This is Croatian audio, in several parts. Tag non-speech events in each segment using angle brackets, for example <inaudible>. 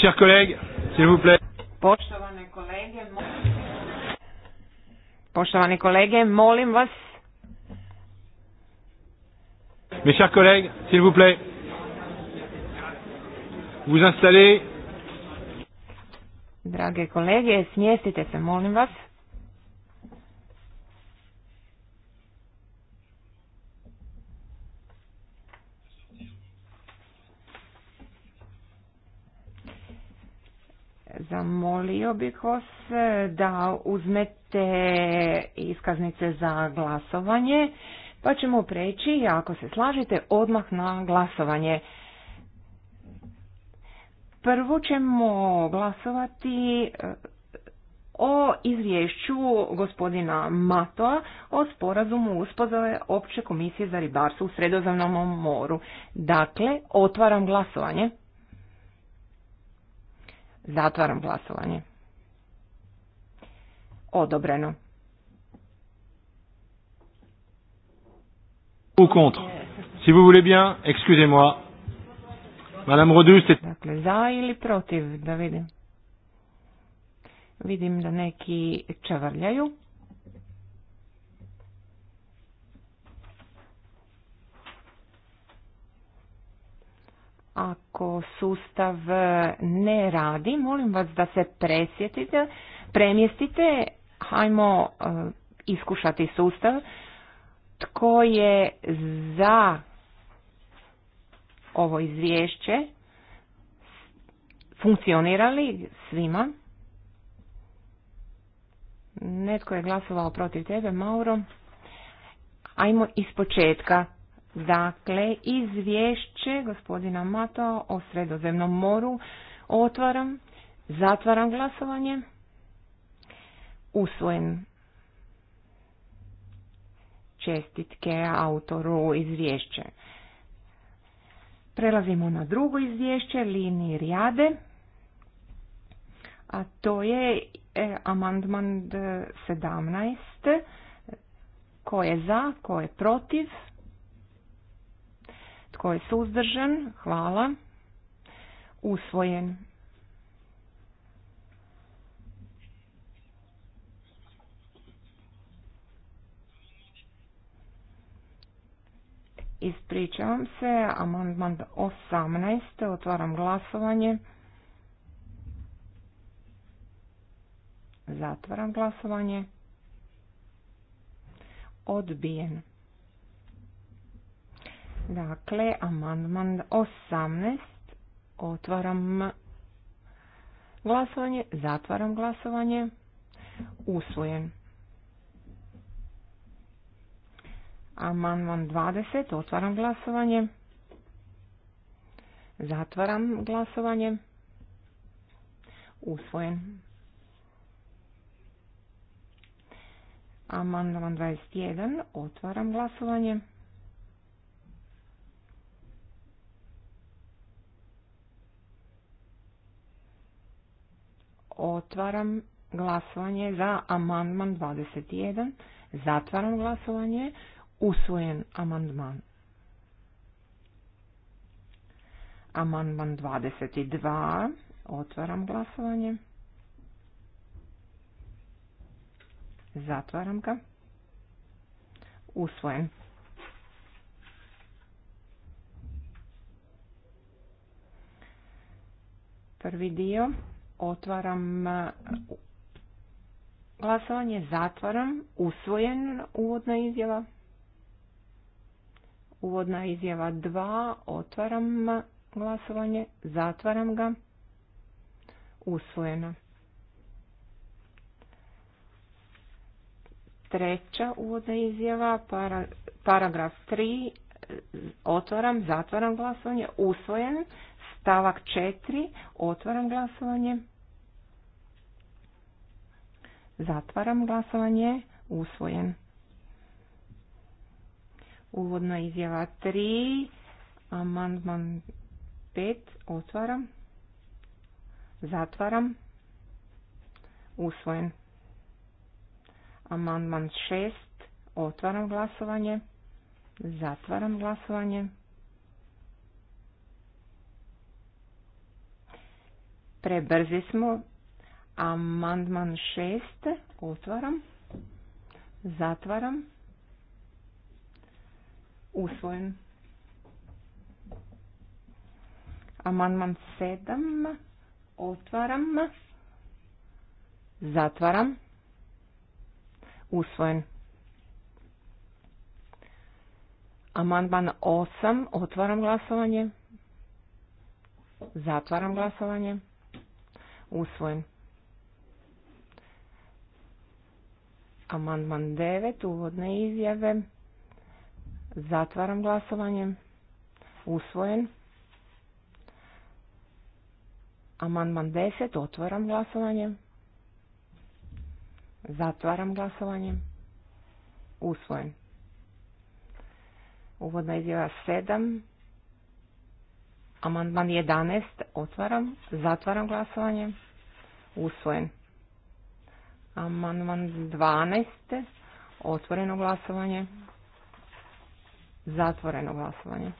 chers collègues, s'il vous plaît. Poštovane kolege, Poštovani kolege, molim vas. Mes chers collègues, s'il vous plaît. Vous installez. Drage kolege, smjestite se, molim vas. Zamolio bih vas e, da uzmete iskaznice za glasovanje, pa ćemo preći, ako se slažete, odmah na glasovanje. Prvo ćemo glasovati e, o izvješću gospodina Matoa o sporazumu uspozove Opće komisije za ribarstvo u Sredozemnom moru. Dakle, otvaram glasovanje. Zatvaram glasovanje. Odobreno. Ou contre. Si vous voulez bien, excusez-moi. Madame Rodu, c'est... Dakle, za ili protiv, da vidim. Vidim da neki čavrljaju. a ako sustav eh, ne radi, molim vas da se presjetite, premjestite, hajmo eh, iskušati sustav, tko je za ovo izvješće, funkcionirali svima. Netko je glasovao protiv tebe, Mauro. Ajmo iz početka. Dakle, izvješće gospodina Mato o sredozemnom moru otvaram, zatvaram glasovanje, usvojem čestitke autoru izvješće. Prelazimo na drugo izvješće, liniji Rijade, a to je e, amandman 17. Ko je za, ko je protiv, tko je suzdržan? Hvala. Usvojen. Ispričavam se, amandman 18. Otvaram glasovanje. Zatvaram glasovanje. Odbijen. Dakle, amandman 18. Otvaram glasovanje, zatvaram glasovanje. Usvojen. Amandman 20. Otvaram glasovanje. Zatvaram glasovanje. Usvojen. Amandman 21. Otvaram glasovanje. Otvaram glasovanje za amandman 21. Zatvaram glasovanje. Usvojen amandman. Amandman 22. Otvaram glasovanje. Zatvaram ga. Usvojen. Prvi dio Otvaram e, glasovanje, zatvaram, usvojen uvodna izjava. Uvodna izjava 2, otvaram glasovanje, zatvaram ga, usvojeno. Treća uvodna izjava, paragraf 3, otvaram, zatvaram glasovanje, usvojen. Stavak 4, otvaram glasovanje, Zatvaram glasovanje. Usvojen. Uvodna izjava 3. Amandman 5. Otvaram. Zatvaram. Usvojen. Amandman 6. Otvaram glasovanje. Zatvaram glasovanje. Prebrzi smo. Amandman 6 otvaram, zatvaram, usvojen. Amandman sedam, otvaram, zatvaram, usvojen. Amandman osam, otvaram glasovanje, zatvaram glasovanje, usvojen. Amandman 9, uvodne izjave. Zatvaram glasovanje. Usvojen. Amandman 10, otvaram glasovanje. Zatvaram glasovanje. Usvojen. Uvodna izjava 7. Amandman 11, otvaram, zatvaram glasovanje. Usvojen. Amandman 12. Otvoreno glasovanje. Zatvoreno glasovanje.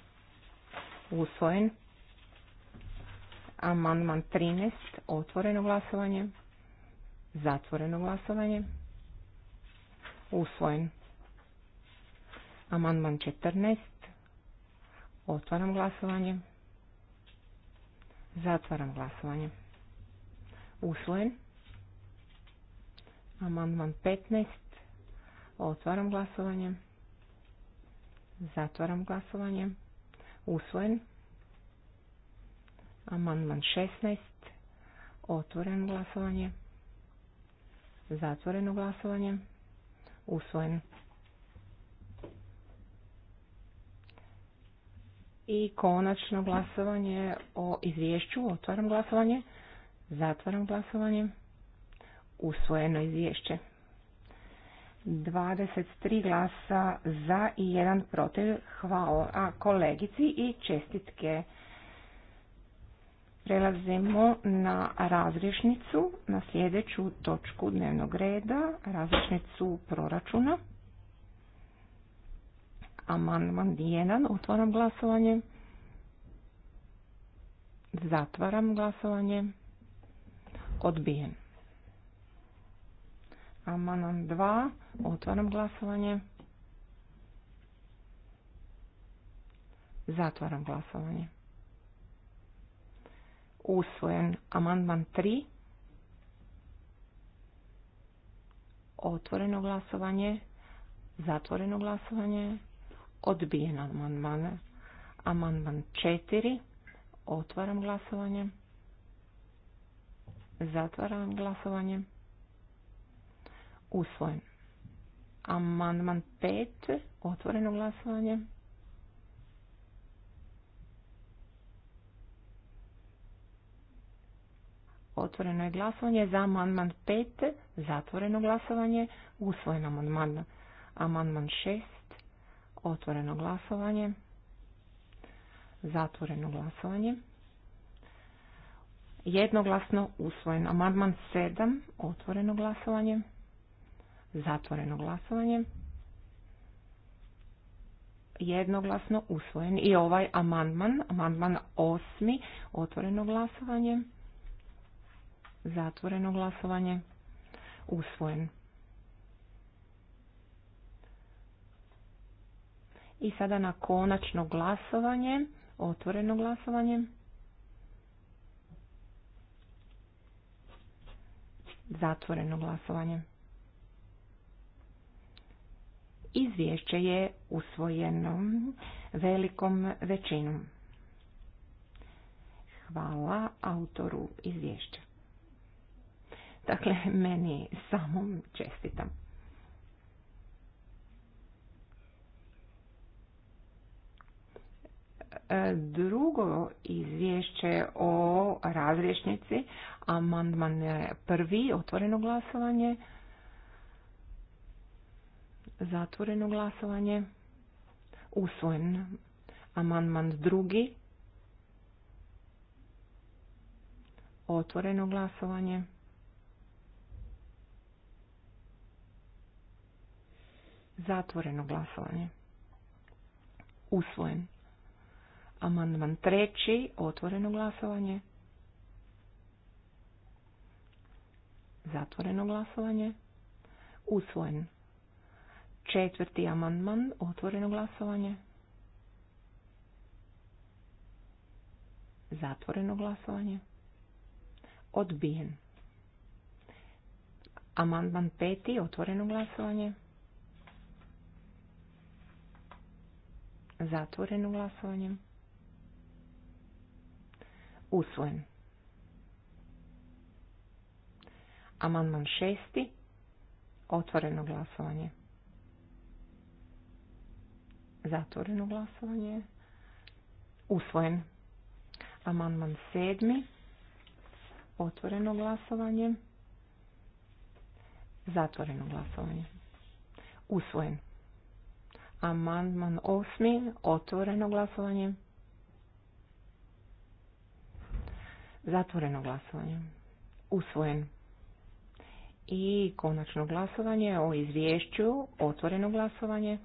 Usvojen. Amandman 13. Otvoreno glasovanje. Zatvoreno glasovanje. Usvojen. Amandman 14. Otvaram glasovanje. Zatvaram glasovanje. Usvojen. Amandman 15. Otvaram glasovanje. Zatvaram glasovanje. Usvojen. Amandman 16. Otvoren glasovanje. Zatvoreno glasovanje. Usvojen. I konačno glasovanje o izvješću. Otvaram glasovanje. Zatvaram glasovanje usvojeno izvješće. 23 glasa za i jedan protiv. Hvala kolegici i čestitke. Prelazimo na razrišnicu, na sljedeću točku dnevnog reda, razrišnicu proračuna. Amandman 1, otvaram glasovanje. Zatvaram glasovanje. Odbijem. Amandman 2. Otvaram glasovanje. Zatvaram glasovanje. Usvojen amandman 3. Otvoreno glasovanje. Zatvoreno glasovanje. Odbijen amandman. Amandman 4. Otvaram glasovanje. Zatvaram glasovanje usvojen. Amandman 5, otvoreno glasovanje. Otvoreno je glasovanje za amandman 5, zatvoreno glasovanje, usvojen amandman. Amandman 6, otvoreno glasovanje, zatvoreno glasovanje. Jednoglasno usvojen amandman 7, otvoreno glasovanje. Zatvoreno glasovanje. Jednoglasno usvojen. I ovaj amandman, amandman osmi, otvoreno glasovanje. Zatvoreno glasovanje. Usvojen. I sada na konačno glasovanje, otvoreno glasovanje. Zatvoreno glasovanje. Izvješće je usvojeno velikom većinom. Hvala autoru izvješća. Dakle, meni samom čestitam. drugo izvješće o razrješnici, amandman prvi, otvoreno glasovanje, Zatvoreno glasovanje. Usvojen. Amandman drugi. Otvoreno glasovanje. Zatvoreno glasovanje. Usvojen. Amandman treći. Otvoreno glasovanje. Zatvoreno glasovanje. Usvojen. Četvrti amandman, otvoreno glasovanje. Zatvoreno glasovanje. Odbijen. Amandman peti, otvoreno glasovanje. Zatvoreno glasovanje. Usvojen. Amandman šesti, otvoreno glasovanje. Zatvoreno glasovanje. Usvojen. Amandman sedmi. Otvoreno glasovanje. Zatvoreno glasovanje. Usvojen. Amandman osmi. Otvoreno glasovanje. Zatvoreno glasovanje. Usvojen. I konačno glasovanje o izvješću. Otvoreno glasovanje.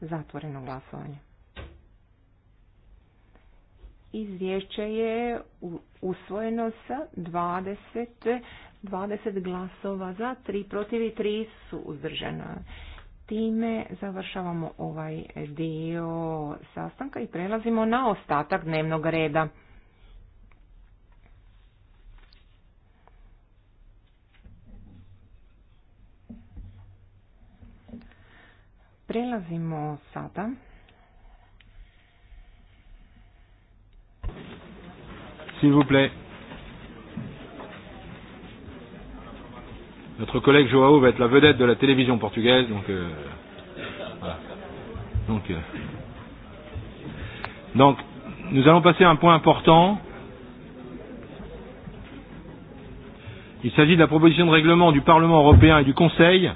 Zatvoreno glasovanje. Izvješće je usvojeno sa 20, 20 glasova za, 3 protiv i 3 su uzdržana. Time završavamo ovaj dio sastanka i prelazimo na ostatak dnevnog reda. Prelazimo sada S'il vous plaît. Notre collègue Joao va être la vedette de la télévision portugaise, donc euh, voilà. Donc, euh, donc, nous allons passer à un point important. Il s'agit de la proposition de règlement du Parlement européen et du Conseil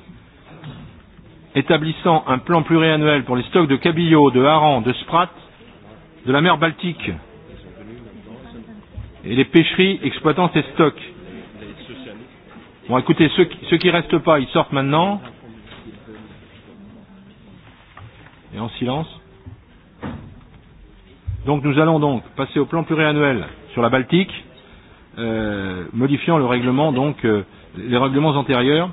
établissant un plan pluriannuel pour les stocks de cabillaud, de hareng, de sprat, de la mer Baltique et les pêcheries exploitant ces stocks. Bon, écoutez, ceux qui, ceux qui restent pas, ils sortent maintenant. Et en silence. Donc nous allons donc passer au plan pluriannuel sur la Baltique, euh, modifiant le règlement, donc euh, les règlements antérieurs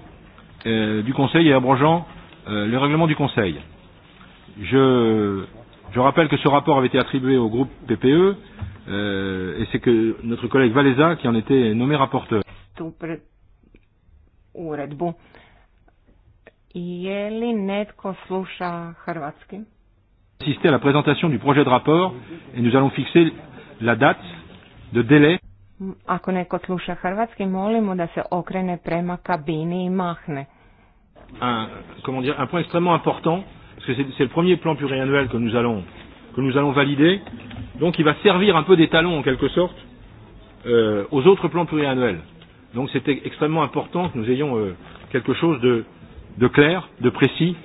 euh, du Conseil et abrogeant Euh, le règlement du Conseil. Je, je rappelle que ce rapport avait été attribué au groupe PPE euh, et c'est que notre collègue Valéza qui en était nommé rapporteur. uredbu. Je li netko sluša hrvatski? Assister à la présentation du projet de rapport et nous allons fixer la date de délai. Ako neko sluša hrvatski, molimo da se okrene prema kabini i mahne un, comment dire, un point extrêmement important, parce que c'est le premier plan pluriannuel que nous allons que nous allons valider, donc il va servir un peu d'étalon en quelque sorte euh, aux autres plans pluriannuels. Donc c'était e-, extrêmement important que nous ayons euh, quelque chose de, de clair, de précis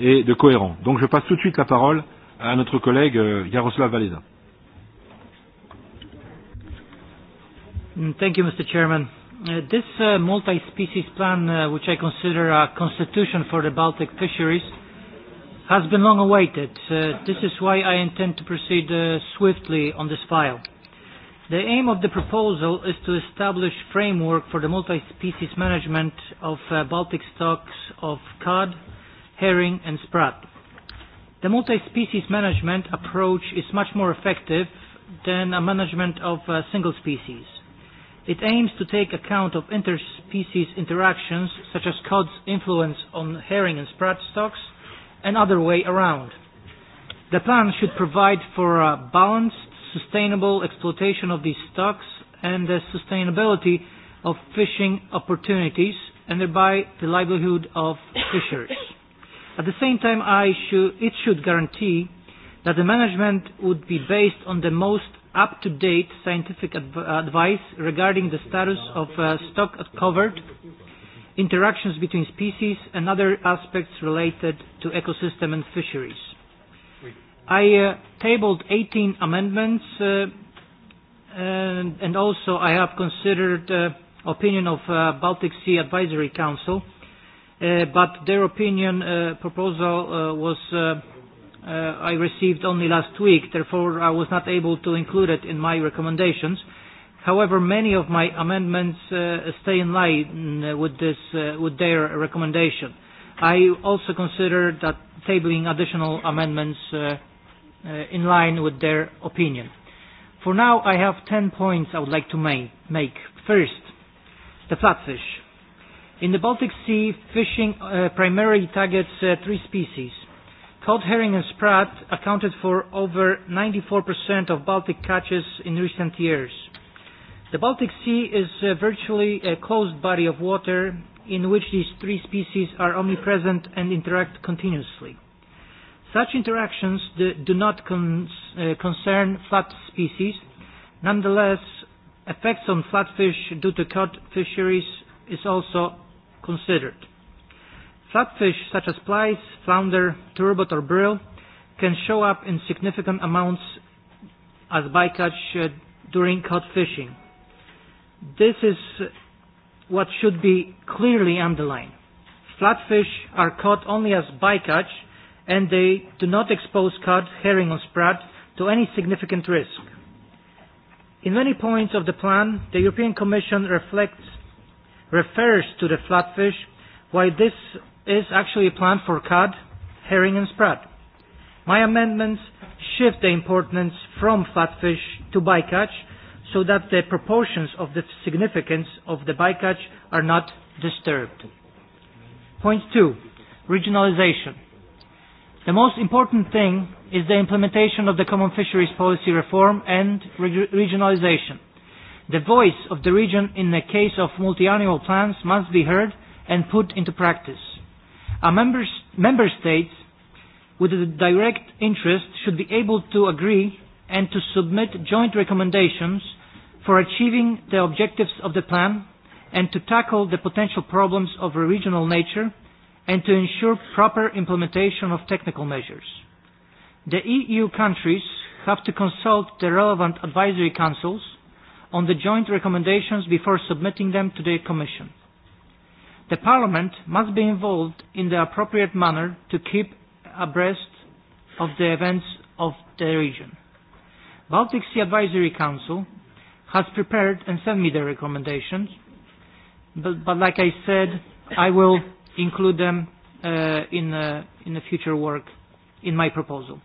et de cohérent. Donc je passe tout de suite la parole à notre collègue euh, Jaroslav Valeza. Mm, thank you, Mr. Chairman. Uh, this uh, multi-species plan, uh, which I consider a constitution for the Baltic fisheries, has been long awaited. Uh, this is why I intend to proceed uh, swiftly on this file. The aim of the proposal is to establish framework for the multi-species management of uh, Baltic stocks of cod, herring and sprat. The multi-species management approach is much more effective than a management of a uh, single species. It aims to take account of interspecies interactions such as cod's influence on herring and sprat stocks and other way around. The plan should provide for a balanced, sustainable exploitation of these stocks and the sustainability of fishing opportunities and thereby the livelihood of fishers. At the same time, I should, it should guarantee that the management would be based on the most up-to-date scientific advice regarding the status of uh, stock covered, interactions between species, and other aspects related to ecosystem and fisheries. I uh, tabled 18 amendments, uh, and, also I have considered uh, opinion of uh, Baltic Sea Advisory Council, but their opinion proposal was Uh, I received only last week, therefore I was not able to include it in my recommendations. However, many of my amendments uh, stay in line uh, with, this, with their recommendation. I also consider that tabling additional amendments in line with their opinion. For now, I have ten points I would like to make. First, the flatfish. In the Baltic Sea, fishing uh, primarily targets three species – Cod herring and sprat accounted for over 94% of Baltic catches in recent years. The Baltic Sea is uh, virtually a closed body of water in which these three species are omnipresent and interact continuously. Such interactions do not con uh, concern flat species. Nonetheless, effects on flatfish due to cod fisheries is also considered. Flatfish such as plice, flounder, turbot or brill can show up in significant amounts as bycatch uh, during cod fishing. This is what should be clearly underlined. Flatfish are caught only as bycatch and they do not expose cod, herring or sprat to any significant risk. In many points of the plan, the European Commission reflects, refers to the flatfish, while this is actually a plan for cod, herring and sprat. My amendments shift the importance from flatfish to bycatch so that the proportions of the significance of the bycatch are not disturbed. Point two, regionalization. The most important thing is the implementation of the common fisheries policy reform and re regionalization. The voice of the region in the case of multi-annual plans must be heard and put into practice. A member states with a direct interest should be able to agree and to submit joint recommendations for achieving the objectives of the plan and to tackle the potential problems of a regional nature and to ensure proper implementation of technical measures. The EU countries have to consult the relevant advisory councils on the joint recommendations before submitting them to the Commission. The Parliament must be involved in the appropriate manner to keep abreast of the events of the region. Baltic Sea Advisory Council has prepared and sent me the recommendations, but, but like I said, I will include them uh, in, uh, in the future work in my proposal.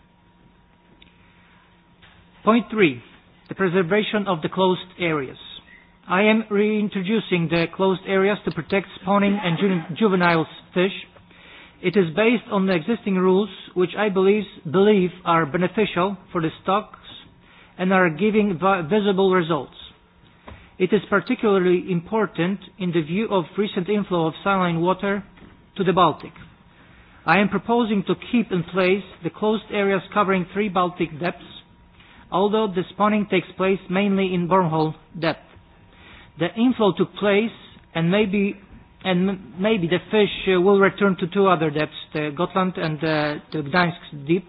Point three, the preservation of the closed areas. I am reintroducing the closed areas to protect spawning and juvenile fish. It is based on the existing rules, which I believe, believe are beneficial for the stocks and are giving visible results. It is particularly important in the view of recent inflow of saline water to the Baltic. I am proposing to keep in place the closed areas covering three Baltic depths, although the spawning takes place mainly in wormhole depth. The inflow took place and maybe and maybe the fish uh, will return to two other depths, the Gotland and the, uh, the Gdańsk deeps.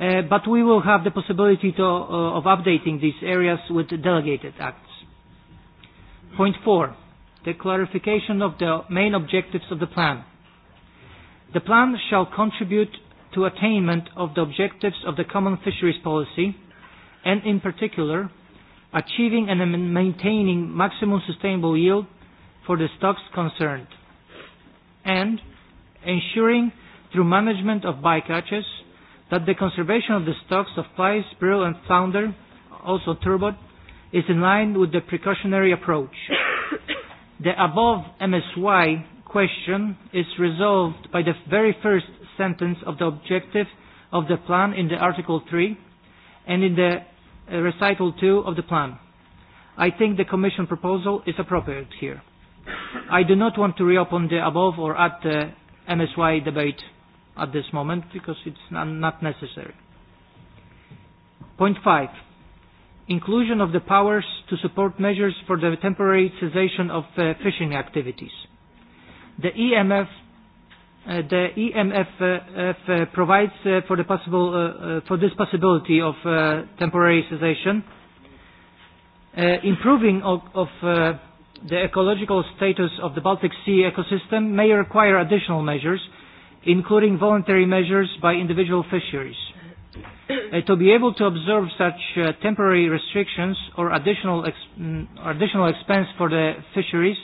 Uh, but we will have the possibility to, of updating these areas with delegated acts. Point four, the clarification of the main objectives of the plan. The plan shall contribute to attainment of the objectives of the common fisheries policy and in particular achieving and maintaining maximum sustainable yield for the stocks concerned, and ensuring through management of bycatches that the conservation of the stocks of flies, brill and Founder, also turbot, is in line with the precautionary approach. <coughs> the above MSY question is resolved by the very first sentence of the objective of the plan in the Article 3 and in the Uh, recital two of the plan. I think the Commission proposal is appropriate here. I do not want to reopen the above or at the MSY debate at this moment because it's not necessary. Point five Inclusion of the powers to support measures for the temporary cessation of uh, fishing activities. The EMF Uh, the EMF uh, uh, provides for the possible for this possibility of temporary cessation, improving of, of the ecological status of the Baltic Sea ecosystem may require additional measures, including voluntary measures by individual fisheries. to be able to observe such temporary restrictions or additional mm, additional expense for the fisheries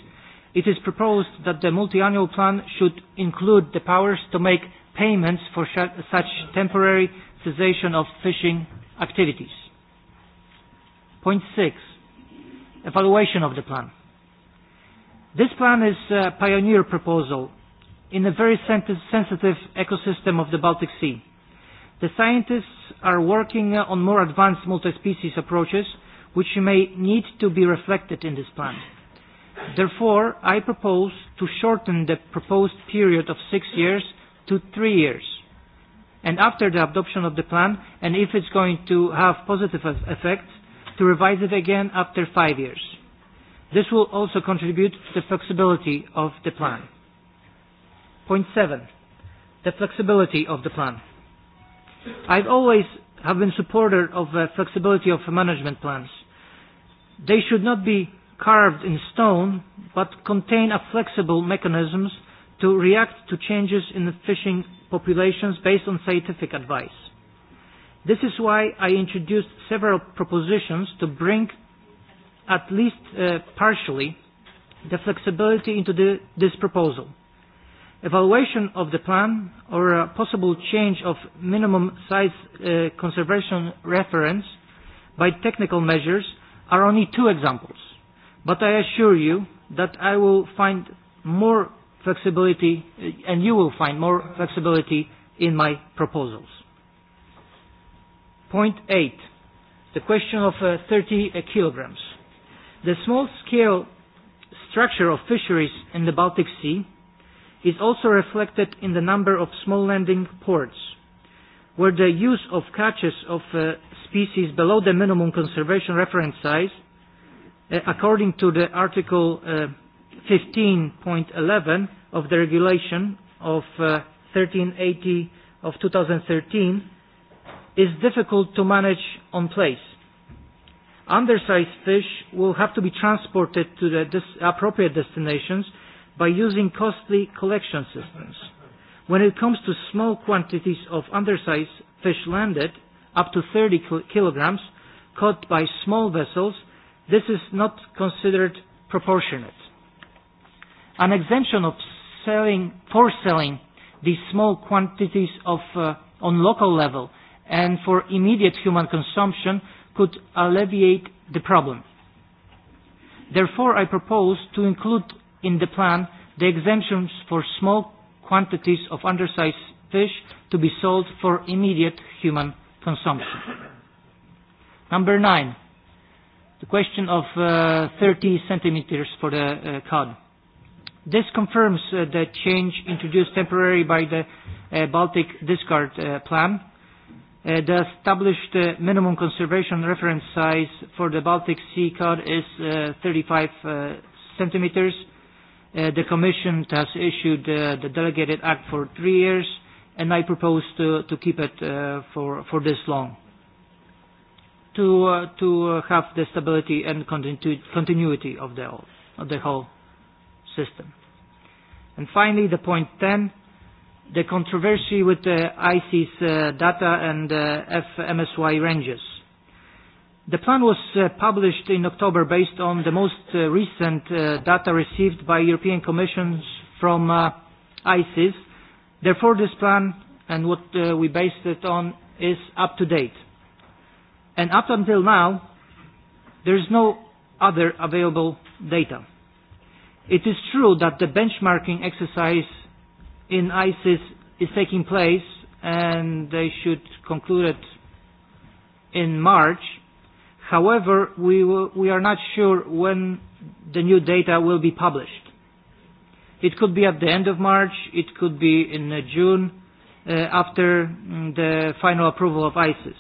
It is proposed that the multi-annual plan should include the powers to make payments for such temporary cessation of fishing activities. Point six, evaluation of the plan. This plan is a pioneer proposal in a very sensitive ecosystem of the Baltic Sea. The scientists are working on more advanced multi-species approaches which may need to be reflected in this plan. Therefore, I propose to shorten the proposed period of six years to three years. And after the adoption of the plan, and if it's going to have positive effects, to revise it again after five years. This will also contribute to the flexibility of the plan. Point seven, the flexibility of the plan. I've always have been supporter of the uh, flexibility of management plans. They should not be carved in stone, but contain a flexible mechanisms to react to changes in the fishing populations based on scientific advice. This is why I introduced several propositions to bring, at least uh, partially, the flexibility into the, this proposal. Evaluation of the plan or a possible change of minimum size uh, conservation reference by technical measures are only two examples. But I assure you that I will find more flexibility, eh, and you will find more flexibility in my proposals. Point eight, the question of uh, 30 uh, kilograms. The small-scale structure of fisheries in the Baltic Sea is also reflected in the number of small landing ports, where the use of catches of eh, species below the minimum conservation reference size Uh, according to the Article uh, 15.11 of the regulation of uh, 1380 of 2013 is difficult to manage on place. Undersized fish will have to be transported to the dis appropriate destinations by using costly collection systems. When it comes to small quantities of undersized fish landed, up to 30 kilograms, caught by small vessels, This is not considered proportionate. An exemption of selling, for selling these small quantities of, uh, on local level and for immediate human consumption could alleviate the problem. Therefore, I propose to include in the plan the exemptions for small quantities of undersized fish to be sold for immediate human consumption. Number nine, The question of uh, 30 centimeters for the uh, cod. This confirms uh, the change introduced temporarily by the uh, Baltic Discard uh, Plan. Uh, the established uh, minimum conservation reference size for the Baltic Sea cod is uh, 35 uh, centimeters. Uh, the Commission has issued uh, the delegated act for three years, and I propose to, to keep it uh, for, for this long to uh, to uh, have the stability and continuity of the whole, of the whole system. And finally, the point 10, the controversy with the ICES uh, data and uh, FMSY ranges. The plan was published in October based on the most recent data received by European Commission from uh, Therefore, this plan and what we based it on is up to date and up until now, there is no other available data. It is true that the benchmarking exercise in ISIS is taking place and they should conclude it in March. However, we, will, we are not sure when the new data will be published. It could be at the end of March, it could be in June uh, after mm, the final approval of ISIS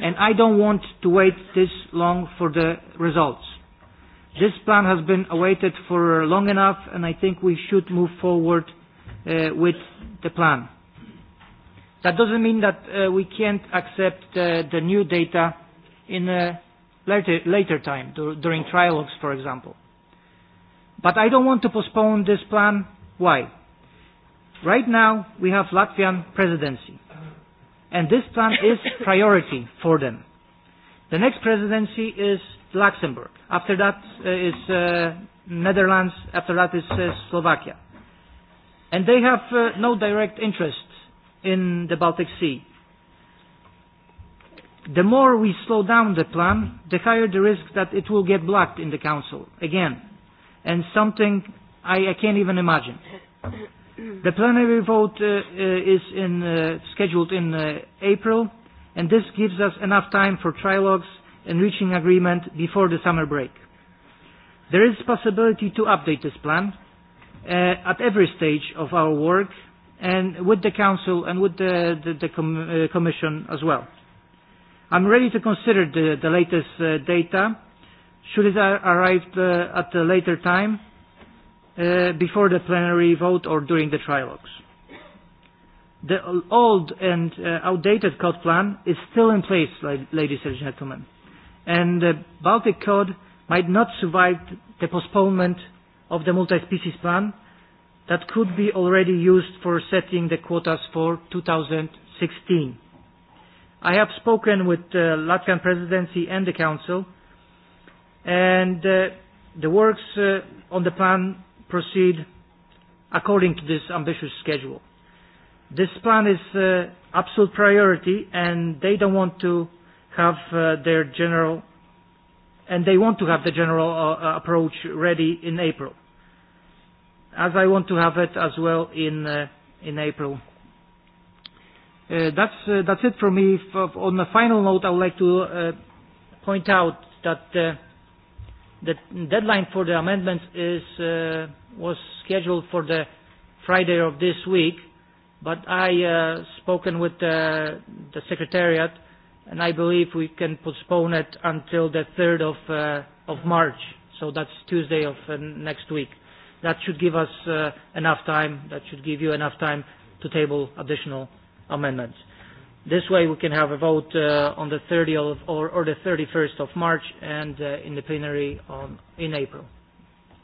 and I don't want to wait this long for the results. This plan has been awaited for long enough, and I think we should move forward uh, with the plan. That doesn't mean that uh, we can't accept uh, the new data in a later, later time, during trialogues, for example. But I don't want to postpone this plan. Why? Right now, we have Latvian presidency and this plan is priority for them. The next presidency is Luxembourg. After that uh, is uh, Netherlands. After that is uh, Slovakia. And they have uh, no direct interest in the Baltic Sea. The more we slow down the plan, the higher the risk that it will get blocked in the Council again. And something I, I can't even imagine. The plenary vote uh, uh, is in, uh, scheduled in uh, April, and this gives us enough time for trilogues and reaching agreement before the summer break. There is possibility to update this plan uh, at every stage of our work, and with the Council and with the, the, the com uh, Commission as well. I'm ready to consider the, the latest uh, data, should it arrive uh, at a later time, Uh, before the plenary vote or during the trilogues. The old and uh, outdated code plan is still in place, ladies and gentlemen, and the Baltic Code might not survive the postponement of the multi-species plan that could be already used for setting the quotas for 2016. I have spoken with the Latvian presidency and the council and uh, the works uh, on the plan proceed according to this ambitious schedule. This plan is uh, absolute priority and they don't want to have uh, their general and they want to have the general uh, uh approach ready in April. As I want to have it as well in uh, in April. Uh, that's uh, that's it for me. on the final note, I would like to uh, point out that uh, The deadline for the amendments is, uh, was scheduled for the Friday of this week, but I uh, spoken with uh, the Secretariat, and I believe we can postpone it until the 3rd of, uh, of March. So that's Tuesday of uh, next week. That should give us uh, enough time, that should give you enough time to table additional amendments. This way we can have a vote uh, on the 30th of, or, or the 31st of March and uh, in the plenary on, in April.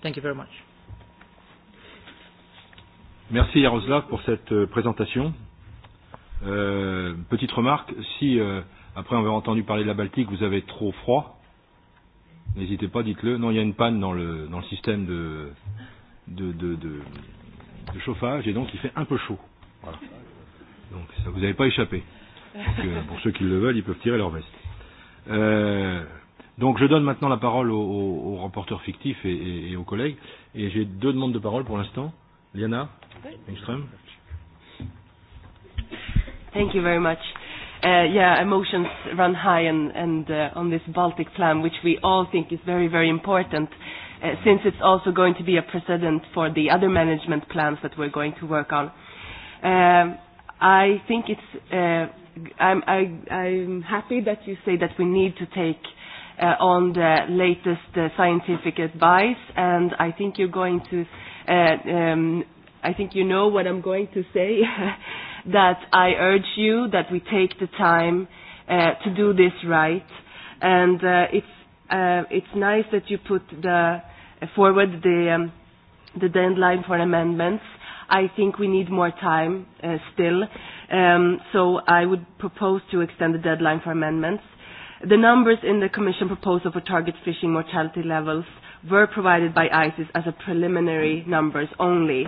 Thank you very much. Merci Jaroslav pour cette euh, présentation. Euh, petite remarque, si après euh, après avoir entendu parler de la Baltique, vous avez trop froid, n'hésitez pas, dites-le. Non, il y a une panne dans le, dans le système de, de, de, de, de chauffage et donc il fait un peu chaud. Voilà. Donc ça vous n'avez pas échappé. Donc, euh, pour ceux qui le veulent, ils peuvent tirer leur veste. Euh, donc je donne maintenant la parole aux, aux, aux rapporteurs fictifs et, et, et, aux collègues. Et j'ai deux demandes de parole pour l'instant. Liana Engström. Thank you very much. Uh, yeah, emotions run high and, and uh, on this Baltic plan, which we all think is very, very important, uh, since it's also going to be a precedent for the other management plans that we're going to work on. Um, I think it's uh, I'm, I, I'm happy that you say that we need to take uh, on the latest uh, scientific advice, and I think you're going to, uh, um, I think you know what I'm going to say, <laughs> that I urge you that we take the time uh, to do this right, and uh, it's uh, it's nice that you put the forward the um, the deadline for amendments i think we need more time uh, still. Um, so I would propose to extend the deadline for amendments. The numbers in the Commission proposal for target fishing mortality levels were provided by ISIS as a preliminary numbers only.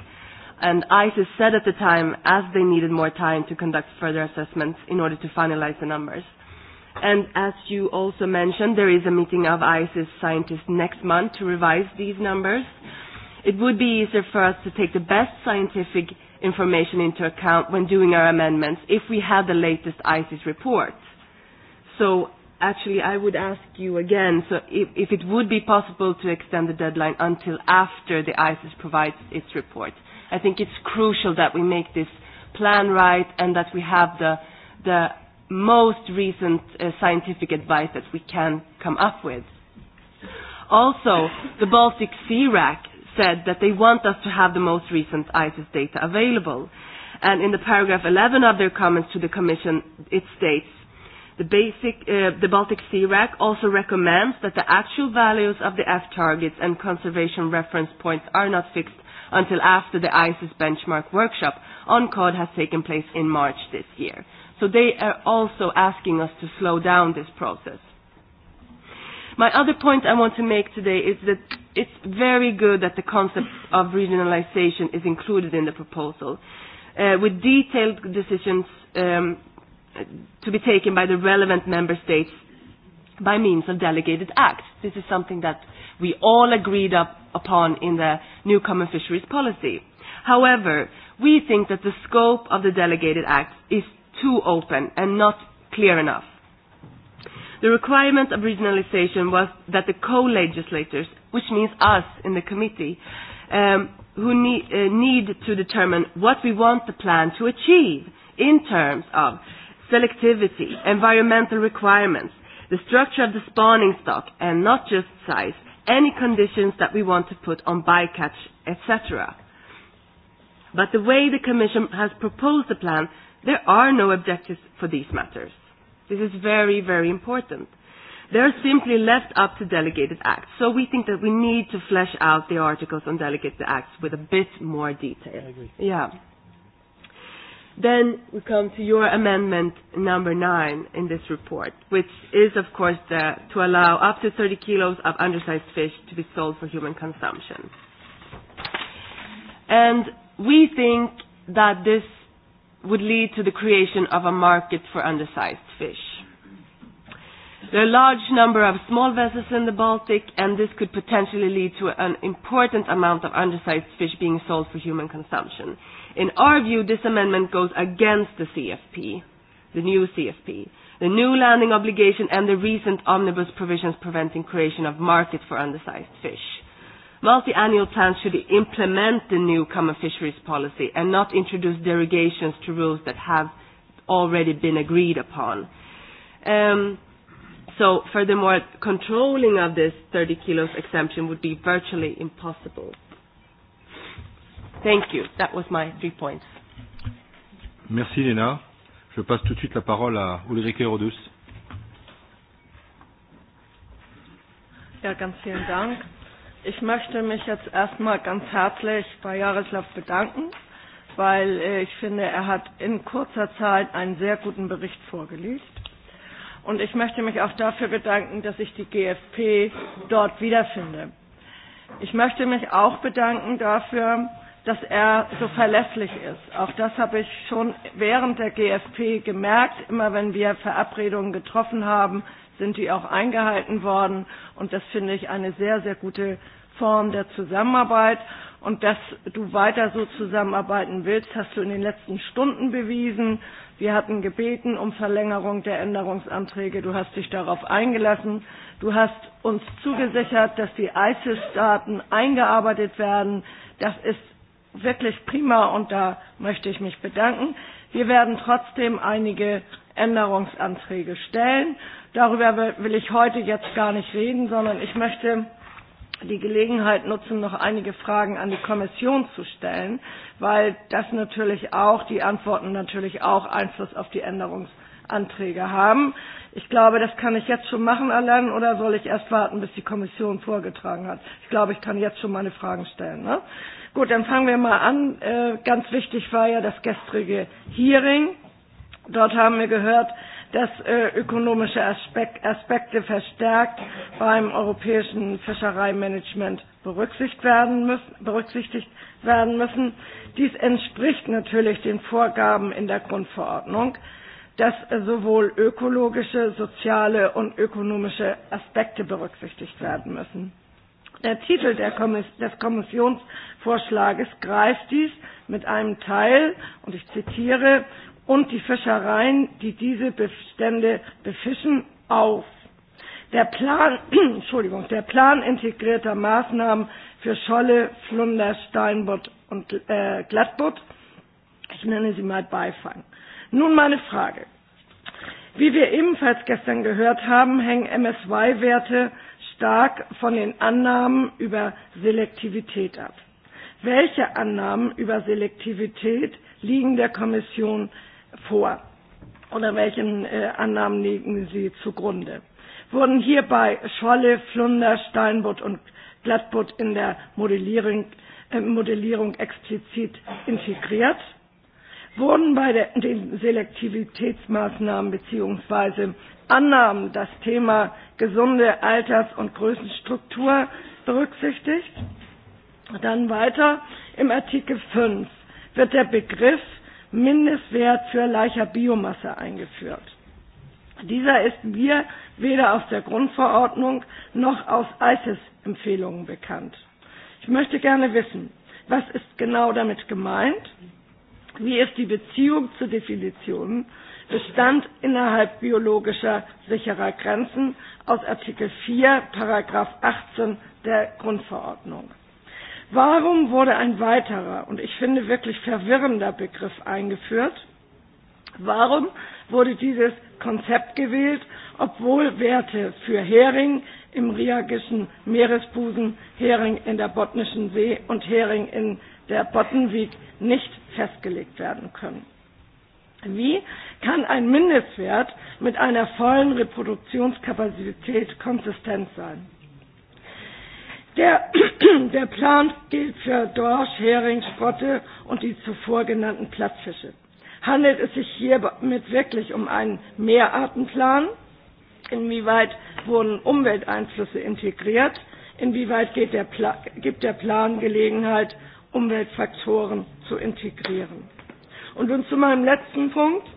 And ISIS said at the time, as they needed more time to conduct further assessments in order to finalize the numbers. And as you also mentioned, there is a meeting of ISIS scientists next month to revise these numbers. It would be easier for us to take the best scientific information into account when doing our amendments if we had the latest ISIS report. So actually I would ask you again, so if, if it would be possible to extend the deadline until after the ISIS provides its report. I think it's crucial that we make this plan right and that we have the, the most recent uh, scientific advice that we can come up with. Also, the Baltic Sea Rack, said that they want us to have the most recent ISIS data available. And in the paragraph 11 of their comments to the Commission, it states, the, basic, uh, the Baltic Sea RAC also recommends that the actual values of the F targets and conservation reference points are not fixed until after the ISIS benchmark workshop on COD has taken place in March this year. So they are also asking us to slow down this process. My other point I want to make today is that it's very good that the concept of regionalization is included in the proposal, uh, with detailed decisions um, to be taken by the relevant member states by means of delegated acts. This is something that we all agreed up upon in the new common fisheries policy. However, we think that the scope of the delegated act is too open and not clear enough. The requirement of regionalization was that the co-legislators which means us in the committee, um, who need, uh, need to determine what we want the plan to achieve in terms of selectivity, environmental requirements, the structure of the spawning stock, and not just size, any conditions that we want to put on bycatch, etc. But the way the Commission has proposed the plan, there are no objectives for these matters. This is very, very important. They're simply left up to delegated acts. So we think that we need to flesh out the articles on delegated acts with a bit more detail. I agree. Yeah. Then we come to your amendment number nine in this report, which is, of course, the, to allow up to 30 kilos of undersized fish to be sold for human consumption. And we think that this would lead to the creation of a market for undersized fish. There are a large number of small vessels in the Baltic, and this could potentially lead to an important amount of undersized fish being sold for human consumption. In our view, this amendment goes against the CFP, the new CFP. The new landing obligation and the recent omnibus provisions preventing creation of markets for undersized fish. Multi-annual plans should implement the new common fisheries policy and not introduce derogations to rules that have already been agreed upon. Um, So furthermore, controlling of this 30 kilos exemption would be virtually impossible. Thank you. That was my three points. Merci, Lena. Je passe tout de suite la parole à Ulrike Rodus. Ja, ganz vielen Dank. Ich möchte mich jetzt erstmal ganz herzlich bei Jaroslav bedanken, weil äh, ich finde, er hat in kurzer Zeit einen sehr guten Bericht vorgelegt. Und ich möchte mich auch dafür bedanken, dass ich die GFP dort wiederfinde. Ich möchte mich auch bedanken dafür, dass er so verlässlich ist. Auch das habe ich schon während der GFP gemerkt. Immer wenn wir Verabredungen getroffen haben, sind die auch eingehalten worden. Und das finde ich eine sehr, sehr gute Form der Zusammenarbeit. Und dass du weiter so zusammenarbeiten willst, hast du in den letzten Stunden bewiesen. Wir hatten gebeten um Verlängerung der Änderungsanträge. Du hast dich darauf eingelassen. Du hast uns zugesichert, dass die ISIS-Daten eingearbeitet werden. Das ist wirklich prima und da möchte ich mich bedanken. Wir werden trotzdem einige Änderungsanträge stellen. Darüber will ich heute jetzt gar nicht reden, sondern ich möchte die Gelegenheit nutzen, noch einige Fragen an die Kommission zu stellen, weil das natürlich auch, die Antworten natürlich auch Einfluss auf die Änderungsanträge haben. Ich glaube, das kann ich jetzt schon machen, Alain, oder soll ich erst warten, bis die Kommission vorgetragen hat? Ich glaube, ich kann jetzt schon meine Fragen stellen. Ne? Gut, dann fangen wir mal an. Äh, ganz wichtig war ja das gestrige Hearing. Dort haben wir gehört, dass äh, ökonomische Aspekte verstärkt beim europäischen Fischereimanagement berücksichtigt werden müssen. Berücksichtigt werden müssen. Dies entspricht natürlich den Vorgaben in der Grundverordnung, dass sowohl ökologische, soziale und ökonomische Aspekte berücksichtigt werden müssen. Der Titel der Kommiss des Kommissionsvorschlages greift dies mit einem Teil, und ich zitiere, und die Fischereien, die diese Bestände befischen, auf. Der Plan, <clears throat> Entschuldigung, der Plan integrierter Maßnahmen für Scholle, Flunder, Steinbutt und äh, Glattbutt, ich nenne sie mal Beifang. Nun meine Frage. Wie wir ebenfalls gestern gehört haben, hängen MSY-Werte stark von den Annahmen über Selektivität ab. Welche Annahmen über Selektivität liegen der Kommission vor? Oder welchen äh, Annahmen liegen sie zugrunde? Wurden hierbei Scholle, Flunder, Steinbutt und Glattbutt in der Modellierung, äh, Modellierung explizit integriert? Wurden bei der, den Selektivitätsmaßnahmen bzw. Annahmen das Thema gesunde Alters- und Größenstruktur berücksichtigt? Dann weiter im Artikel 5 wird der Begriff Mindestwert für Leicher Biomasse eingeführt. Dieser ist mir weder aus der Grundverordnung noch aus ICES-Empfehlungen bekannt. Ich möchte gerne wissen, was ist genau damit gemeint? Wie ist die Beziehung zur Definition Bestand innerhalb biologischer sicherer Grenzen aus Artikel 4, Paragraph 18 der Grundverordnung. Warum wurde ein weiterer und ich finde wirklich verwirrender Begriff eingeführt? Warum wurde dieses Konzept gewählt, obwohl Werte für Hering im riagischen Meeresbusen, Hering in der Botnischen See und Hering in der Bottenweg nicht festgelegt werden können? Wie kann ein Mindestwert mit einer vollen Reproduktionskapazität konsistent sein? Der, <clears throat> der Plan gilt für Dorsch, Hering, Sprotte und die zuvor genannten Plattfische. Handelt es sich hiermit wirklich um einen Mehrartenplan? Inwieweit wurden Umwelteinflüsse integriert? Inwieweit geht der gibt der Plan Gelegenheit, Umweltfaktoren zu integrieren? Und nun zu meinem letzten Punkt.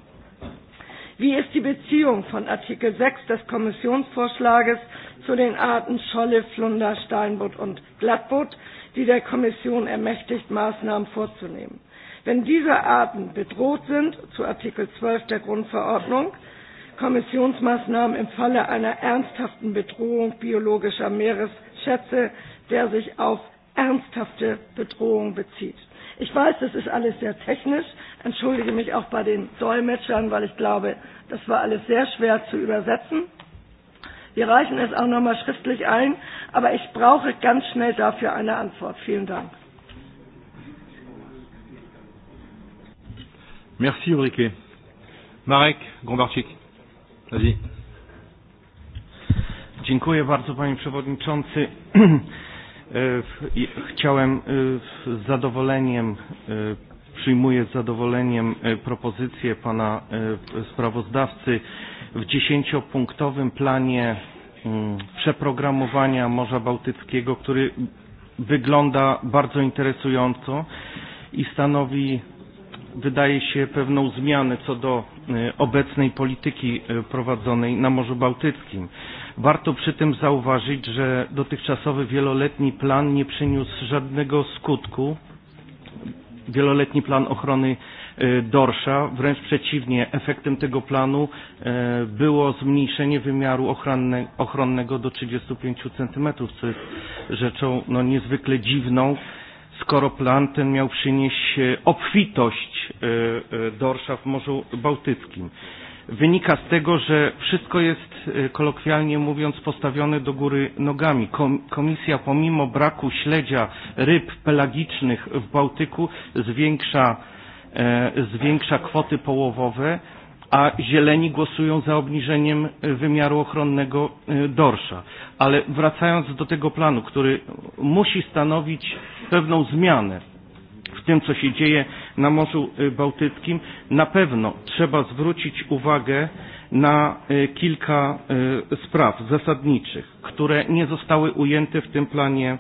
Wie ist die Beziehung von Artikel 6 des Kommissionsvorschlages zu den Arten Scholle, Flunder, Steinbutt und Glattbutt, die der Kommission ermächtigt, Maßnahmen vorzunehmen. Wenn diese Arten bedroht sind, zu Artikel 12 der Grundverordnung, Kommissionsmaßnahmen im Falle einer ernsthaften Bedrohung biologischer Meeresschätze, der sich auf ernsthafte Bedrohung bezieht. Ich weiß, das ist alles sehr technisch. Entschuldige mich auch bei den Dolmetschern, weil ich glaube, das war alles sehr schwer zu übersetzen. Wir reichen es auch noch nochmal schriftlich ein, aber ich brauche ganz schnell dafür eine Antwort. Vielen Dank. Merci Ulrike. Marek Gombarczyk. vas Dziękuję bardzo panie przewodniczący. <clears throat> E, chciałem e, z zadowoleniem e, przyjmuję z zadowoleniem propozycję pana sprawozdawcy w dziesięciopunktowym planie mm, przeprogramowania Morza Bałtyckiego, który wygląda bardzo interesująco i stanowi, wydaje się, pewną zmianę co do obecnej polityki prowadzonej na Morzu Bałtyckim. Warto przy tym zauważyć, że dotychczasowy wieloletni plan nie przyniósł żadnego skutku. Wieloletni plan ochrony E, dorsza. Wręcz przeciwnie, efektem tego planu e, było zmniejszenie wymiaru ochronnego do 35 cm, co jest rzeczą no, niezwykle dziwną, skoro plan ten miał przynieść e, obfitość dorsza w Morzu Bałtyckim. Wynika z tego, że wszystko jest, kolokwialnie mówiąc, postawione do góry nogami. Komisja pomimo braku śledzia ryb pelagicznych w Bałtyku zwiększa E, zwiększa kwoty połowowe, a zieleni głosują za obniżeniem e, wymiaru ochronnego e, dorsza. Ale wracając do tego planu, który musi stanowić pewną zmianę w tym, co się dzieje na Morzu Bałtyckim, na pewno trzeba zwrócić uwagę na kilka spraw zasadniczych, które nie zostały ujęte w tym planie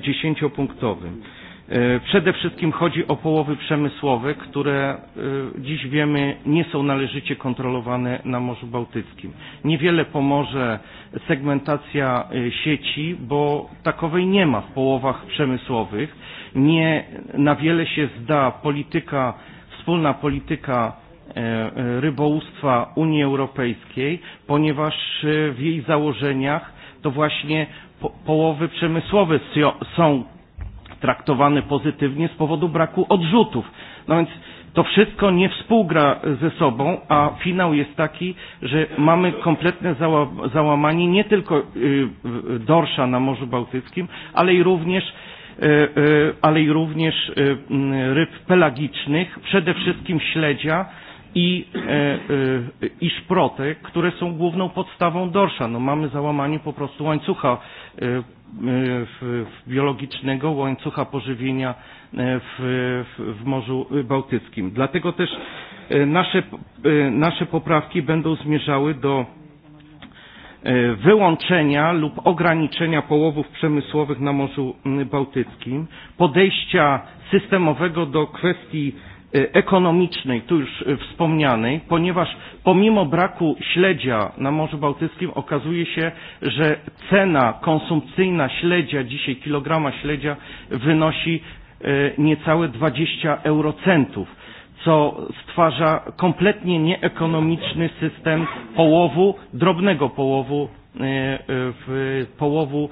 dziesięciopunktowym. E, przede wszystkim chodzi o połowy przemysłowe, które e, dziś wiemy nie są należycie kontrolowane na Morzu Bałtyckim. Niewiele pomoże segmentacja e, sieci, bo takowej nie ma w połowach przemysłowych. Nie na wiele się zda polityka, wspólna polityka rybołówstwa Unii Europejskiej, ponieważ w jej założeniach to właśnie połowy przemysłowe są traktowane pozytywnie z powodu braku odrzutów. No więc to wszystko nie współgra ze sobą, a finał jest taki, że mamy kompletne załamanie nie tylko dorsza na Morzu Bałtyckim, ale i również ale i również mm, ryb pelagicznych, przede wszystkim śledzia i, e, e, i szprotek, które są główną podstawą dorsza. No mamy załamanie po prostu łańcucha E, biologicznego łańcucha pożywienia e, w, w Morzu Bałtyckim. Dlatego też e, nasze, nasze poprawki będą zmierzały do wyłączenia lub ograniczenia połowów przemysłowych na Morzu Bałtyckim, podejścia systemowego do kwestii E, ekonomicznej, tu już e, wspomnianej, ponieważ pomimo braku śledzia na Morzu Bałtyckim okazuje się, że cena konsumpcyjna śledzia, dzisiaj kilograma śledzia wynosi e, niecałe 20 eurocentów co stwarza kompletnie nieekonomiczny system połowu, drobnego połowu, połowu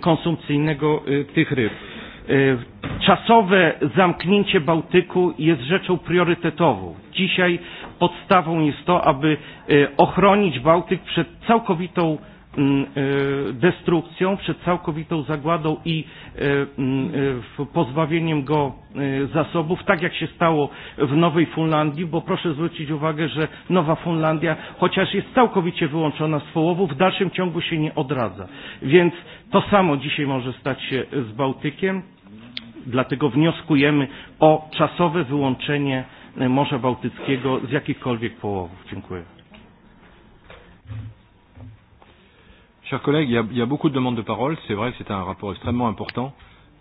konsumpcyjnego tych ryb. E, czasowe zamknięcie Bałtyku jest rzeczą priorytetową. Dzisiaj podstawą jest to, aby e, ochronić Bałtyk przed całkowitą mm, e, destrukcją, przed całkowitą zagładą i mm, pozbawieniem go zasobów, tak jak się stało w Nowej Funlandii, bo proszę zwrócić uwagę, że Nowa Funlandia, chociaż jest całkowicie wyłączona z połowu, w dalszym ciągu się nie odradza. Więc to samo dzisiaj może stać się z Bałtykiem. Dlatego wnioskujemy o czasowe wyłączenie e, Morza Bałtyckiego z jakichkolwiek połowów. Dziękuję. Chers collègues, il y, a, il y a beaucoup de demandes de parole. C'est vrai que c'est un rapport extrêmement important,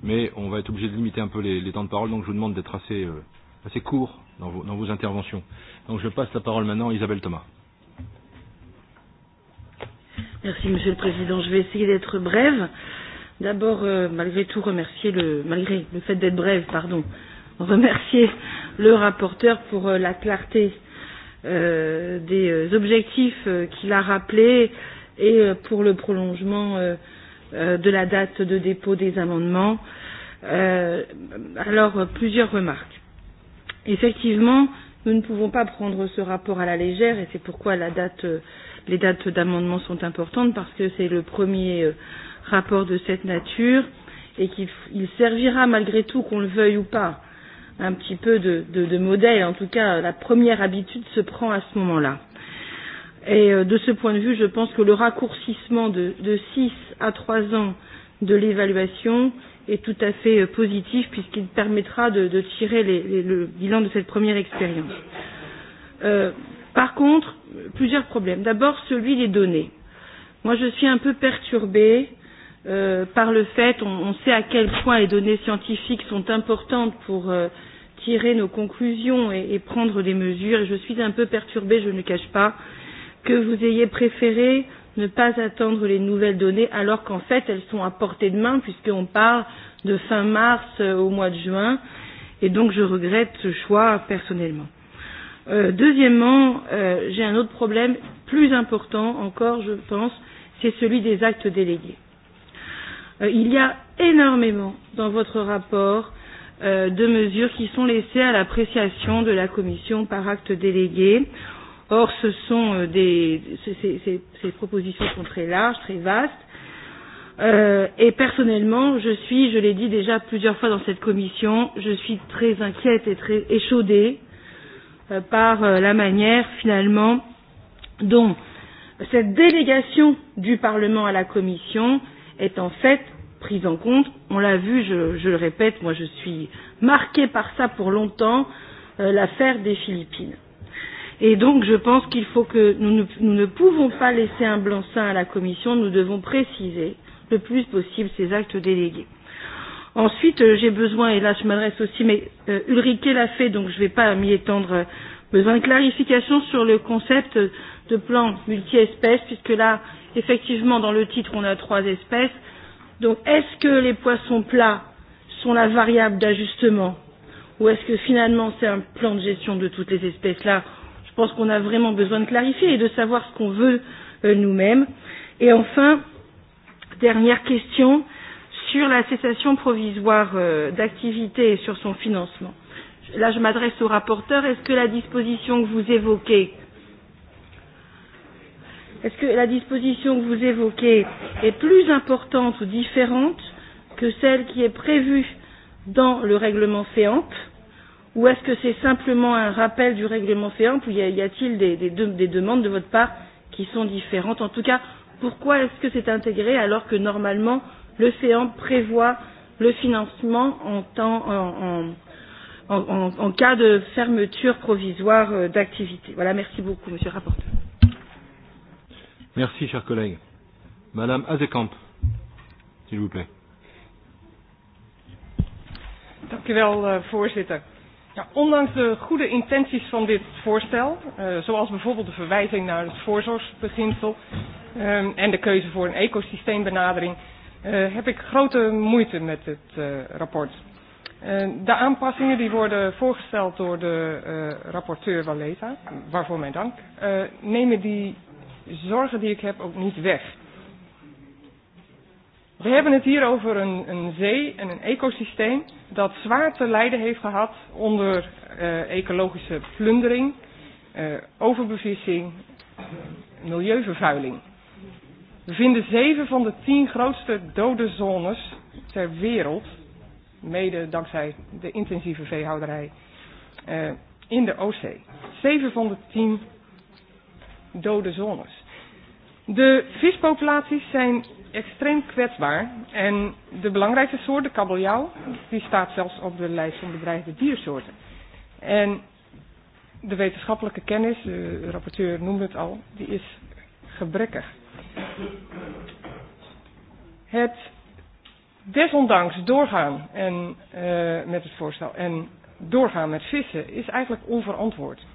mais on va être obligé de limiter un peu les, les temps de parole, donc je vous demande d'être assez, euh, assez court dans vos, dans vos interventions. Donc je passe la parole maintenant à Isabelle Thomas. Merci Monsieur le Président. Je vais essayer d'être brève d'abord, euh, malgré tout, remercier le, malgré le fait d'être brève, pardon, remercier le rapporteur pour euh, la clarté euh, des euh, objectifs euh, qu'il a rappelés et euh, pour le prolongement de la date de dépôt des amendements. Alors, plusieurs remarques. Effectivement, nous ne pouvons pas prendre ce rapport à la légère et c'est pourquoi la date, les dates d'amendement sont importantes parce que c'est le premier rapport de cette nature et qu'il servira malgré tout, qu'on le veuille ou pas, un petit peu de, de, de modèle. En tout cas, la première habitude se prend à ce moment-là. Et euh, de ce point de vue, je pense que le raccourcissement de, de 6 à 3 ans de l'évaluation est tout à fait euh, positif puisqu'il permettra de, de tirer les, les, le bilan de cette première expérience. Euh, par contre, plusieurs problèmes. D'abord, celui des données. Moi, je suis un peu perturbée Euh, par le fait, on, on sait à quel point les données scientifiques sont importantes pour euh, tirer nos conclusions et, et prendre des mesures. Et je suis un peu perturbée, je ne cache pas, que vous ayez préféré ne pas attendre les nouvelles données alors qu'en fait elles sont à portée de main puisqu'on parle de fin mars euh, au mois de juin et donc je regrette ce choix personnellement. Euh, deuxièmement, euh, j'ai un autre problème plus important encore je pense, c'est celui des actes délégués. Euh, il y a énormément dans votre rapport euh, de mesures qui sont laissées à l'appréciation de la Commission par acte délégué. Or, ce sont euh, des, ces, ces, ces propositions sont très larges, très vastes. Euh, et personnellement, je suis, je l'ai dit déjà plusieurs fois dans cette commission, je suis très inquiète et très échaudée euh, par euh, la manière finalement dont cette délégation du Parlement à la Commission est en fait prise en compte. On l'a vu, je, je le répète, moi je suis marquée par ça pour longtemps, euh, l'affaire des Philippines. Et donc je pense qu'il faut que nous ne, nous ne pouvons pas laisser un blanc-seing à la Commission, nous devons préciser le plus possible ces actes délégués. Ensuite, euh, j'ai besoin, et là je m'adresse aussi, mais euh, Ulrike l'a fait, donc je ne vais pas m'y étendre, euh, besoin de clarification sur le concept euh, de plan multi-espèces, puisque là, effectivement, dans le titre, on a trois espèces. Donc, est-ce que les poissons plats sont la variable d'ajustement Ou est-ce que finalement, c'est un plan de gestion de toutes les espèces là Je pense qu'on a vraiment besoin de clarifier et de savoir ce qu'on veut euh, nous-mêmes. Et enfin, dernière question sur la cessation provisoire euh, d'activité et sur son financement. Là, je m'adresse au rapporteur. Est-ce que la disposition que vous évoquez Est-ce que la disposition que vous évoquez est plus importante ou différente que celle qui est prévue dans le règlement FEAMP ou est-ce que c'est simplement un rappel du règlement FEAMP ou y a-t-il des, des, des demandes de votre part qui sont différentes En tout cas, pourquoi est-ce que c'est intégré alors que normalement le FEAMP prévoit le financement en, temps, en, en, en, en, en cas de fermeture provisoire euh, d'activité Voilà, merci beaucoup, monsieur le rapporteur. Merci, cher collègue. Madame Azekamp, s'il vous plaît. Dank u wel, eh, voorzitter. Ja, ondanks de goede intenties van dit voorstel, uh, zoals bijvoorbeeld de verwijzing naar het voorzorgsbeginsel eh, en de keuze voor een ecosysteembenadering, uh, heb ik grote moeite met het uh, rapport. De aanpassingen die worden voorgesteld door de rapporteur Valeta, waarvoor mijn dank, nemen die zorgen die ik heb ook niet weg. We hebben het hier over een, een zee en een ecosysteem dat zwaar te lijden heeft gehad onder uh, ecologische plundering, eh, overbevissing, milieuvervuiling. We vinden zeven van de tien grootste dode zones ter wereld, mede dankzij de intensieve veehouderij, eh, in de Oostzee. Zeven van de tien dode zones. De vispopulaties zijn extreem kwetsbaar en de belangrijkste soort, de kabeljauw, die staat zelfs op de lijst van bedreigde diersoorten. En de wetenschappelijke kennis, de rapporteur noemde het al, die is gebrekkig. Het desondanks doorgaan en, uh, met het voorstel en doorgaan met vissen is eigenlijk onverantwoord.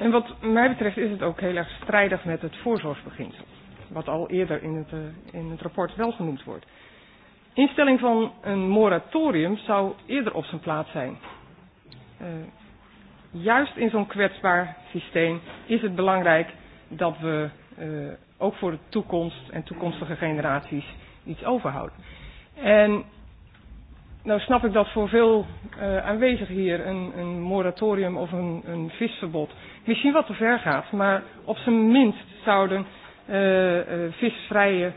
En wat mij betreft is het ook heel erg strijdig met het voorzorgsbeginsel. Wat al eerder in het, eh, in het rapport wel genoemd wordt. Instelling van een moratorium zou eerder op zijn plaats zijn. Uh, juist in zo'n kwetsbaar systeem is het belangrijk dat we uh, ook voor de toekomst en toekomstige generaties iets overhouden. En nou snap ik dat voor veel uh, eh, aanwezigen hier een, een moratorium of een, een visverbod misschien wat te ver gaat, maar op zijn minst zouden uh, uh, visvrije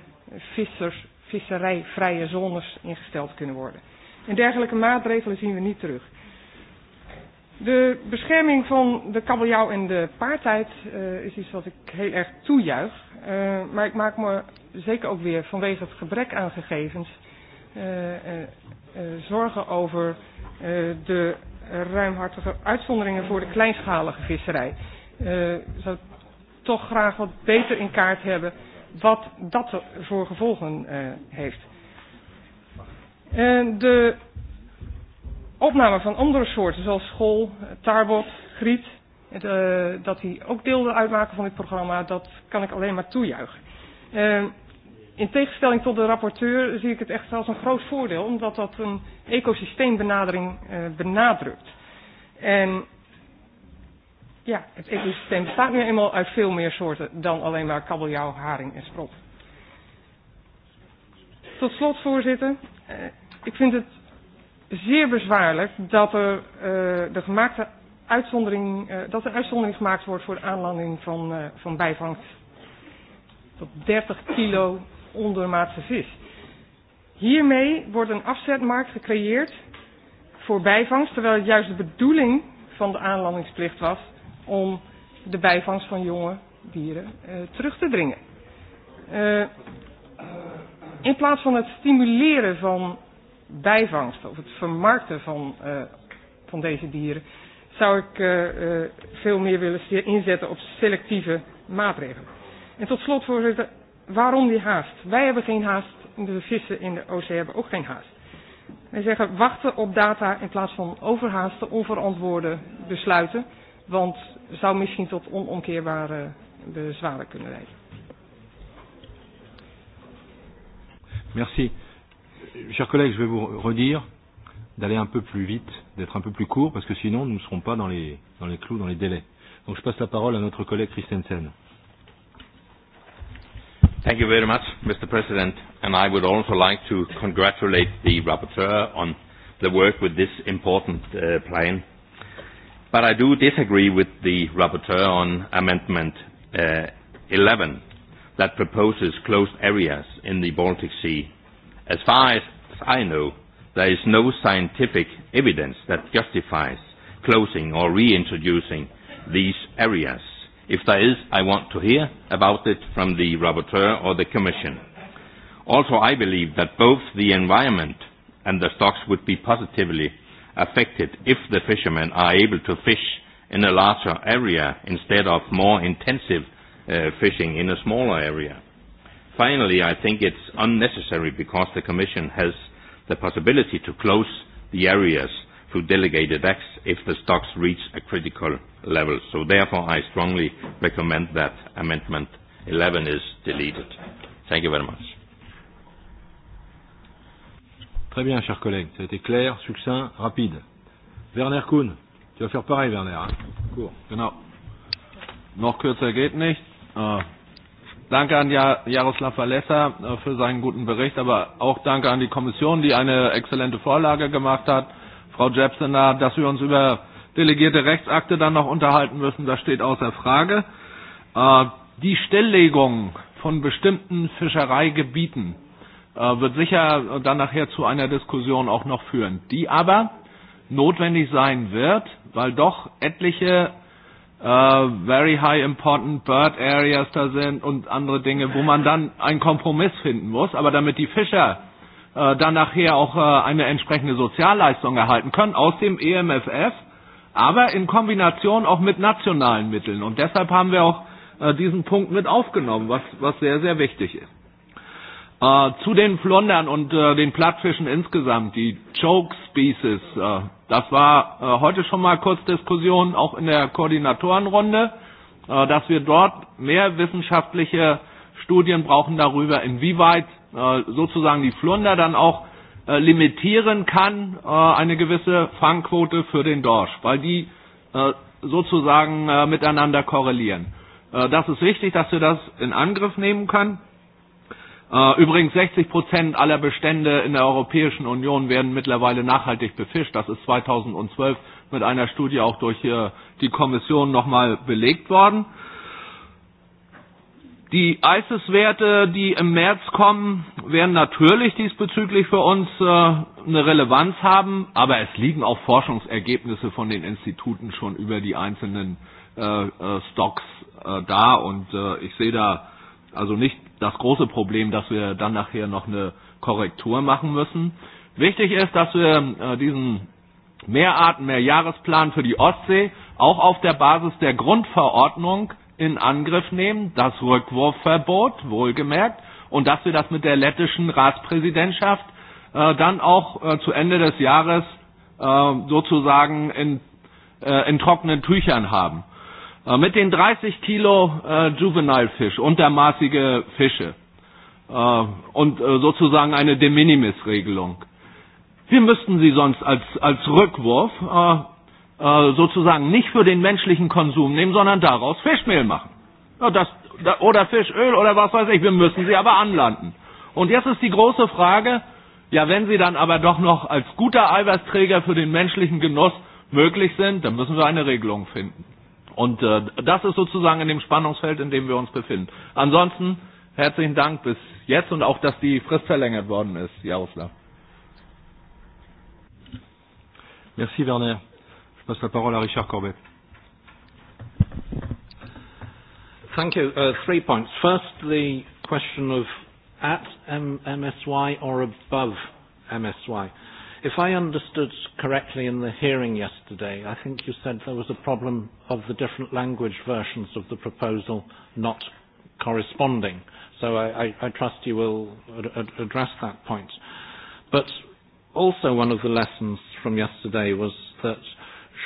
vissers, visserijvrije zones ingesteld kunnen worden. En dergelijke maatregelen zien we niet terug. De bescherming van de kabeljauw en de paardheid uh, is iets wat ik heel erg toejuich. Uh, maar ik maak me zeker ook weer vanwege het gebrek aan gegevens Eh, eh, eh, zorgen over de ruimhartige uitzonderingen voor de kleinschalige visserij. Ik zou toch graag wat beter in kaart hebben wat dat voor gevolgen heeft. De opname van andere soorten zoals school, tarbot, griet, dat die ook deel uitmaken van dit programma, dat kan ik alleen maar toejuichen. In tegenstelling tot de rapporteur zie ik het echt als een groot voordeel, omdat dat een ecosysteembenadering eh, benadrukt. En ja, het ecosysteem bestaat nu eenmaal uit veel meer soorten dan alleen maar kabeljauw, haring en sprot. Tot slot, voorzitter, eh, ik vind het zeer bezwaarlijk dat er eh, de gemaakte uitzondering, dat er uitzondering gemaakt wordt voor de aanlanding van, van bijvangst tot 30 kilo ondermaatse vis. Hiermee wordt een afzetmarkt gecreëerd voor bijvangst, terwijl het juist de bedoeling van de aanlandingsplicht was om de bijvangst van jonge dieren uh, terug te dringen. Uh, in plaats van het stimuleren van bijvangst of het vermarkten van, uh, van deze dieren, zou ik uh, veel meer willen inzetten op selectieve maatregelen. En tot slot, voorzitter, waarom die haast? Wij hebben geen haast, de vissen in de oceaan hebben ook geen haast. Wij zeggen wachten op data in plaats van overhaaste, onverantwoorde besluiten, want zou misschien tot onomkeerbare bezwaren kunnen leiden. Merci. Chers collègues, je vais vous redire d'aller un peu plus vite, d'être un peu plus court, parce que sinon nous ne serons pas dans les, dans les clous, dans les délais. Donc je passe la parole à notre collègue Christensen. Thank you very much, Mr. President, and I would also like to congratulate the rapporteur on the work with this important uh, plan. But I do disagree with the rapporteur on Amendment uh, 11 that proposes closed areas in the Baltic Sea. As far as I know, there is no scientific evidence that justifies closing or reintroducing these areas If there is, I want to hear about it from the rapporteur or the Commission. Also, I believe that both the environment and the stocks would be positively affected if the fishermen are able to fish in a larger area instead of more intensive uh, fishing in a smaller area. Finally, I think it's unnecessary because the Commission has the possibility to close the areas to delegated acts if the stocks reach a critical level. So therefore, I strongly recommend that Amendment 11 is deleted. Thank you very much. Très bien, chers collègues. Ça a été clair, succinct, rapide. Werner Kuhn, tu vas faire pareil, Werner. Hein? Court. Genau. Noch kürzer geht nicht. Uh, danke an Jaroslav Walesa uh, äh, für seinen guten Bericht, aber auch danke an die Kommission, die eine exzellente Vorlage gemacht hat Frau Jepsener, dass wir uns über delegierte Rechtsakte dann noch unterhalten müssen, das steht außer Frage. Äh, die Stilllegung von bestimmten Fischereigebieten äh, wird sicher dann nachher zu einer Diskussion auch noch führen, die aber notwendig sein wird, weil doch etliche äh, very high important bird areas da sind und andere Dinge, wo man dann einen Kompromiss finden muss. Aber damit die Fischer äh, dann nachher auch äh, eine entsprechende Sozialleistung erhalten können aus dem EMFF, aber in Kombination auch mit nationalen Mitteln. Und deshalb haben wir auch äh, diesen Punkt mit aufgenommen, was, was sehr, sehr wichtig ist. Äh, zu den Flundern und äh, den Plattfischen insgesamt, die Choke Species, äh, das war äh, heute schon mal kurz Diskussion, auch in der Koordinatorenrunde, dass wir dort mehr wissenschaftliche Studien brauchen darüber, inwieweit Äh, sozusagen die Flunder dann auch äh, limitieren kann, äh, eine gewisse Fangquote für den Dorsch, weil die sozusagen miteinander korrelieren. Das ist wichtig, dass wir das in Angriff nehmen können. Übrigens 60 Prozent aller Bestände in der Europäischen Union werden mittlerweile nachhaltig befischt. Das ist 2012 mit einer Studie auch durch die Kommission nochmal belegt worden. Die ISIS-Werte, die im März kommen, werden natürlich diesbezüglich für uns äh, eine Relevanz haben, aber es liegen auch Forschungsergebnisse von den Instituten schon über die einzelnen äh, äh, Stocks da und ich sehe da also nicht das große Problem, dass wir dann nachher noch eine Korrektur machen müssen. Wichtig ist, dass wir diesen Mehrarten-Mehrjahresplan für die Ostsee auch auf der Basis der Grundverordnung in Angriff nehmen, das Rückwurfverbot, wohlgemerkt, und dass wir das mit der lettischen Ratspräsidentschaft äh, dann auch äh, zu Ende des Jahres äh, sozusagen in, äh, in trockenen Tüchern haben. Äh, mit den 30 Kilo äh, Juvenilfisch, untermaßige Fische äh, und äh, sozusagen eine De Minimis-Regelung. Wir müssten sie sonst als, als Rückwurf äh, Äh, sozusagen nicht für den menschlichen Konsum nehmen, sondern daraus Fischmehl machen. Ja, das, oder Fischöl oder was weiß ich, wir müssen sie aber anlanden. Und jetzt ist die große Frage, ja, wenn sie dann aber doch noch als guter Eiweißträger für den menschlichen Genuss möglich sind, dann müssen wir eine Regelung finden. Und äh, das ist sozusagen in dem Spannungsfeld, in dem wir uns befinden. Ansonsten herzlichen Dank bis jetzt und auch, dass die Frist verlängert worden ist, Jaroslav. Merci Werner. Je passe la parole à Richard Corbett. Thank you. Uh, three points. First, the question of at M MSY or above MSY. If I understood correctly in the hearing yesterday, I think you said there was a problem of the different language versions of the proposal not corresponding. So I, I, I trust you will ad ad address that point. But also one of the lessons from yesterday was that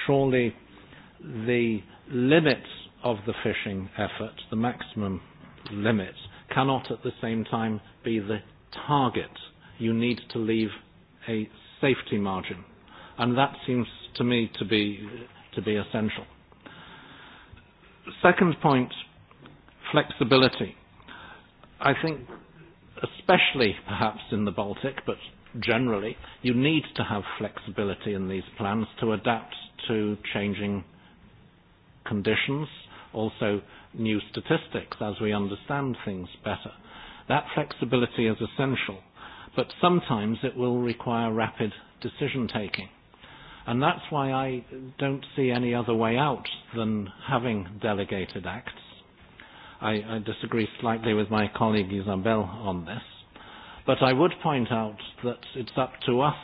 surely the limits of the fishing effort, the maximum limits, cannot at the same time be the target. You need to leave a safety margin. And that seems to me to be, to be essential. Second point, flexibility. I think especially perhaps in the Baltic, but generally, you need to have flexibility in these plans to adapt to changing conditions, also new statistics as we understand things better. That flexibility is essential, but sometimes it will require rapid decision taking. And that's why I don't see any other way out than having delegated acts. I, I disagree slightly with my colleague Isabel on this. But I would point out that it's up to us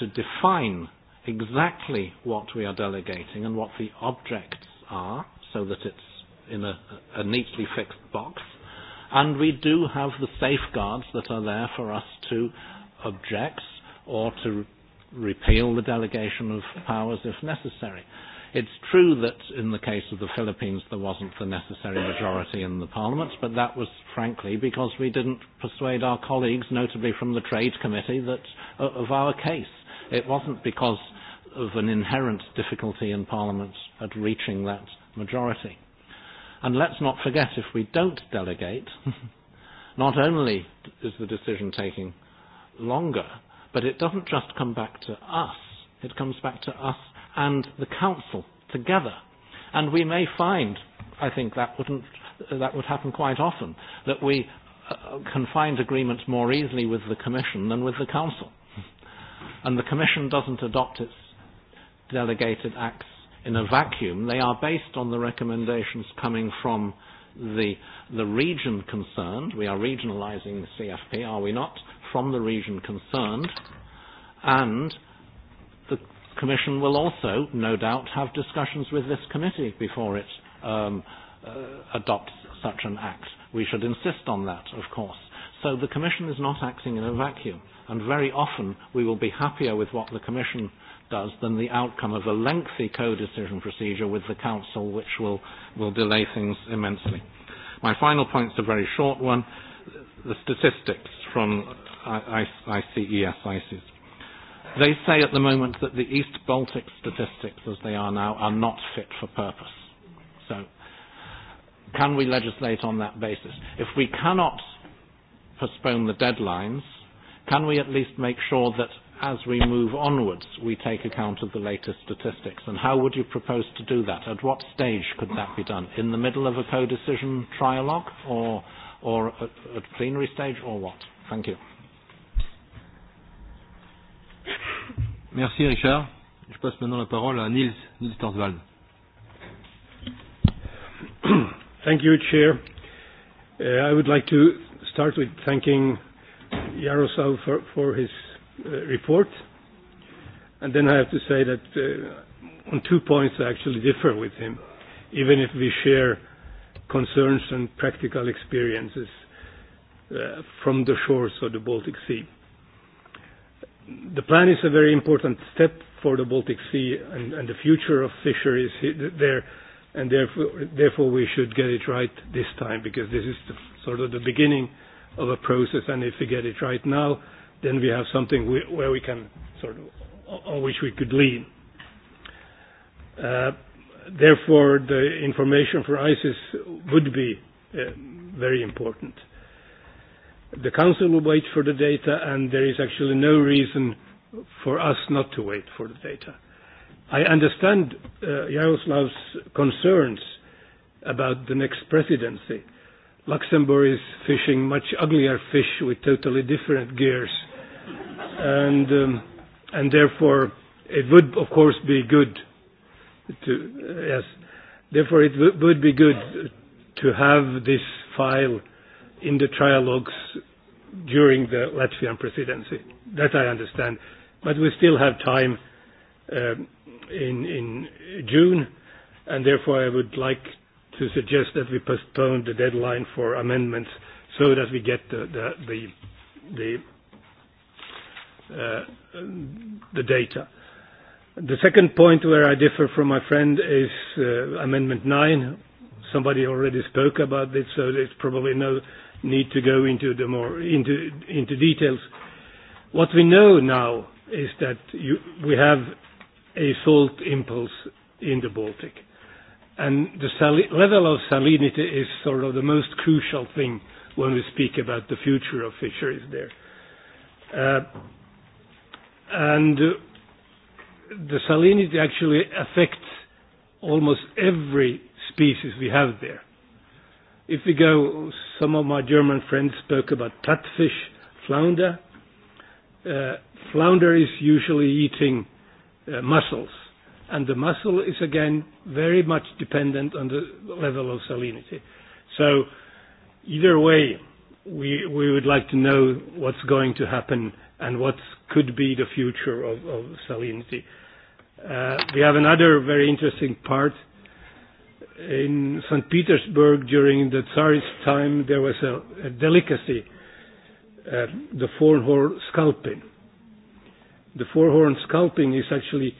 to define exactly what we are delegating and what the objects are so that it's in a, a neatly fixed box. And we do have the safeguards that are there for us to object or to repeal the delegation of powers if necessary. It's true that in the case of the Philippines there wasn't the necessary majority in the parliament, but that was frankly because we didn't persuade our colleagues, notably from the Trade Committee, that, uh, of our case. It wasn't because of an inherent difficulty in Parliament at reaching that majority. And let's not forget, if we don't delegate, <laughs> not only is the decision taking longer, but it doesn't just come back to us, it comes back to us and the Council together. And we may find, I think that, wouldn't, that would happen quite often, that we uh, can find agreements more easily with the Commission than with the Council and the Commission doesn't adopt its delegated acts in a vacuum. They are based on the recommendations coming from the, the region concerned. We are regionalizing the CFP, are we not? From the region concerned. And the Commission will also, no doubt, have discussions with this committee before it um, uh, adopts such an act. We should insist on that, of course. So the Commission is not acting in a vacuum, and very often we will be happier with what the Commission does than the outcome of a lengthy co-decision procedure with the Council, which will, will delay things immensely. My final point is a very short one, the statistics from ICES, ICES. They say at the moment that the East Baltic statistics, as they are now, are not fit for purpose. So can we legislate on that basis? If we cannot postpone the deadlines, can we at least make sure that as we move onwards, we take account of the latest statistics? And how would you propose to do that? At what stage could that be done? In the middle of a co-decision trialogue or, or at, at plenary stage or what? Thank you. Merci Richard. Je passe maintenant la parole à Nils, Nils Torsvald. Thank you, Chair. Uh, I would like to start with thanking Jaroslav for, for his uh, report. And then I have to say that uh, on two points I actually differ with him, even if we share concerns and practical experiences uh, from the shores of the Baltic Sea. The plan is a very important step for the Baltic Sea and, and the future of fisheries there, and therefore, therefore we should get it right this time because this is the sort of the beginning of a process, and if we get it right now, then we have something where we can sort of on which we could lean. Uh, therefore, the information for ISIS would be uh, very important. The Council will wait for the data, and there is actually no reason for us not to wait for the data. I understand uh, Yaroslav's concerns about the next presidency, Luxembourg is fishing much uglier fish with totally different gears. And, um, and therefore, it would, of course, be good to, uh, yes, therefore it w would be good to have this file in the trialogues during the Latvian presidency. That I understand. But we still have time um, in, in June, and therefore I would like to suggest that we postpone the deadline for amendments so that we get the the the, the, uh, um, the data. The second point where I differ from my friend is uh, Amendment 9. Somebody already spoke about this, so there's probably no need to go into the more into into details. What we know now is that you, we have a salt impulse in the Baltic And the level of salinity is sort of the most crucial thing when we speak about the future of fisheries there. Uh, and uh, the salinity actually affects almost every species we have there. If we go, some of my German friends spoke about catfish, flounder. Uh, flounder is usually eating uh, mussels and the muscle is again very much dependent on the level of salinity. So either way, we, we would like to know what's going to happen and what could be the future of, of salinity. Uh, we have another very interesting part. In St. Petersburg during the Tsarist time, there was a, a delicacy, uh, the four-horn scalping. The four-horn scalping is actually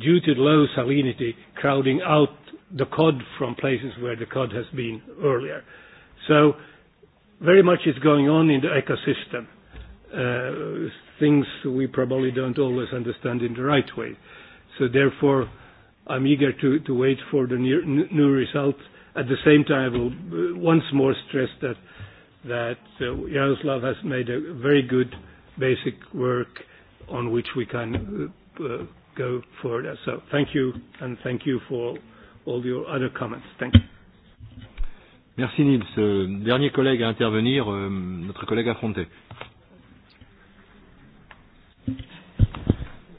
due to low salinity, crowding out the cod from places where the cod has been earlier. So very much is going on in the ecosystem. Uh, things we probably don't always understand in the right way. So therefore, I'm eager to, to wait for the near, new result. At the same time, I will uh, once more stress that that uh, Yaroslav has made a very good basic work on which we can uh, uh go further. So thank you, and thank you for all your other comments. Thank you. Merci Nils. Euh, dernier collègue à intervenir, euh, notre collègue Affronté.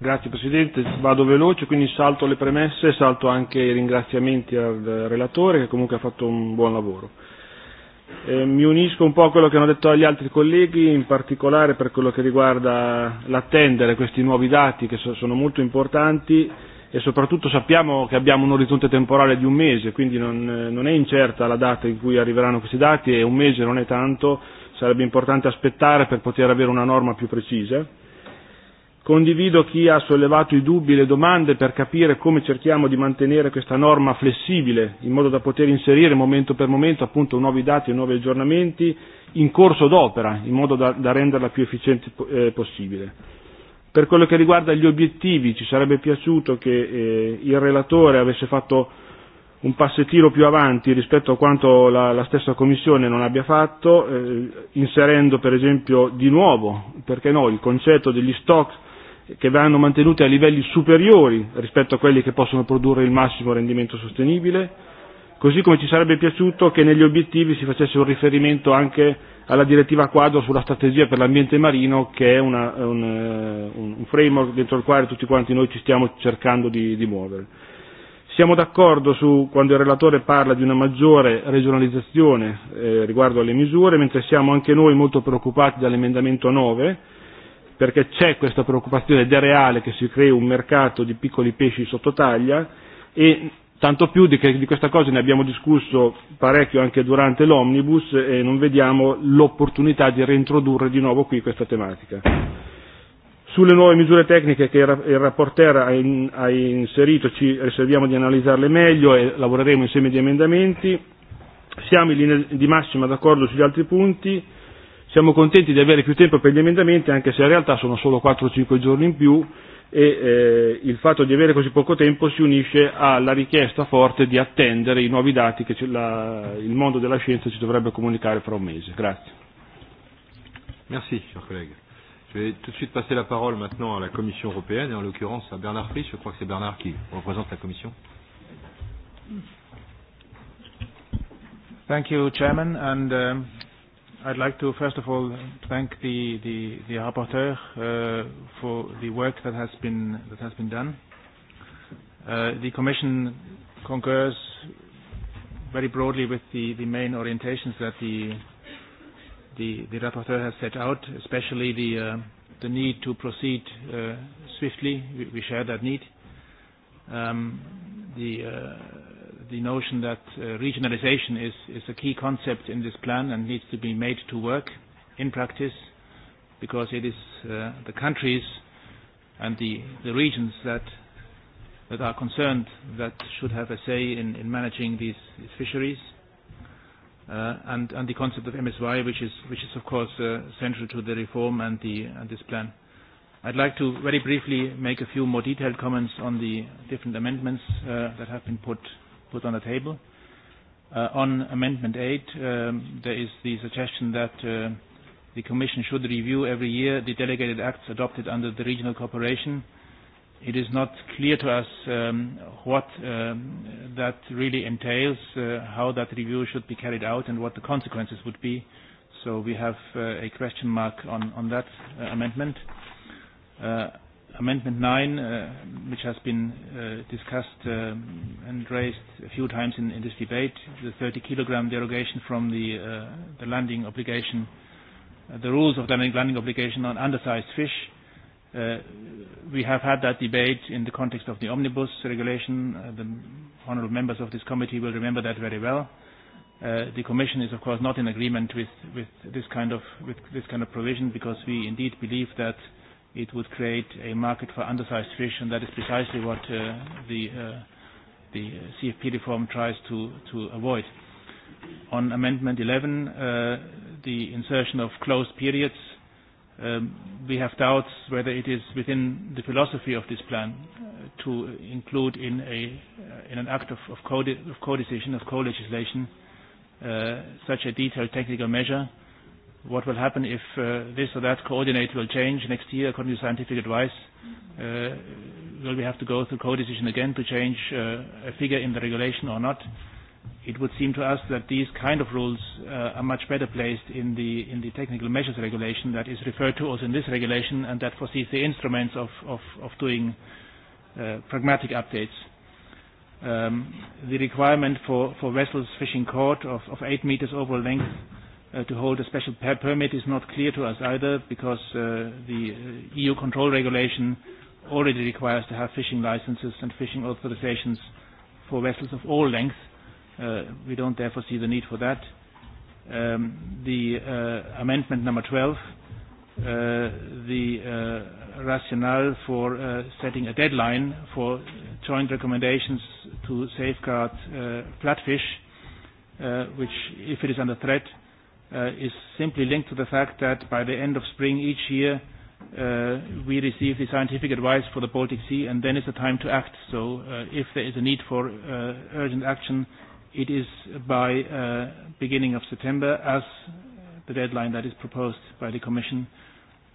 Grazie Presidente, vado veloce, quindi salto le premesse salto anche i ringraziamenti al relatore che comunque ha fatto un buon lavoro. Eh, mi unisco un po' a quello che hanno detto agli altri colleghi, in particolare per quello che riguarda l'attendere questi nuovi dati che sono molto importanti e soprattutto sappiamo che abbiamo un orizzonte temporale di un mese, quindi non, eh, non è incerta la data in cui arriveranno questi dati e un mese non è tanto, sarebbe importante aspettare per poter avere una norma più precisa Condivido chi ha sollevato i dubbi e le domande per capire come cerchiamo di mantenere questa norma flessibile in modo da poter inserire momento per momento appunto nuovi dati e nuovi aggiornamenti in corso d'opera in modo da, da renderla più efficiente eh, possibile. Per quello che riguarda gli obiettivi ci sarebbe piaciuto che eh, il relatore avesse fatto un passettino più avanti rispetto a quanto la, la stessa Commissione non abbia fatto, eh, inserendo per esempio di nuovo, perché no, il concetto degli stock che vanno mantenute a livelli superiori rispetto a quelli che possono produrre il massimo rendimento sostenibile, così come ci sarebbe piaciuto che negli obiettivi si facesse un riferimento anche alla direttiva quadro sulla strategia per l'ambiente marino, che è una, un, eh, un framework dentro il quale tutti quanti noi ci stiamo cercando di, di muovere. Siamo d'accordo su quando il relatore parla di una maggiore regionalizzazione eh, riguardo alle misure, mentre siamo anche noi molto preoccupati dall'emendamento 9, perché c'è questa preoccupazione ed è reale che si crei un mercato di piccoli pesci sotto taglia e tanto più di, che, di questa cosa ne abbiamo discusso parecchio anche durante l'omnibus e non vediamo l'opportunità di reintrodurre di nuovo qui questa tematica. Sulle nuove misure tecniche che il rapporter ha, ha inserito ci riserviamo di analizzarle meglio e lavoreremo insieme di emendamenti. Siamo in linea di massima d'accordo sugli altri punti Siamo contenti di avere più tempo per gli emendamenti, anche se in realtà sono solo 4-5 giorni in più e eh, il fatto di avere così poco tempo si unisce alla richiesta forte di attendere i nuovi dati che la, il mondo della scienza ci dovrebbe comunicare fra un mese. Grazie. Merci, cher collègue. Je vais tout de suite passer la parole maintenant à la Commission européenne, et en l'occurrence à Bernard Frisch. Je crois que c'est Bernard qui représente la Commission. Thank you, Chairman, and um, I'd like to first of all thank the the, the rapporteur uh, for the work that has been that has been done. Uh, the Commission concurs very broadly with the, the main orientations that the, the the rapporteur has set out, especially the uh, the need to proceed uh, swiftly. We, we share that need. Um, the uh, the notion that uh, regionalization is, is a key concept in this plan and needs to be made to work in practice because it is uh, the countries and the, the regions that, that are concerned that should have a say in, in managing these, these fisheries. Uh, and, and the concept of MSY, which is, which is of course uh, central to the reform and, the, and this plan. I'd like to very briefly make a few more detailed comments on the different amendments uh, that have been put put on the table. Uh, on Amendment 8, um, there is the suggestion that uh, the Commission should review every year the delegated acts adopted under the regional cooperation. It is not clear to us um, what um, that really entails, uh, how that review should be carried out and what the consequences would be. So we have uh, a question mark on, on that uh, amendment. Uh, Amendment 9, uh, which has been uh, discussed uh, and raised a few times in, this debate, the 30 kilogram derogation from the, the landing obligation, the rules of the landing obligation on undersized fish. we have had that debate in the context of the omnibus regulation. the honourable members of this committee will remember that very well. the Commission is of course not in agreement with, with, this kind of, with this kind of provision because we indeed believe that it would create a market for undersized fish, and that is precisely what uh, the, uh, the CFP reform tries to, to avoid. On Amendment 11, uh, the insertion of closed periods, um, we have doubts whether it is within the philosophy of this plan uh, to include in, a, uh, in an act of, of co-decision, of co-legislation, uh, such a detailed technical measure what will happen if uh, this or that coordinate will change next year according to scientific advice? Uh, will we have to go through co-decision again to change uh, a figure in the regulation or not? It would seem to us that these kind of rules uh, are much better placed in the, in the technical measures regulation that is referred to also in this regulation and that foresees the instruments of, of, of doing uh, pragmatic updates. Um, the requirement for, for vessels fishing caught of, of 8 meters overall length Uh, to hold a special permit is not clear to us either because uh, the uh, EU control regulation already requires to have fishing licenses and fishing authorizations for vessels of all lengths. Uh, we don't therefore see the need for that. Um, the uh, amendment number 12, uh, the uh, rationale for uh, setting a deadline for joint recommendations to safeguard uh, flatfish, uh, which if it is under threat Uh, is simply linked to the fact that by the end of spring each year, uh, we receive the scientific advice for the Baltic Sea, and then is the time to act. So uh, if there is a need for uh, urgent action, it is by beginning of September as the deadline that is proposed by the Commission,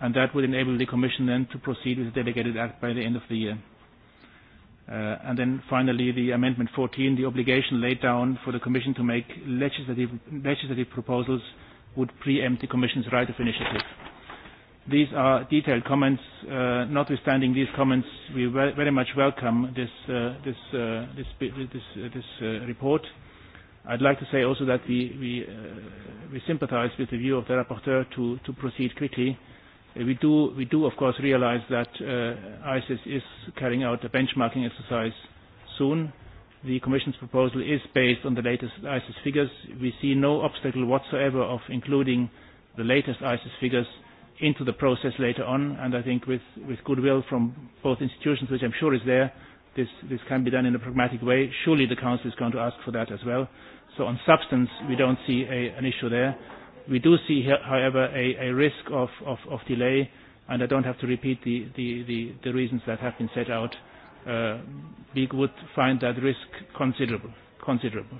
and that would enable the Commission then to proceed with the delegated act by the end of the year. and then finally, the Amendment 14, the obligation laid down for the Commission to make legislative, legislative proposals would preempt the Commission's right of initiative. These are detailed comments. Uh, notwithstanding these comments, we very much welcome this, uh, this, uh, this, this, uh, this uh, report. I'd like to say also that we, we, uh, we sympathize with the view of the rapporteur to, to proceed quickly. Uh, we, do, we do, of course, realize that uh, ISIS is carrying out a benchmarking exercise soon the Commission's proposal is based on the latest ISIS figures. We see no obstacle whatsoever of including the latest ISIS figures into the process later on, and I think with, with goodwill from both institutions, which I'm sure is there, this, this can be done in a pragmatic way. Surely the Council is going to ask for that as well. So on substance, we don't see a, an issue there. We do see, however, a, a risk of, of, of delay, and I don't have to repeat the, the, the, the reasons that have been set out we uh, would find that risk considerable. considerable.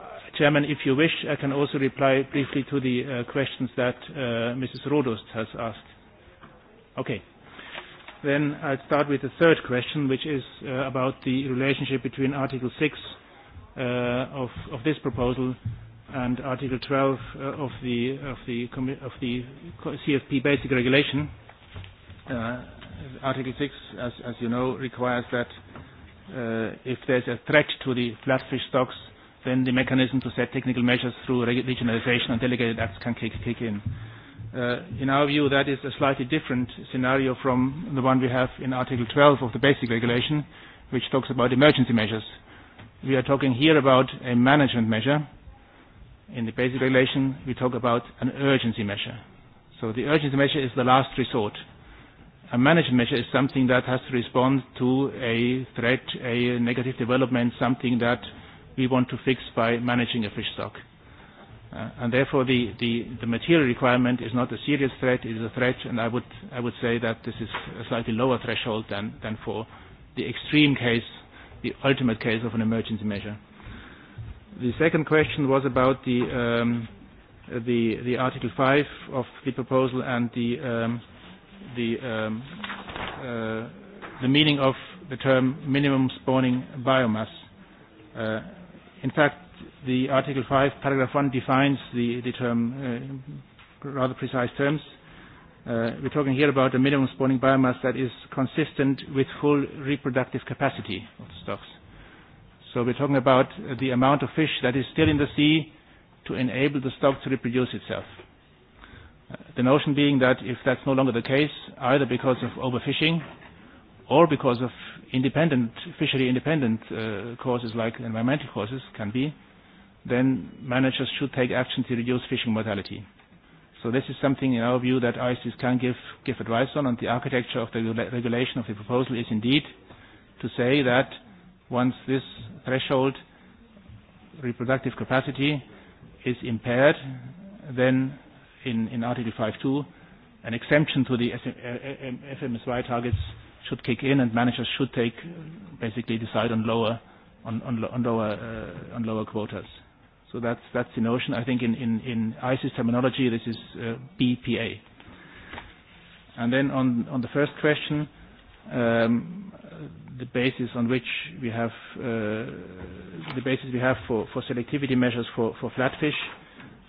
Uh, Chairman, if you wish, I can also reply briefly to the uh, questions that uh, Mrs. Rodost has asked. Okay. Then I'll start with the third question, which is uh, about the relationship between Article 6 uh, of, of this proposal and Article 12 uh, of, the, of, the, of the CFP Basic Regulation. Uh, Article 6, as, as you know, requires that uh, if there's a threat to the flatfish stocks, then the mechanism to set technical measures through regionalization and delegated acts can kick, kick in. Uh, in our view, that is a slightly different scenario from the one we have in Article 12 of the Basic Regulation, which talks about emergency measures. We are talking here about a management measure. In the Basic Regulation, we talk about an urgency measure. So the urgency measure is the last resort a management measure is something that has to respond to a threat, a negative development, something that we want to fix by managing a fish stock. Uh, and therefore the, the, the material requirement is not a serious threat, it is a threat, and I would, I would say that this is a slightly lower threshold than, than for the extreme case, the ultimate case of an emergency measure. The second question was about the, um, the, the Article 5 of the proposal and the um, the um, uh, the meaning of the term minimum spawning biomass. Uh, in fact, the Article 5, Paragraph 1 defines the, the term uh, rather precise terms. Uh, we're talking here about a minimum spawning biomass that is consistent with full reproductive capacity of stocks. So we're talking about the amount of fish that is still in the sea to enable the stock to reproduce itself. The notion being that if that's no longer the case, either because of overfishing or because of independent, fishery independent uh, causes like environmental causes can be, then managers should take action to reduce fishing mortality. So this is something in our view that ISIS can give, give advice on and the architecture of the regulation of the proposal is indeed to say that once this threshold reproductive capacity is impaired, then in, in Article 5.2, an exemption to the uh, uh, uh, FMSY targets should kick in and managers should take, basically decide on lower, on, on, on lower, uh, on lower quotas. So that's, that's the notion. I think in, in, in ISIS e terminology, this is uh, BPA. And then on, on the first question, um, the basis on which we have, uh, the basis we have for, for selectivity measures for, for flatfish,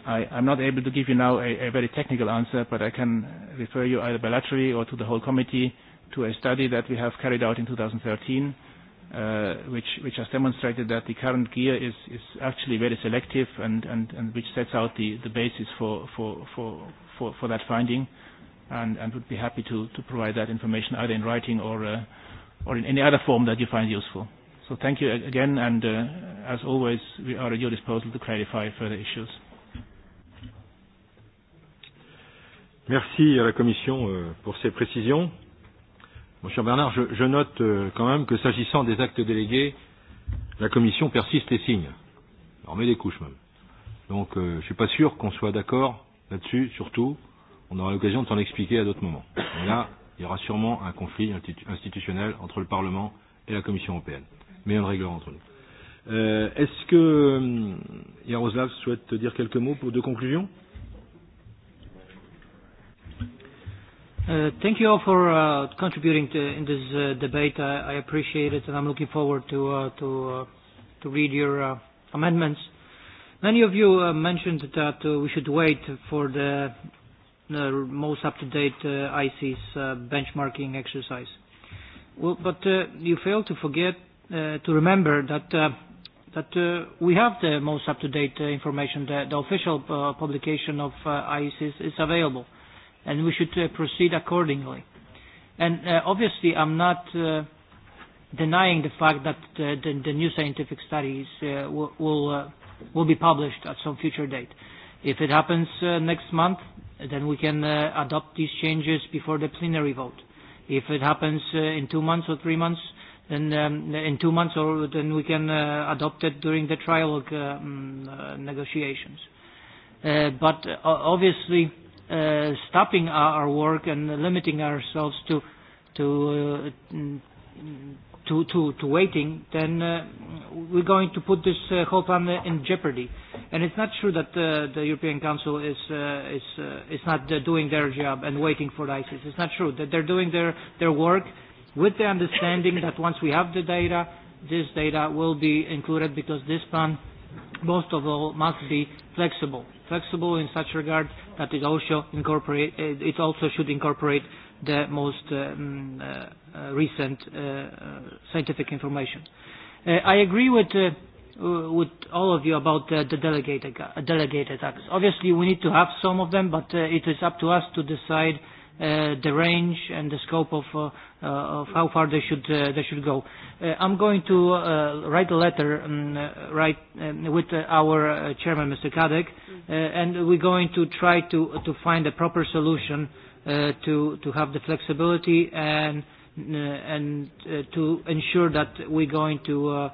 i, I'm not able to give you now a, a very technical answer, but I can refer you either bilaterally or to the whole committee to a study that we have carried out in 2013, uh, which, which has demonstrated that the current gear is, is actually very selective and, and, and which sets out the, the basis for, for, for, for, for that finding and, and would be happy to, to provide that information either in writing or, uh, or in any other form that you find useful. So thank you again, and uh, as always, we are at your disposal to clarify further issues. Merci à la Commission euh, pour ces précisions. Mon cher Bernard, je, je note euh, quand même que s'agissant des actes délégués, la Commission persiste les signes. On met des couches même. Donc euh, je ne suis pas sûr qu'on soit d'accord là-dessus, surtout. On aura l'occasion de s'en expliquer à d'autres moments. Et là, il y aura sûrement un conflit institutionnel entre le Parlement et la Commission européenne. Mais on le réglera entre nous. Euh, Est-ce que Yaroslav souhaite dire quelques mots pour deux conclusions Uh, thank you all for uh, contributing to, in this uh, debate. I, I appreciate it, and I'm looking forward to uh, to uh, to read your uh, amendments. Many of you uh, mentioned that uh, we should wait for the most up-to-date uh, IC's uh, benchmarking exercise. Well, but uh, you fail to forget uh, to remember that. Uh, that uh, we have the most up-to-date uh, information, the, the official uh, publication of uh, is available and we should uh, proceed accordingly. And uh, obviously, I'm not uh, denying the fact that uh, the, the new scientific studies uh, will will, uh, will be published at some future date. If it happens uh, next month, then we can uh, adopt these changes before the plenary vote. If it happens uh, in two months or three months, then um, in two months, or then we can uh, adopt it during the trial uh, mm, uh, negotiations. Uh, but uh, obviously, uh, stopping our work and limiting ourselves to to uh, to, to to waiting, then uh, we're going to put this uh, whole plan in jeopardy. And it's not true that uh, the European Council is uh, is uh, is not uh, doing their job and waiting for ISIS. It's not true that they're doing their their work with the understanding that once we have the data, this data will be included because this plan most of all must be flexible. Flexible in such regard that it also incorporate eh, it also should incorporate the most um, uh, recent uh, scientific information. Uh, I agree with uh, with all of you about uh, the delegated delegated acts. Obviously, we need to have some of them, but uh, it is up to us to decide uh, the range and the scope of, uh, uh, of how far they should, uh, they should go. Uh, I'm going to uh, write a letter um, uh, um, with uh, our uh, chairman, Mr. Kadek, uh, and we're going to try to, to find a proper solution uh, to, to have the flexibility and, uh, and uh, to ensure that we're going to uh,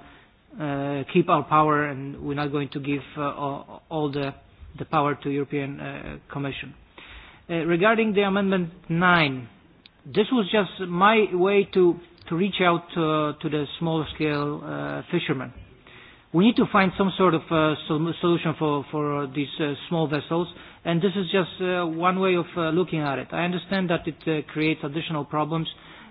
uh, keep our power and we're not going to give uh, all the, the power to European uh, Commission. Uh, regarding the amendment 9, this was just my way to, to reach out uh, to the small scale uh, fishermen. We need to find some sort of uh, solution for, for uh, these uh, small vessels, and this is just uh, one way of uh, looking at it. I understand that it uh, creates additional problems,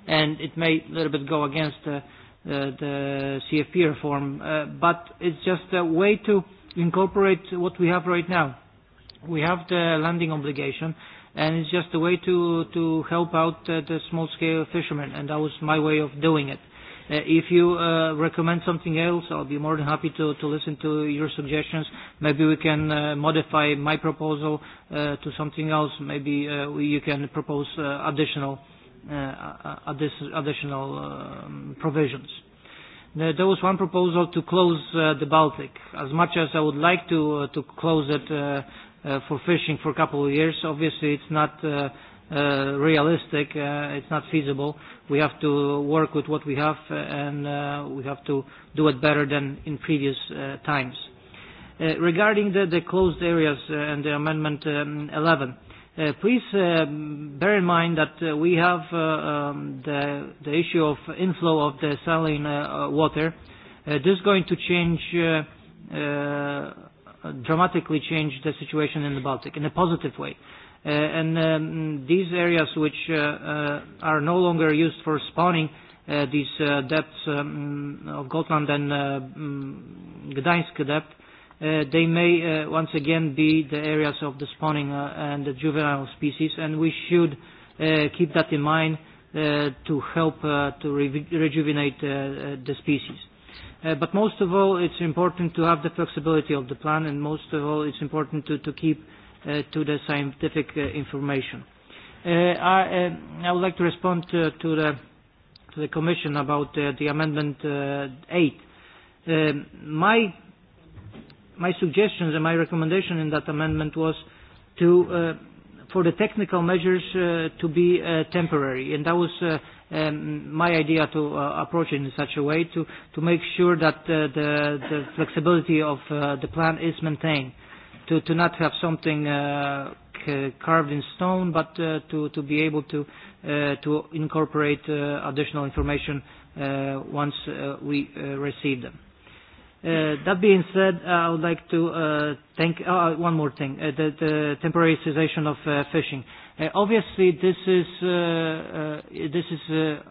and it may a little bit go against uh, the, the CFP reform, uh, but it's just a way to incorporate what we have right now. We have the landing obligation, and it's just a way to, to help out uh, the small-scale fishermen, and that was my way of doing it. Uh, if you uh, recommend something else, I'll be more than happy to, to listen to your suggestions. Maybe we can uh, modify my proposal uh, to something else. Maybe uh, we, you can propose uh, additional, uh, uh additional um, provisions. There was one proposal to close uh, the Baltic. As much as I would like to uh, to close it uh, Uh, for fishing for a couple of years. Obviously, it's not uh, uh, realistic. Uh, it's not feasible. We have to work with what we have, uh, and uh, we have to do it better than in previous uh, times. Uh, regarding the, the closed areas uh, and the Amendment um, 11, Uh, please uh, bear in mind that uh, we have uh, um, the, the issue of inflow of the saline uh, water. Uh, this is going to change uh, uh dramatically change the situation in the Baltic in a positive way. Uh, and um, these areas which uh, uh, are no longer used for spawning uh, these uh, depths um, of Gotland and uh, mm, Gdańsk depth, uh, they may uh, once again be the areas of the spawning uh, and the juvenile species, and we should uh, keep that in mind uh, to help uh, to re rejuvenate uh, uh, the species. Uh, but most of all, it's important to have the flexibility of the plan, and most of all, it's important to, to keep uh, to the scientific uh, information. I, I would like to respond to, to, the, to the Commission about uh, the Amendment 8. Um, my, my suggestions and my recommendation in that amendment was to, for the technical measures to be temporary, and that was um, my idea to uh, approach it in such a way to, to make sure that uh, the, the flexibility of uh, the plan is maintained, to, to not have something uh, carved in stone, but uh, to, to be able to, uh, to incorporate uh, additional information uh, once uh, we uh, receive them. Uh, that being said, uh, I would like to uh, thank uh, one more thing, uh, the, the temporary cessation of uh, fishing. Uh, Uh, obviously, this is uh, uh, this is uh,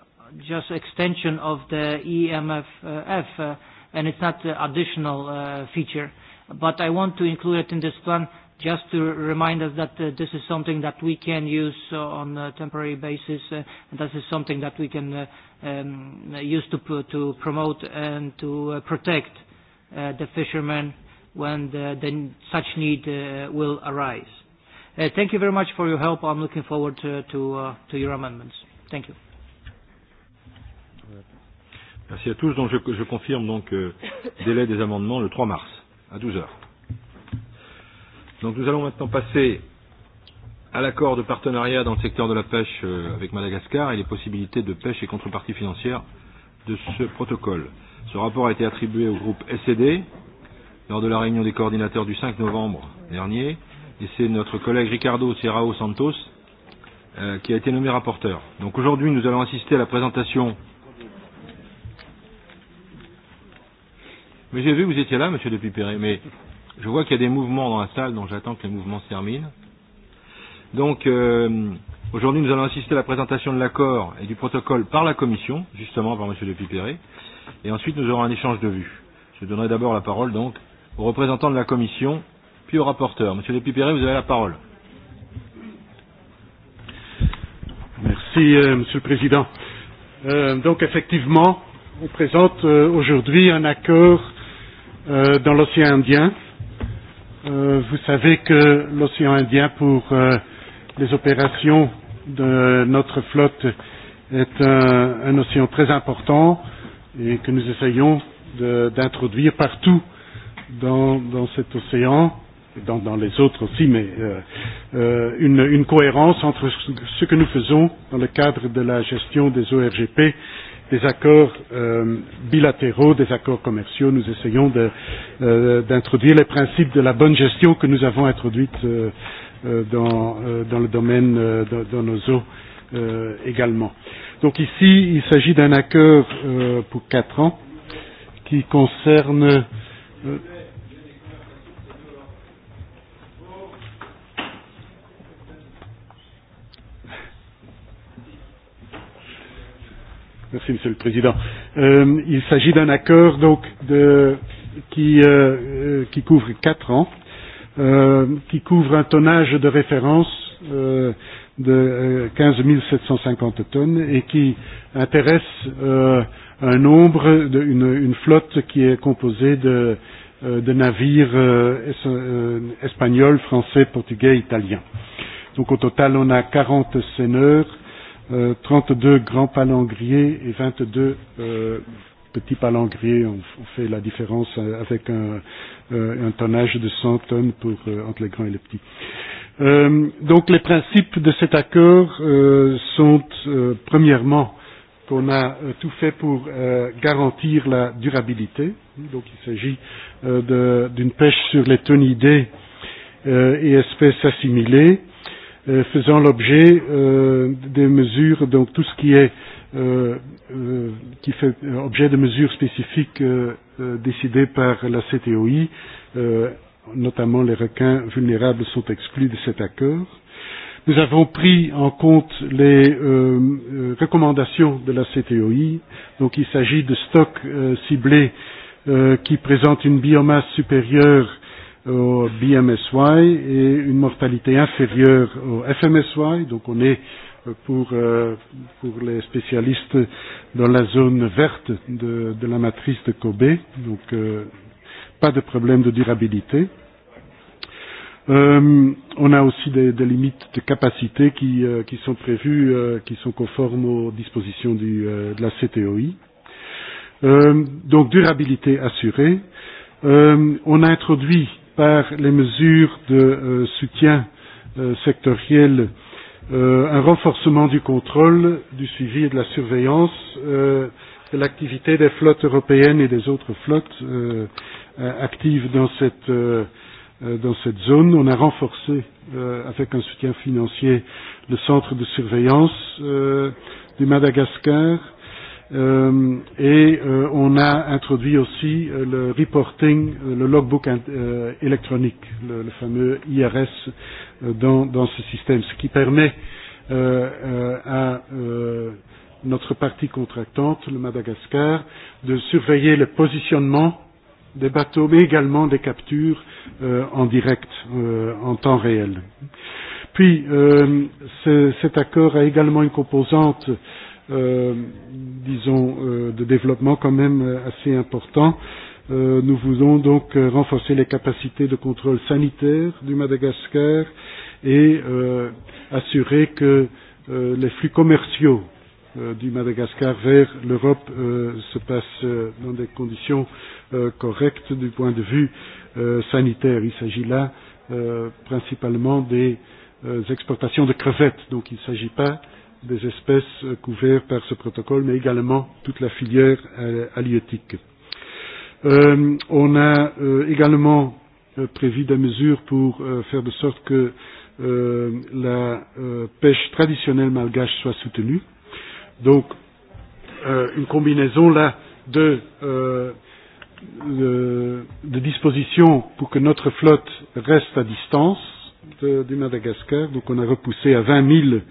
just extension of the EMFF, uh, and it's not an additional uh, feature. But I want to include it in this plan just to remind us that this is something that we can use on a temporary basis, and this is something that we can uh, um, use to, to promote and to uh, protect uh, the fishermen when the, the, such need uh, will arise. Uh, thank you very much for your help. I'm looking forward to, to, uh, to your amendments. Thank you. Merci à tous. Donc je, je confirme donc euh, délai des amendements le 3 mars à 12 heures. Donc nous allons maintenant passer à l'accord de partenariat dans le secteur de la pêche euh, avec Madagascar et les possibilités de pêche et contrepartie financières de ce protocole. Ce rapport a été attribué au groupe SED lors de la réunion des coordinateurs du 5 novembre dernier et c'est notre collègue Ricardo Serrao Santos euh, qui a été nommé rapporteur. Donc aujourd'hui, nous allons assister à la présentation. Mais j'ai vu que vous étiez là, Monsieur Depipéré, mais je vois qu'il y a des mouvements dans la salle, donc j'attends que les mouvements se terminent. Donc euh, aujourd'hui, nous allons assister à la présentation de l'accord et du protocole par la Commission, justement par Monsieur Depipéré, et ensuite nous aurons un échange de vues. Je donnerai d'abord la parole donc aux représentants de la Commission puis au rapporteur. Monsieur Pipéret, vous avez la parole. Merci, euh, Monsieur le Président. Euh, donc, effectivement, on présente euh, aujourd'hui un accord euh, dans l'océan Indien. Euh, vous savez que l'océan Indien, pour euh, les opérations de notre flotte, est un, un océan très important et que nous essayons d'introduire partout dans, dans cet océan dans, dans les autres aussi, mais euh, euh, une, une cohérence entre ce que nous faisons dans le cadre de la gestion des ORGP, des accords euh, bilatéraux, des accords commerciaux. Nous essayons euh, d'introduire les principes de la bonne gestion que nous avons introduite euh, euh, dans, dans le domaine dans, dans nos eaux également. Donc ici, il s'agit d'un accord pour quatre ans qui concerne Merci, Monsieur le Président. Euh, il s'agit d'un accord donc de, qui, euh, euh, qui couvre quatre ans, euh, qui couvre un tonnage de référence euh, de 15 euh, 750 tonnes et qui intéresse euh, un nombre, de, une, une flotte qui est composée de, euh, de navires euh, es, euh, espagnols, français, portugais, italiens. Donc au total, on a 40 seineurs Euh, trente 32 grands palangriers et 22 euh, petits palangriers. On, on fait la différence euh, avec un, euh, un tonnage de 100 tonnes pour, euh, entre les grands et les petits. Euh, donc les principes de cet accord euh, sont euh, premièrement qu'on a euh, tout fait pour euh, garantir la durabilité. Donc il s'agit euh, d'une pêche sur les tonidés euh, et espèces assimilées Euh, faisant l'objet euh, des mesures, donc tout ce qui est euh, euh, qui fait euh, objet de mesures spécifiques euh, décidées par la CTOI, notamment les requins vulnérables sont exclus de cet accord. Nous avons pris en compte les recommandations de la CTOI, donc il s'agit de stocks ciblés qui présentent une biomasse supérieure au BMSY et une mortalité inférieure au FMSY. Donc on est euh, pour, euh, pour les spécialistes dans la zone verte de, de la matrice de Kobe. Donc euh, pas de problème de durabilité. Euh, on a aussi des, des limites de capacité qui, euh, qui sont prévues, euh, qui sont conformes aux dispositions du, euh, de la CTOI. Euh, donc durabilité assurée. Euh, on a introduit par les mesures de euh, soutien euh, sectoriel euh, un renforcement du contrôle, du suivi et de la surveillance euh, de l'activité des flottes européennes et des autres flottes euh, actives dans cette, euh, dans cette zone. On a renforcé, euh, avec un soutien financier, le centre de surveillance euh, de Madagascar. Euh, et euh, on a introduit aussi euh, le reporting, euh, le logbook euh, électronique, le, le fameux IRS, euh, dans, dans ce système, ce qui permet euh, euh, à euh, notre partie contractante, le Madagascar, de surveiller le positionnement des bateaux, mais également des captures euh, en direct, euh, en temps réel. Puis, euh, cet accord a également une composante euh, euh, disons, euh, de développement quand même euh, assez important. Euh, nous voulons donc euh, renforcer les capacités de contrôle sanitaire du Madagascar et euh, assurer que euh, les flux commerciaux euh, du Madagascar vers l'Europe euh, se passent euh, dans des conditions euh, correctes du point de vue euh, sanitaire. Il s'agit là euh, principalement des euh, exportations de crevettes, donc il ne s'agit pas des espèces euh, couvertes par ce protocole, mais également toute la filière euh, halieutique. Euh, on a euh, également euh, prévu des mesures pour euh, faire de sorte que la pêche traditionnelle malgache soit soutenue. Donc, une combinaison là de, de, de dispositions pour que notre flotte reste à distance de, Madagascar. Donc, on a repoussé à 20 000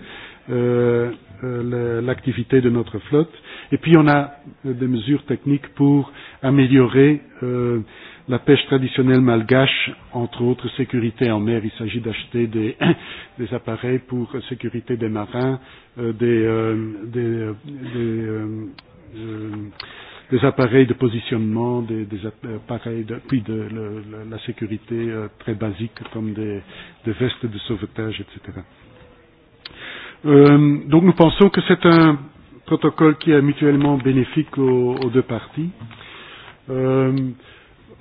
Euh, euh, l'activité de notre flotte. Et puis on a euh, des mesures techniques pour améliorer euh, la pêche traditionnelle malgache, entre autres sécurité en mer. Il s'agit d'acheter des, <coughs> des appareils pour sécurité des marins, euh, des, euh, des, des, euh, euh, des appareils de positionnement, des, des appareils de, puis de le, la sécurité euh, très basique comme des, des vestes de sauvetage, etc. Euh, donc nous pensons que c'est un protocole qui est mutuellement bénéfique aux, aux deux parties. Euh,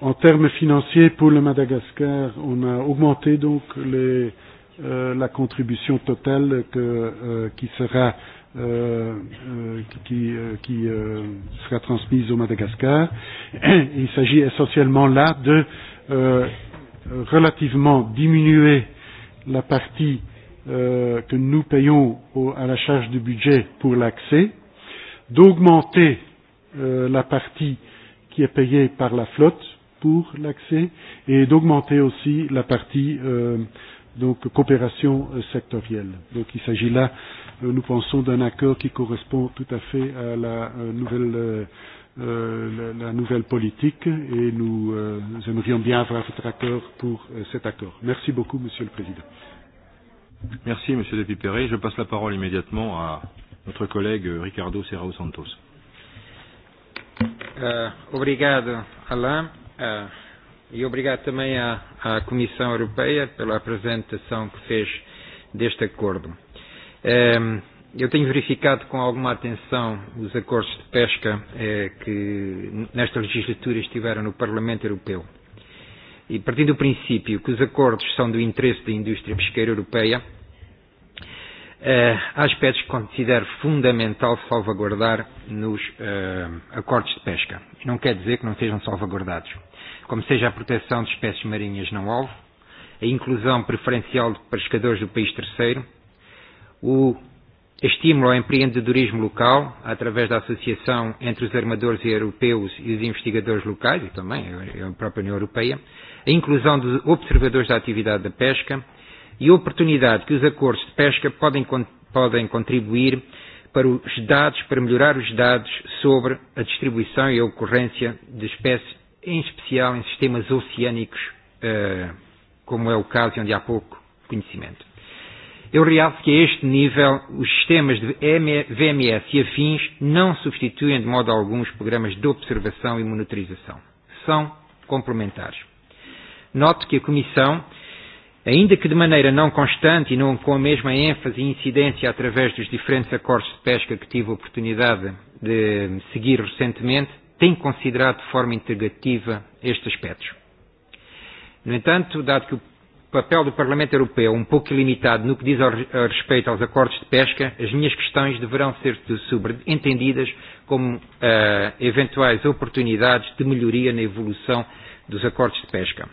en termes financiers, pour le Madagascar, on a augmenté donc les, euh, la contribution totale que, euh, qui sera euh, euh, qui, euh, qui euh, sera transmise au Madagascar. Il s'agit essentiellement là de euh, relativement diminuer la partie Euh, que nous payons au, à la charge du budget pour l'accès, d'augmenter euh, la partie qui est payée par la flotte pour l'accès et d'augmenter aussi la partie euh, donc coopération euh, sectorielle. Donc il s'agit là, euh, nous pensons, d'un accord qui correspond tout à fait à la nouvelle euh, la, la nouvelle politique et nous, euh, nous aimerions bien avoir votre accord pour euh, cet accord. Merci beaucoup, Monsieur le Président. Merci, monsieur le Je passe la parole immédiatement à notre collègue euh, Ricardo Serrao Santos. Uh, obrigado, Alain. Uh, e obrigado também à, à Comissão Europeia pela apresentação que fez deste acordo. Um, eu tenho verificado com alguma atenção os acordos de pesca eh, que nesta legislatura estiveram no Parlamento Europeu e partindo do princípio que os acordos são do interesse da indústria pesqueira europeia, eh, há aspectos que considero fundamental salvaguardar nos eh, acordos de pesca. Não quer dizer que não sejam salvaguardados, como seja a proteção de espécies marinhas não-alvo, a inclusão preferencial de pescadores do país terceiro, o estímulo o empreendedorismo local através da associação entre os armadores europeus e os investigadores locais e também a própria União Europeia, a inclusão de observadores da atividade da pesca e a oportunidade que os acordos de pesca podem, podem contribuir para os dados, para melhorar os dados sobre a distribuição e a ocorrência de espécies, em especial em sistemas oceânicos, eh, como é o caso onde há pouco conhecimento. Eu realço que a este nível os sistemas de VMS e afins não substituem de modo algum os programas de observação e monitorização. São complementares. Noto que a Comissão, ainda que de maneira não constante e não com a mesma ênfase e incidência através dos diferentes acordos de pesca que tive a oportunidade de seguir recentemente, tem considerado de forma integrativa estes aspectos. No entanto, dado que o papel do Parlamento Europeu um pouco limitado no que diz ao respeito aos acordos de pesca, as minhas questões deverão ser entendidas como uh, eventuais oportunidades de melhoria na evolução dos acordos de pesca.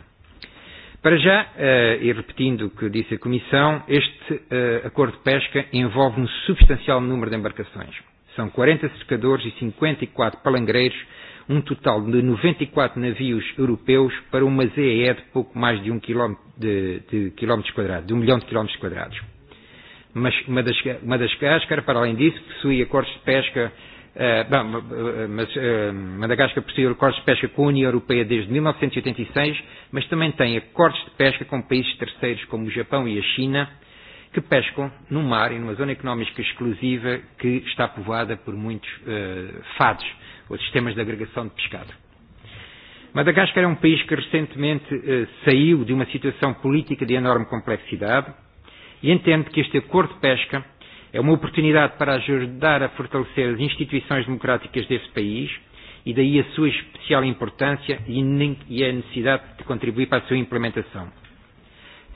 Para já, uh, e repetindo o que disse a Comissão, este ah, acordo de pesca envolve um substancial número de embarcações. São 40 cercadores e 54 e palangreiros um total de 94 e navios europeus para uma ZEE de pouco mais de um quilómetro de, de quadrados, um milhão de quilómetros quadrados. Mas Madagascar, para além disso, possui acordos de pesca Uh, eh, bom, mas uh, eh, Madagascar possui acordos de pesca com a União Europeia desde 1986, e e mas também tem acordos de pesca com países terceiros como o Japão e a China, que pescam no mar e numa zona económica exclusiva que está povoada por muitos uh, fados. Os sistemas de agregação de pescado. Madagascar é um país que recentemente eh, saiu de uma situação política de enorme complexidade e entende que este acordo de pesca é uma oportunidade para ajudar a fortalecer as instituições democráticas desse país e daí a sua especial importância e, e a necessidade de contribuir para a sua implementação.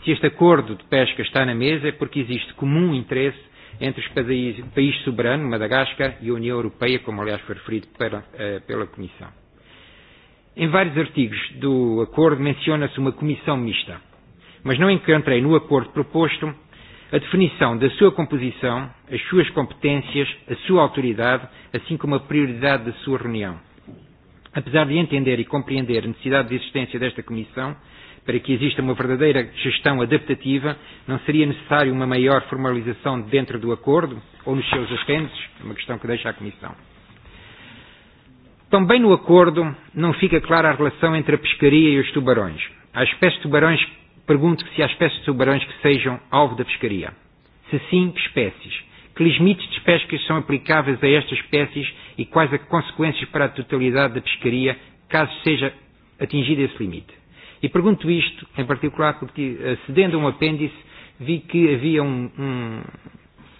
Se este acordo de pesca está na mesa é porque existe comum interesse entre os países, soberano, soberanos, Madagascar e a União Europeia, como aliás foi referido pela, eh, pela Comissão. Em vários artigos do acordo menciona-se uma comissão mista, mas não encontrei no acordo proposto a definição da sua composição, as suas competências, a sua autoridade, assim como a prioridade da sua reunião. Apesar de entender e compreender a necessidade de existência desta comissão, Para que exista uma verdadeira gestão adaptativa, não seria necessário uma maior formalização dentro do acordo ou nos seus apêndices? É uma questão que deixa à Comissão. Também no acordo não fica clara a relação entre a pescaria e os tubarões. Há espécies de tubarões, pergunto se há espécies de tubarões que sejam alvo da pescaria. Se sim, que espécies? Que limites de pescas são aplicáveis a estas espécies e quais as consequências para a totalidade da pescaria, caso seja atingido esse limite? E pergunto isto, em particular, porque cedendo eh, a um apêndice, vi que havia um, um,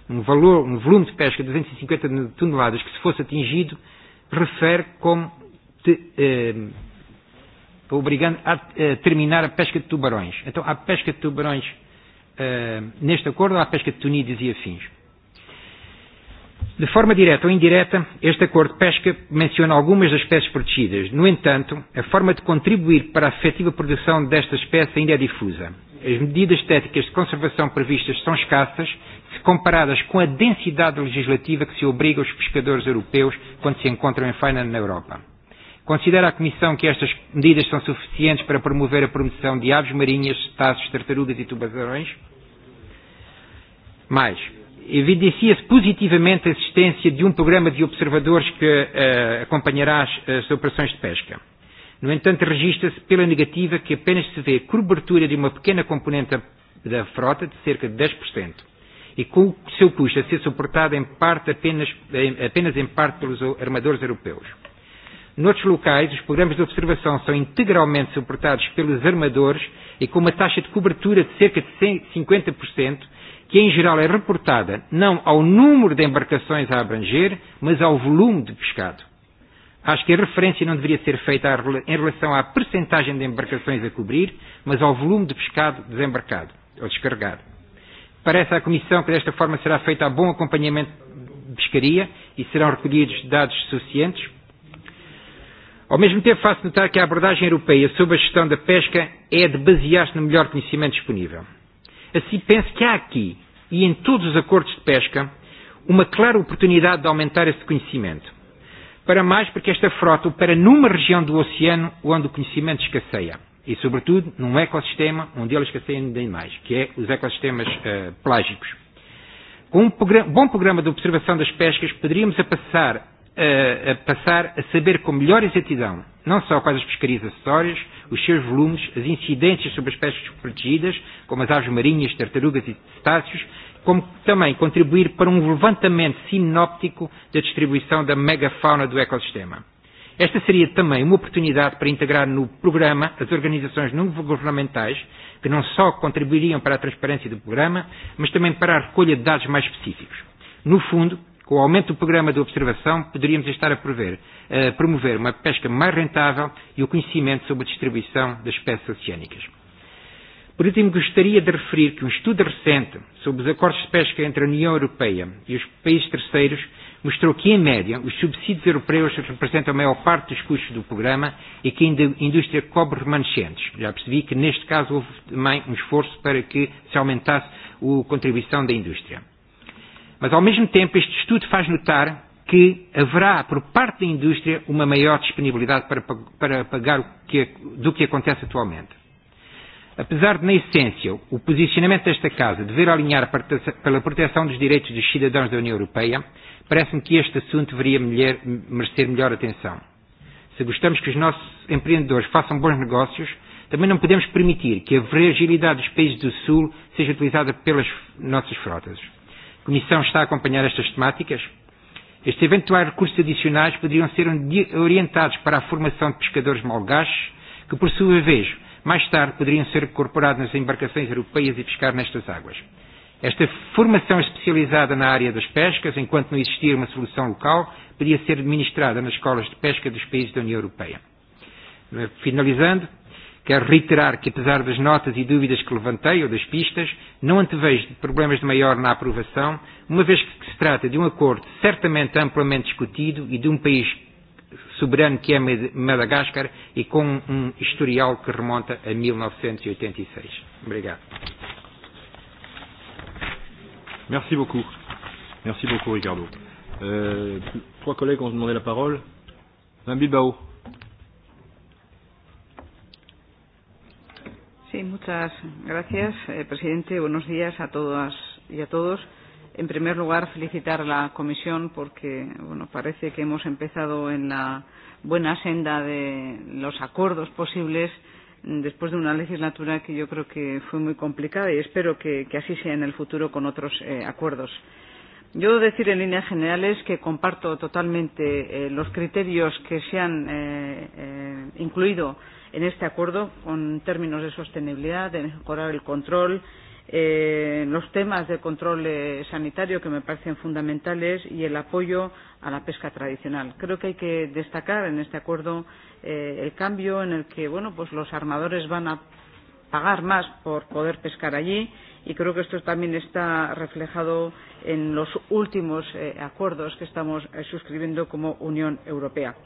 um valor, um volume de pesca de 250 e toneladas que, se fosse atingido, refere como te, eh, obrigando a a eh, terminar a pesca de tubarões. Então, há pesca de tubarões eh, neste acordo ou há pesca de tunídeos e afins? De forma direta ou indireta, este acordo de pesca menciona algumas das espécies protegidas. No entanto, a forma de contribuir para a efetiva produção desta espécie ainda é difusa. As medidas estéticas de conservação previstas são escassas se comparadas com a densidade legislativa que se obriga aos pescadores europeus quando se encontram em faina na Europa. Considera a Comissão que estas medidas são suficientes para promover a promoção de aves marinhas, cetáceos, tartarugas e tubarões? Mais, E evidencia-se positivamente a existência de um programa de observadores que uh, acompanhará as, as operações de pesca. No entanto, registra-se pela negativa que apenas se vê cobertura de uma pequena componente da frota, de cerca de 10%, e com o seu custo a ser suportado em parte apenas, em, apenas em parte pelos armadores europeus. Noutros locais, os programas de observação são integralmente suportados pelos armadores e com uma taxa de cobertura de cerca de 50%, que em geral é reportada não ao número de embarcações a abranger, mas ao volume de pescado. Acho que a referência não deveria ser feita em relação à percentagem de embarcações a cobrir, mas ao volume de pescado desembarcado ou descarregado. Parece à Comissão que desta forma será feita a bom acompanhamento de pescaria e serão recolhidos dados suficientes. Ao mesmo tempo, faço notar que a abordagem europeia sobre a gestão da pesca é de basear-se no melhor conhecimento disponível. Assim, penso que há aqui, e em todos os acordos de pesca, uma clara oportunidade de aumentar esse conhecimento. Para mais, porque esta frota opera numa região do oceano onde o conhecimento escasseia. E, sobretudo, num ecossistema onde ele escasseia ainda mais, que é os ecossistemas uh, eh, plágicos. Com um programa, bom programa de observação das pescas, poderíamos a passar, uh, a passar a saber com melhor exatidão, não só quais as pescarias acessórias, os seus volumes, as incidências sobre as espécies protegidas, como as aves marinhas, tartarugas e cetáceos, como também contribuir para um levantamento sinóptico da distribuição da megafauna do ecossistema. Esta seria também uma oportunidade para integrar no programa as organizações não governamentais, que não só contribuiriam para a transparência do programa, mas também para a recolha de dados mais específicos. No fundo, Com o aumento do programa de observação, poderíamos estar a prover, a promover uma pesca mais rentável e o conhecimento sobre a distribuição das espécies oceânicas. Por último, gostaria de referir que um estudo recente sobre os acordos de pesca entre a União Europeia e os países terceiros mostrou que, em média, os subsídios europeus representam a maior parte dos custos do programa e que a indústria cobre remanescentes. Já percebi que, neste caso, houve também um esforço para que se aumentasse a contribuição da indústria. Mas, ao mesmo tempo, este estudo faz notar que haverá, por parte da indústria, uma maior disponibilidade para, para pagar o que, do que acontece atualmente. Apesar de, na essência, o posicionamento desta Casa dever alinhar pela proteção dos direitos dos cidadãos da União Europeia, parece-me que este assunto deveria merecer melhor atenção. Se gostamos que os nossos empreendedores façam bons negócios, também não podemos permitir que a fragilidade dos países do Sul seja utilizada pelas nossas frotas. A Comissão está a acompanhar estas temáticas. Estes eventuais recursos adicionais poderiam ser orientados para a formação de pescadores malgaches, que por sua vez, mais tarde, poderiam ser incorporados nas embarcações europeias e pescar nestas águas. Esta formação especializada na área das pescas, enquanto não existir uma solução local, podia ser administrada nas escolas de pesca dos países da União Europeia. Eh, finalizando, Quero reiterar que, apesar das notas e dúvidas que levantei ou das pistas, não antevejo problemas de maior na aprovação, uma vez que se trata de um acordo certamente amplamente discutido e de um país soberano que é Madagascar e com um historial que remonta a 1986. E e Obrigado. Merci beaucoup. Merci beaucoup, Ricardo. Euh, trois collègues ont demandé la parole. Mme Bilbao. Sí, muchas gracias, eh, presidente. Buenos días a todas y a todos. En primer lugar, felicitar a la comisión porque bueno, parece que hemos empezado en la buena senda de los acuerdos posibles después de una legislatura que yo creo que fue muy complicada y espero que, que así sea en el futuro con otros eh, acuerdos. Yo decir en líneas generales que comparto totalmente eh, los criterios que se han eh, eh, incluido en este acuerdo con términos de sostenibilidad, de mejorar el control, eh, los temas de control eh, sanitario que me parecen fundamentales y el apoyo a la pesca tradicional. Creo que hay que destacar en este acuerdo eh, el cambio en el que bueno, pues los armadores van a pagar más por poder pescar allí y creo que esto también está reflejado en los últimos eh, acuerdos que estamos eh, suscribiendo como Unión Europea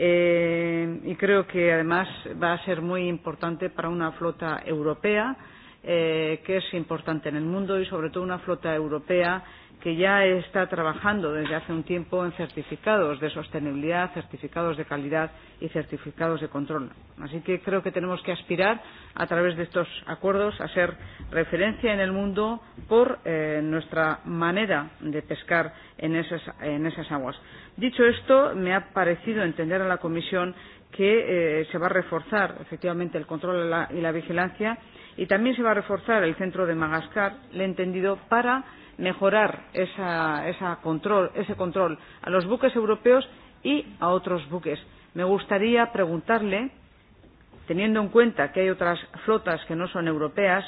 eh, y creo que además va a ser muy importante para una flota europea eh, que es importante en el mundo y sobre todo una flota europea que ya está trabajando desde hace un tiempo en certificados de sostenibilidad, certificados de calidad y certificados de control. Así que creo que tenemos que aspirar a través de estos acuerdos a ser referencia en el mundo por eh, nuestra manera de pescar en esas, en esas aguas. Dicho esto, me ha parecido entender a la Comisión que eh, se va a reforzar efectivamente el control y la vigilancia y también se va a reforzar el centro de Magascar le he entendido, para mejorar esa, esa control, ese control a los buques europeos y a otros buques. Me gustaría preguntarle, teniendo en cuenta que hay otras flotas que no son europeas,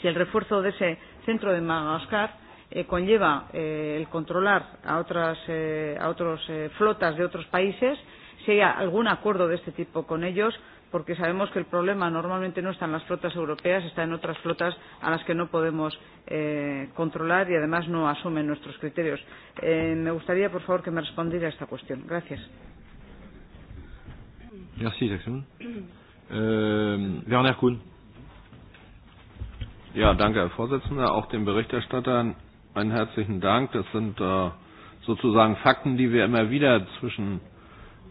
si el refuerzo de ese centro de Madagascar eh, conlleva eh, el controlar a otras eh, a otros, eh, flotas de otros países, si hay algún acuerdo de este tipo con ellos, porque sabemos que el problema normalmente no está en las flotas europeas, está en otras flotas a las que no podemos eh, controlar y además no asumen nuestros criterios. Eh, me gustaría, por favor, que me respondiera a esta cuestión. Gracias. Merci, Jackson. Eh, Werner Kuhn. Ja, danke, Herr Vorsitzender. Auch den Berichterstattern einen herzlichen Dank. Das sind äh, sozusagen Fakten, die wir immer wieder zwischen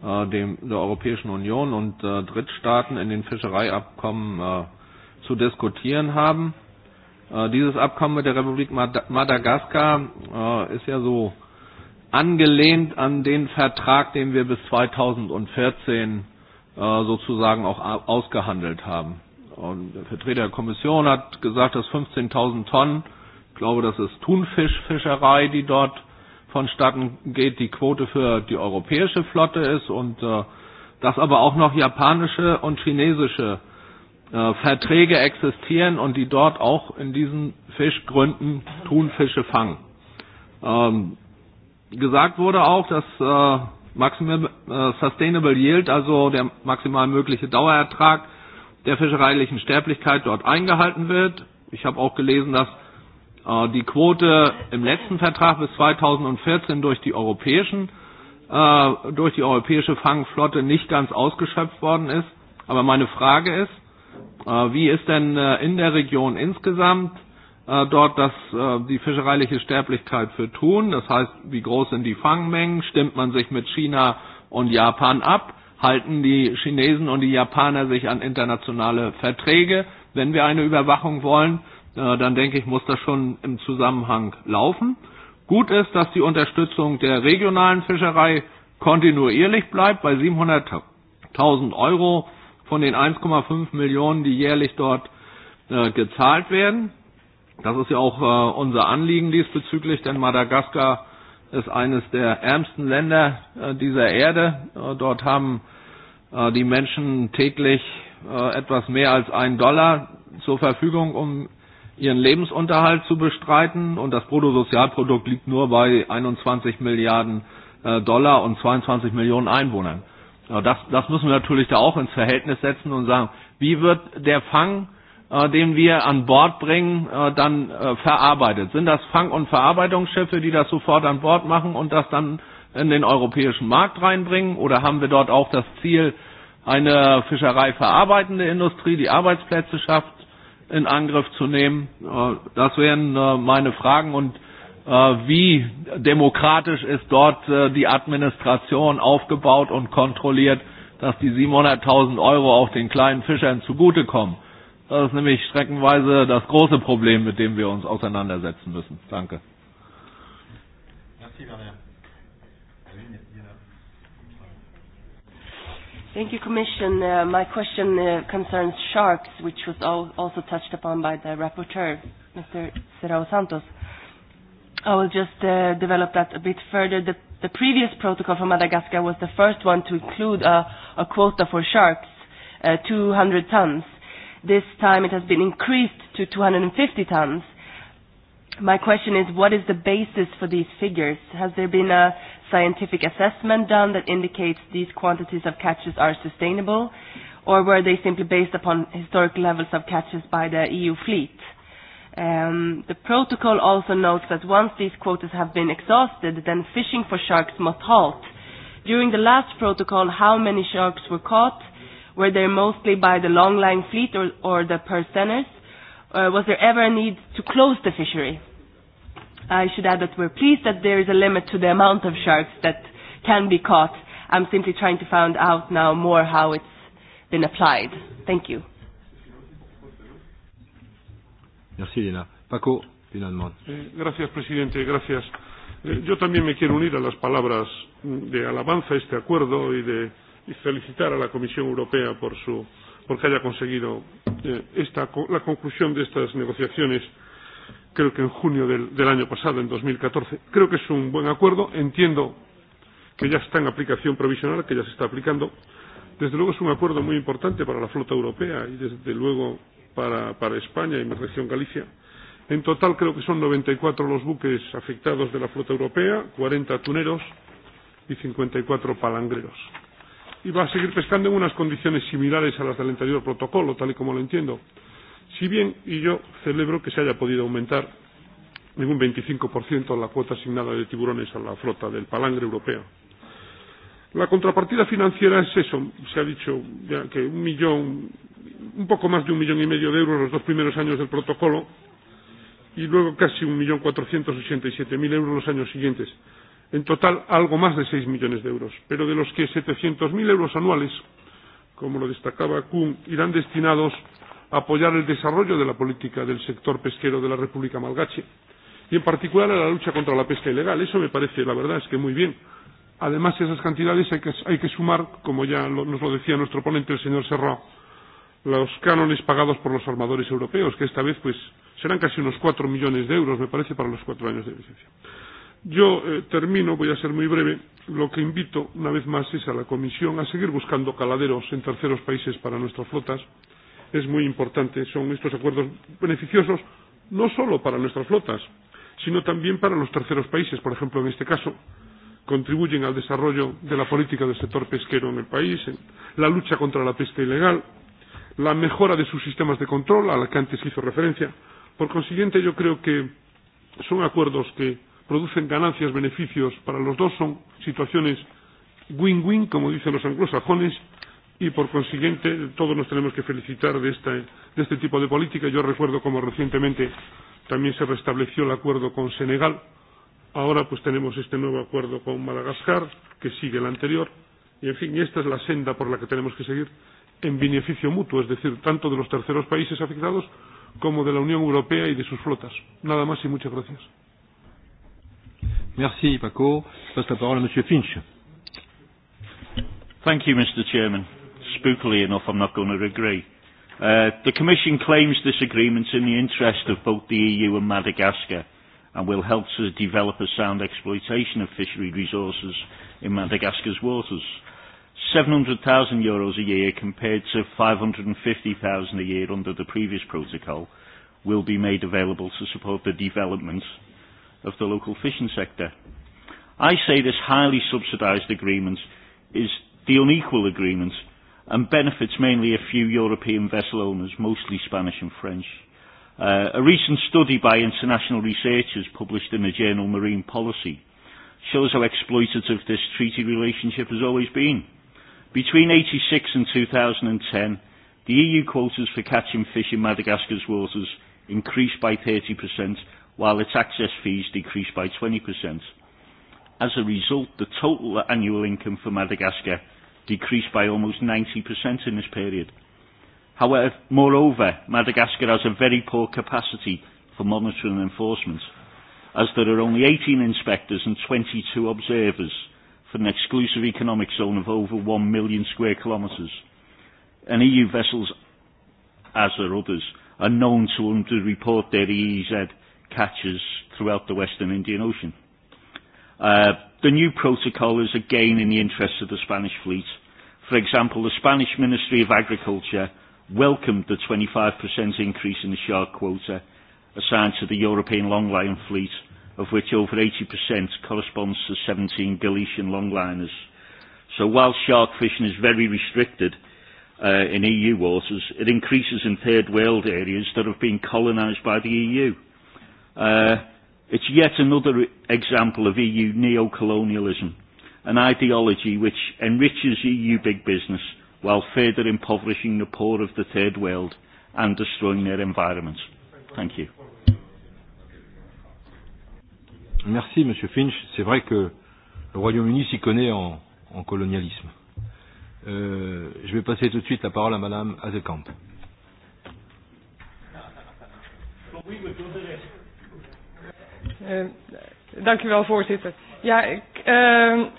Äh, dem, der Europäischen Union und äh, Drittstaaten in den Fischereiabkommen äh, zu diskutieren haben. Äh, dieses Abkommen mit der Republik Mad Madagaskar äh, ist ja so angelehnt an den Vertrag, den wir bis 2014 äh, sozusagen auch ausgehandelt haben. Und der Vertreter der Kommission hat gesagt, dass 15.000 Tonnen, ich glaube, das ist Thunfischfischerei, die dort vonstatten geht, die Quote für die europäische Flotte ist und äh, dass aber auch noch japanische und chinesische äh, Verträge existieren und die dort auch in diesen Fischgründen Thunfische fangen. Ähm, gesagt wurde auch, dass äh, maximal, äh, Sustainable Yield, also der maximal mögliche Dauerertrag der fischereilichen Sterblichkeit dort eingehalten wird. Ich habe auch gelesen, dass Äh, die Quote im letzten Vertrag bis 2014 durch die europäischen äh, durch die europäische Fangflotte nicht ganz ausgeschöpft worden ist. Aber meine Frage ist, äh, wie ist denn in der Region insgesamt dort das, die fischereiliche Sterblichkeit für Tun? Das heißt, wie groß sind die Fangmengen? Stimmt man sich mit China und Japan ab? Halten die Chinesen und die Japaner sich an internationale Verträge, wenn wir eine Überwachung wollen? Äh, dann denke ich, muss das schon im Zusammenhang laufen. Gut ist, dass die Unterstützung der regionalen Fischerei kontinuierlich bleibt bei 700.000 Euro von den 1,5 Millionen, die jährlich dort äh, gezahlt werden. Das ist ja auch äh, unser Anliegen diesbezüglich, denn Madagaskar ist eines der ärmsten Länder äh, dieser Erde. Äh, dort haben die Menschen täglich etwas mehr als einen Dollar zur Verfügung, um ihren Lebensunterhalt zu bestreiten und das Bruttosozialprodukt liegt nur bei 21 Milliarden äh, Dollar und 22 Millionen Einwohnern. Das, das müssen wir natürlich da auch ins Verhältnis setzen und sagen, wie wird der Fang, äh, den wir an Bord bringen, äh, dann verarbeitet? Sind das Fang- und Verarbeitungsschiffe, die das sofort an Bord machen und das dann in den europäischen Markt reinbringen? Oder haben wir dort auch das Ziel, eine Fischerei verarbeitende Industrie, die Arbeitsplätze schafft? in Angriff zu nehmen. Äh, das wären äh, meine Fragen und äh, wie demokratisch ist dort die Administration aufgebaut und kontrolliert, dass die 700.000 Euro auch den kleinen Fischern zugutekommen. Das ist nämlich streckenweise das große Problem, mit dem wir uns auseinandersetzen müssen. Danke. Merci, Thank you, Commission. Uh, my question uh, concerns sharks, which was al also touched upon by the rapporteur, Mr. Serrao Santos. I will just uh, develop that a bit further. The, the previous protocol for Madagascar was the first one to include a, a quota for sharks, uh, 200 tons. This time it has been increased to 250 tons. My question is, what is the basis for these figures? Has there been a scientific assessment done that indicates these quantities of catches are sustainable, or were they simply based upon historic levels of catches by the EU fleet? Um, the protocol also notes that once these quotas have been exhausted, then fishing for sharks must halt. During the last protocol, how many sharks were caught? Were they mostly by the longline fleet or, or the centers? Uh, was there ever a need to close the fishery? I should add that we're pleased that there is a limit to the amount of sharks that can be caught. I'm simply trying to find out now more how it's been applied. Thank you. Merci, Elena. Paco, finalement. Eh, gracias, presidente. Gracias. Eh, yo también me quiero unir a las palabras de alabanza a este acuerdo y de y felicitar a la Comisión Europea por, su, por que haya conseguido eh, esta, la conclusión de estas negociaciones creo que en junio del, del año pasado, en 2014. Creo que es un buen acuerdo. Entiendo que ya está en aplicación provisional, que ya se está aplicando. Desde luego es un acuerdo muy importante para la flota europea y desde luego para, para España y mi región Galicia. En total creo que son 94 los buques afectados de la flota europea, 40 tuneros y 54 palangreros. Y va a seguir pescando en unas condiciones similares a las del anterior protocolo, tal y como lo entiendo si bien, y yo celebro que se haya podido aumentar en un 25% la cuota asignada de tiburones a la flota del palangre europeo. La contrapartida financiera es eso, se ha dicho ya que un millón, un poco más de un millón y medio de euros los dos primeros años del protocolo y luego casi un millón cuatrocientos ochenta y siete mil euros los años siguientes. En total, algo más de seis millones de euros, pero de los que setecientos mil euros anuales, como lo destacaba Kuhn, irán destinados apoyar el desarrollo de la política del sector pesquero de la República Malgache y en particular a la lucha contra la pesca ilegal. Eso me parece, la verdad, es que muy bien. Además, esas cantidades hay que, hay que sumar, como ya lo, nos lo decía nuestro ponente, el señor Serra, los cánones pagados por los armadores europeos, que esta vez pues serán casi unos cuatro millones de euros, me parece, para los cuatro años de licencia. Yo eh, termino, voy a ser muy breve. Lo que invito, una vez más, es a la Comisión a seguir buscando caladeros en terceros países para nuestras flotas es muy importante. Son estos acuerdos beneficiosos no solo para nuestras flotas, sino también para los terceros países. Por ejemplo, en este caso, contribuyen al desarrollo de la política del sector pesquero en el país, en la lucha contra la pesca ilegal, la mejora de sus sistemas de control, a la que antes hizo referencia. Por consiguiente, yo creo que son acuerdos que producen ganancias, beneficios para los dos, son situaciones win-win, como dicen los anglosajones, y por consiguiente todos nos tenemos que felicitar de, esta, de este tipo de política. Yo recuerdo como recientemente también se restableció el acuerdo con Senegal. Ahora pues tenemos este nuevo acuerdo con Madagascar que sigue el anterior. Y en fin, esta es la senda por la que tenemos que seguir en beneficio mutuo, es decir, tanto de los terceros países afectados como de la Unión Europea y de sus flotas. Nada más y muchas gracias. Merci Paco. Passe la parole à Monsieur Finch. Thank you, Mr. Chairman spookily enough, I'm not going to agree. Uh, the Commission claims this agreement in the interest of both the EU and Madagascar and will help to develop a sound exploitation of fishery resources in Madagascar's waters. 700,000 euros a year compared to 550,000 a year under the previous protocol will be made available to support the development of the local fishing sector. I say this highly subsidised agreement is the unequal agreement and benefits mainly a few European vessel owners, mostly Spanish and French. Uh, a recent study by international researchers published in the journal Marine Policy shows how exploitative this treaty relationship has always been. Between 86 and 2010, the EU quotas for catching fish in Madagascar's waters increased by 30%, while its access fees decreased by 20%. As a result, the total annual income for Madagascar decreased by almost 90% in this period. However, moreover, Madagascar has a very poor capacity for monitoring and enforcement, as there are only 18 inspectors and 22 observers for an exclusive economic zone of over 1 million square kilometres. And EU vessels, as are others, are known to underreport their EEZ catches throughout the Western Indian Ocean. Uh, the new protocol is again in the interest of the Spanish fleet. For example, the Spanish Ministry of Agriculture welcomed the 25% increase in the shark quota assigned to the European longline fleet, of which over 80% corresponds to 17 Galician longliners. So while shark fishing is very restricted uh, in EU waters, it increases in third world areas that have been colonised by the EU. Uh, It's yet another example of EU neocolonialism, an ideology which enriches EU big business while further impoverishing the poor of the third world and destroying their environment. Thank you. Merci, Monsieur Finch. C'est vrai que le Royaume-Uni s'y connaît en, en colonialisme. Euh, je vais passer tout de suite la parole à Madame Azekamp. Eh, dank u wel, voorzitter. Ja, ik, uh,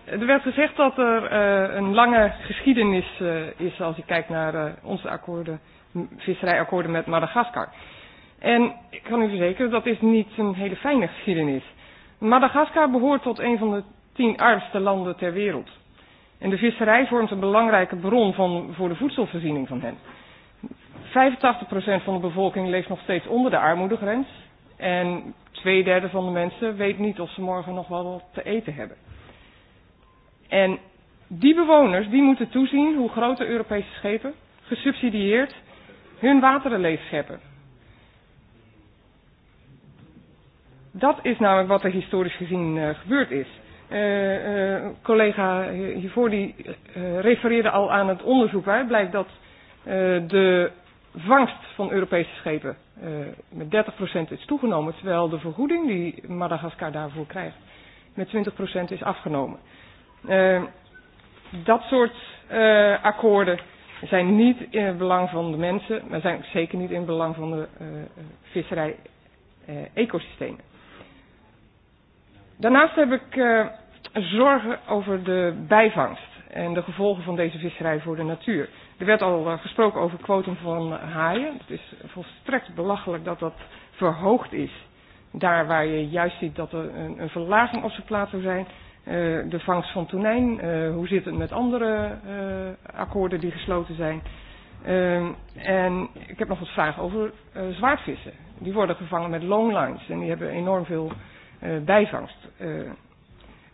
er werd gezegd dat er uh, een lange geschiedenis uh, is als je kijkt naar uh, onze akkoorden, visserijakkoorden met Madagaskar. En ik kan u verzekeren, dat is niet een hele fijne geschiedenis. Madagaskar behoort tot een van de tien armste landen ter wereld. En de visserij vormt een belangrijke bron van, voor de voedselvoorziening van hen. 85% van de bevolking leeft nog steeds onder de armoedegrens. En derde van de mensen weet niet of ze morgen nog wel wat te eten hebben. En die bewoners die moeten toezien hoe grote Europese schepen, gesubsidieerd, hun wateren er scheppen. Dat is namelijk wat er historisch gezien eh, gebeurd is. Uh, uh, collega hiervoor die uh, refereerde al aan het onderzoek waar blijkt dat uh, de vangst van Europese schepen Eh, met 30% is toegenomen, terwijl de vergoeding die Madagaskar daarvoor krijgt met 20% is afgenomen. Eh, dat soort eh, akkoorden zijn niet in het belang van de mensen, maar zijn zeker niet in het belang van de uh, visserij-ecosystemen. Daarnaast heb ik zorgen over de bijvangst en de gevolgen van deze visserij voor de natuur. Er werd al eh, gesproken over kwotum van haaien. Het is volstrekt belachelijk dat dat verhoogd is. Daar waar je juist ziet dat er een, een verlaging op zijn plaats zou zijn. Uh, de vangst van tonijn, uh, hoe zit het met andere uh, akkoorden die gesloten zijn. Ehm, en ik heb nog wat vragen over zwaardvissen. Die worden gevangen met longlines en die hebben enorm veel bijvangst.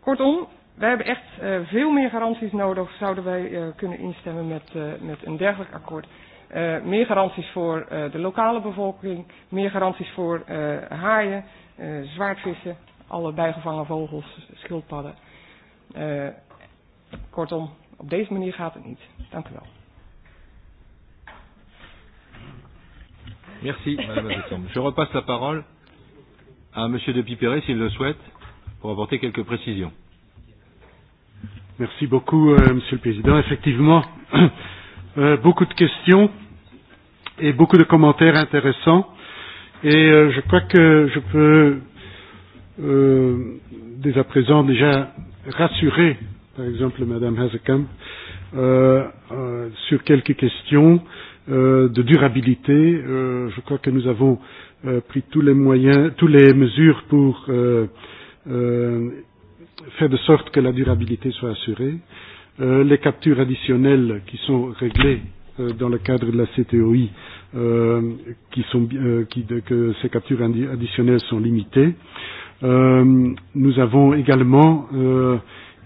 kortom, Wij hebben echt eh, veel meer garanties nodig, zouden wij eh, kunnen instemmen met, eh, met een dergelijk akkoord. meer garanties voor de lokale bevolking, meer garanties voor haaien, zwaardvissen, alle bijgevangen vogels, schildpadden. kortom, op deze manier gaat het niet. Dank u wel. Merci, Madame la Je repasse la parole à Monsieur de Piperet, s'il le souhaite, pour apporter quelques précisions. Merci beaucoup, euh, Monsieur le Président. Effectivement, <coughs> euh, beaucoup de questions et beaucoup de commentaires intéressants. Et euh, je crois que je peux euh, dès à présent déjà rassurer, par exemple, Madame Hazekamp, euh, euh, sur quelques questions euh, de durabilité. Euh, je crois que nous avons euh, pris tous les moyens, toutes les mesures pour euh, euh, faire de sorte que la durabilité soit assurée. Euh, les captures additionnelles qui sont réglées euh, dans le cadre de la CTOI, euh, qui sont, euh, qui, de, que ces captures additionnelles sont limitées. Euh, nous avons également euh,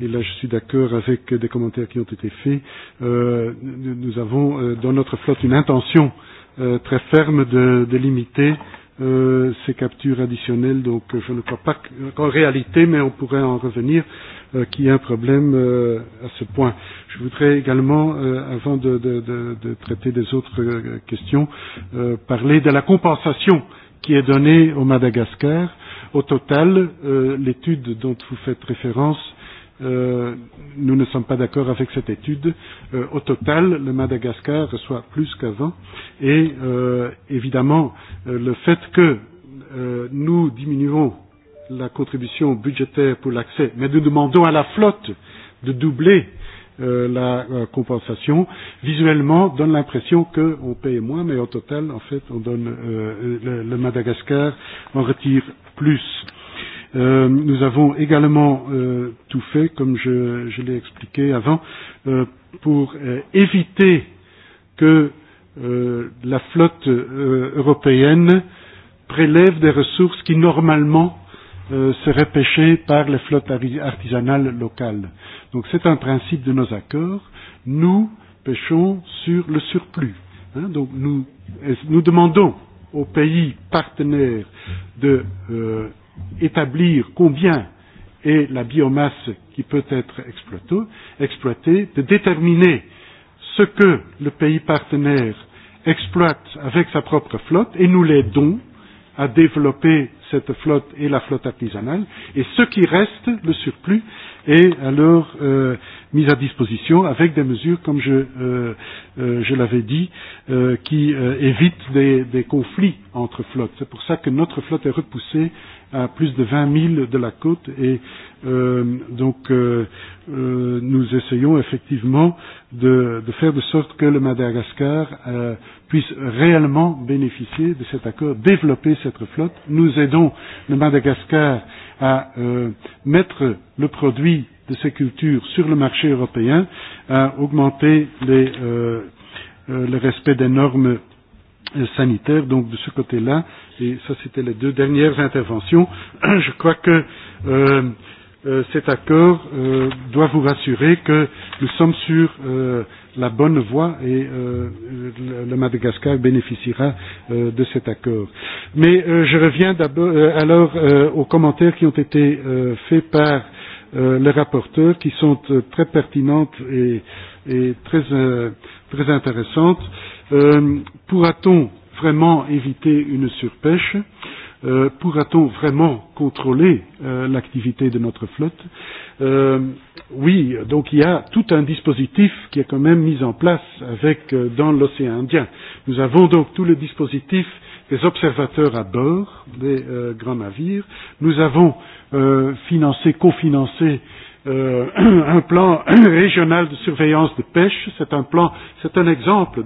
et là je suis d'accord avec des commentaires qui ont été faits, euh, nous avons euh, dans notre flotte une intention euh, très ferme de, de limiter Euh, ces captures additionnelles. Donc euh, je ne crois pas qu'en réalité, mais on pourrait en revenir, euh, qu'il y ait un problème euh, à ce point. Je voudrais également, euh, avant de, de, de, de traiter des autres euh, questions, euh, parler de la compensation qui est donnée au Madagascar. Au total, euh, l'étude dont vous faites référence Euh, nous ne sommes pas d'accord avec cette étude. Euh, au total, le Madagascar reçoit plus qu'avant et euh, évidemment, euh, le fait que euh, nous diminuons la contribution budgétaire pour l'accès, mais nous demandons à la flotte de doubler euh, la euh, compensation, visuellement donne l'impression qu'on paye moins, mais au total, en fait, on donne euh, le, le Madagascar en retire plus. Euh, nous avons également euh, tout fait, comme je, je l'ai expliqué avant, euh, pour euh, éviter que euh, la flotte européenne prélève des ressources qui normalement seraient pêchées par les flottes artisanales locales. Donc c'est un principe de nos accords. Nous pêchons sur le surplus. Hein, donc nous, nous demandons aux pays partenaires de établir combien est la biomasse qui peut être exploitée, exploitée de déterminer ce que le pays partenaire exploite avec sa propre flotte et nous l'aidons à développer cette flotte et la flotte artisanale et ce qui reste, le surplus, est alors euh, mis à disposition avec des mesures, comme je, euh, euh, je l'avais dit, euh, qui euh, évitent des, des conflits entre flottes. C'est pour ça que notre flotte est repoussée à plus de 20 milles de la côte et euh, donc euh, euh, nous essayons effectivement de, de faire de sorte que le Madagascar euh, puisse réellement bénéficier de cet accord, développer cette flotte. Nous aidons le Madagascar à euh, mettre le produit de ces cultures sur le marché européen, à augmenter les, euh, euh le respect des normes sanitaire. Donc de ce côté-là, et ça c'était les deux dernières interventions, <clears throat> je crois que euh, euh, cet accord euh, doit vous rassurer que nous sommes sur euh, la bonne voie et euh, le Madagascar bénéficiera euh, de cet accord. Mais euh, je reviens d'abord euh, alors euh, aux commentaires qui ont été euh, faits par les rapporteurs qui sont très pertinentes et, et très, très intéressantes. Euh, pourra-t-on vraiment éviter une surpêche euh, Pourra-t-on vraiment contrôler euh, l'activité de notre flotte euh, Oui, donc il y a tout un dispositif qui est quand même mis en place avec euh, dans l'océan Indien. Nous avons donc tout le dispositif des observateurs à bord des euh, grands navires. Nous avons euh, financé, cofinancé euh, <clears throat> un plan <clears throat> régional de surveillance de pêche. C'est un plan, c'est un exemple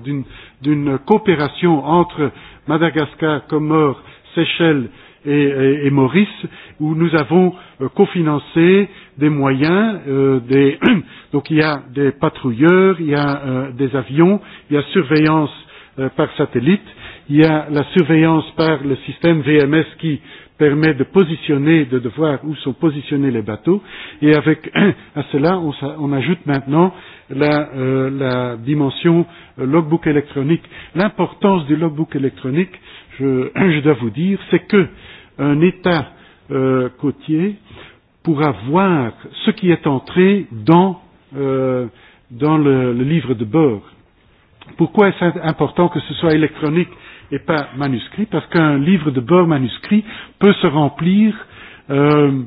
d'une coopération entre Madagascar, Comores, Seychelles et, et, et Maurice, où nous avons euh, cofinancé des moyens, euh, des, <clears throat> donc il y a des patrouilleurs, il y a euh, des avions, il y a surveillance euh, par satellite, il y a la surveillance par le système VMS qui permet de positionner, de, de voir où sont positionnés les bateaux. Et avec <clears throat> à cela, on, on ajoute maintenant la, euh, la dimension euh, logbook électronique. L'importance du logbook électronique, je, <clears throat> je dois vous dire, c'est que un État euh, côtier pourra voir ce qui est entré dans, euh, dans le, le livre de bord. Pourquoi est-ce important que ce soit électronique et pas manuscrit, parce qu'un livre de bord manuscrit peut se remplir euh,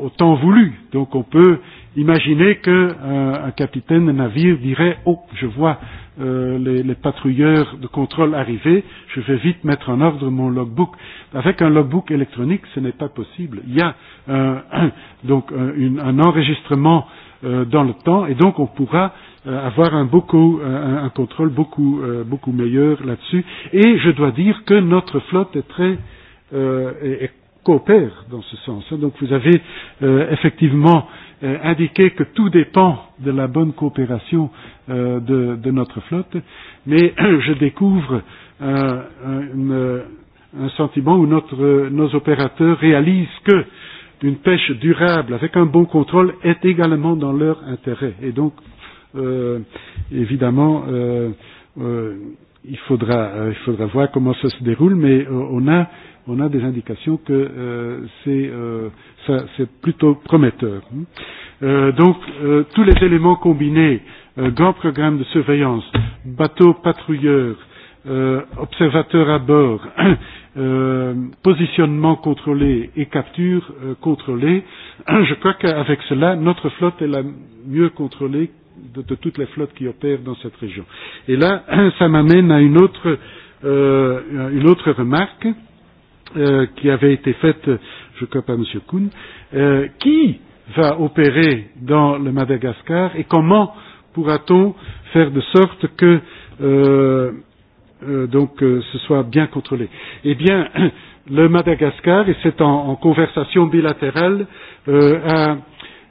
au temps voulu. Donc on peut imaginer qu'un euh, capitaine de navire dirait « Oh, je vois euh, les, les patrouilleurs de contrôle arriver, je vais vite mettre en ordre mon logbook. » Avec un logbook électronique, ce n'est pas possible. Il y a euh, <clears throat> donc un, une, un enregistrement euh, dans le temps et donc on pourra euh, avoir un, beaucoup, euh, un, un contrôle beaucoup, beaucoup meilleur là-dessus. Et je dois dire que notre flotte est très... Euh, est, est coopèrent dans ce sens. Donc vous avez euh, effectivement euh, indiqué que tout dépend de la bonne coopération euh, de, de notre flotte, mais <clears throat> je découvre euh, une, euh, un sentiment où notre, euh, nos opérateurs réalisent que une pêche durable avec un bon contrôle est également dans leur intérêt. Et donc, euh, évidemment, euh, euh, il faudra euh, il faudra voir comment ça se déroule mais euh, on a on a des indications que euh, c'est euh, plutôt prometteur. Euh, donc euh, tous les éléments combinés grand programme de surveillance, bateaux patrouilleurs, observateurs à bord, <clears throat> positionnement contrôlé et capture contrôlée, <clears throat> je crois qu'avec cela notre flotte est la mieux contrôlée de, de toutes les flottes qui opèrent dans cette région. Et là, <clears throat> ça m'amène à une autre, euh, une autre remarque euh, qui avait été faite, je crois à M. Kuhn, euh, qui va opérer dans le Madagascar et comment pourra-t-on faire de sorte que euh, euh, donc euh, ce soit bien contrôlé Eh bien, <clears throat> le Madagascar, et c'est en, en conversation bilatérale, euh, a,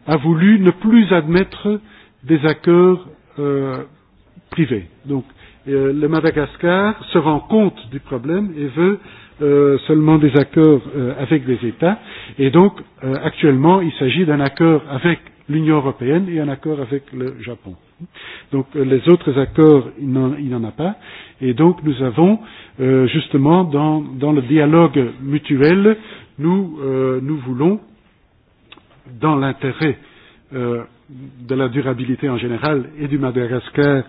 a voulu ne plus admettre des accords euh, privés. Donc, euh, le Madagascar se rend compte du problème et veut euh, seulement des accords euh, avec des États. Et donc, euh, actuellement, il s'agit d'un accord avec l'Union européenne et un accord avec le Japon. Donc, euh, les autres accords, il n'en a pas. Et donc, nous avons, euh, justement, dans, dans le dialogue mutuel, nous, euh, nous voulons, dans l'intérêt euh, de la durabilité en général et du Madagascar,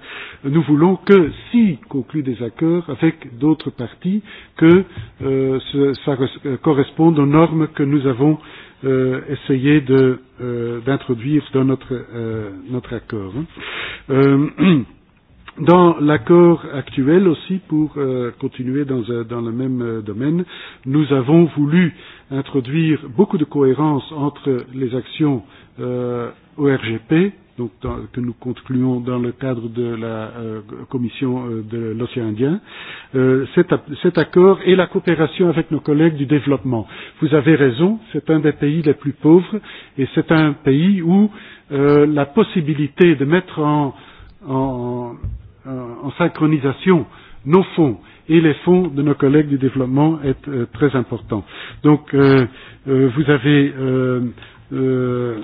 nous voulons que, si conclut des accords avec d'autres parties, que euh, ce, ça euh, corresponde aux normes que nous avons euh, essayé euh, d'introduire euh, dans notre, euh, notre accord. Euh, <clears throat> Dans l'accord actuel aussi, pour euh, continuer dans, euh, dans le même euh, domaine, nous avons voulu introduire beaucoup de cohérence entre les actions euh, ORGP, donc dans, que nous concluons dans le cadre de la euh, commission euh, de l'océan Indien, euh, cet, cet accord et la coopération avec nos collègues du développement. Vous avez raison, c'est un des pays les plus pauvres et c'est un pays où euh, la possibilité de mettre en, en, en synchronisation nos fonds et les fonds de nos collègues du développement est euh, très important. Donc, euh, euh, vous avez euh, euh,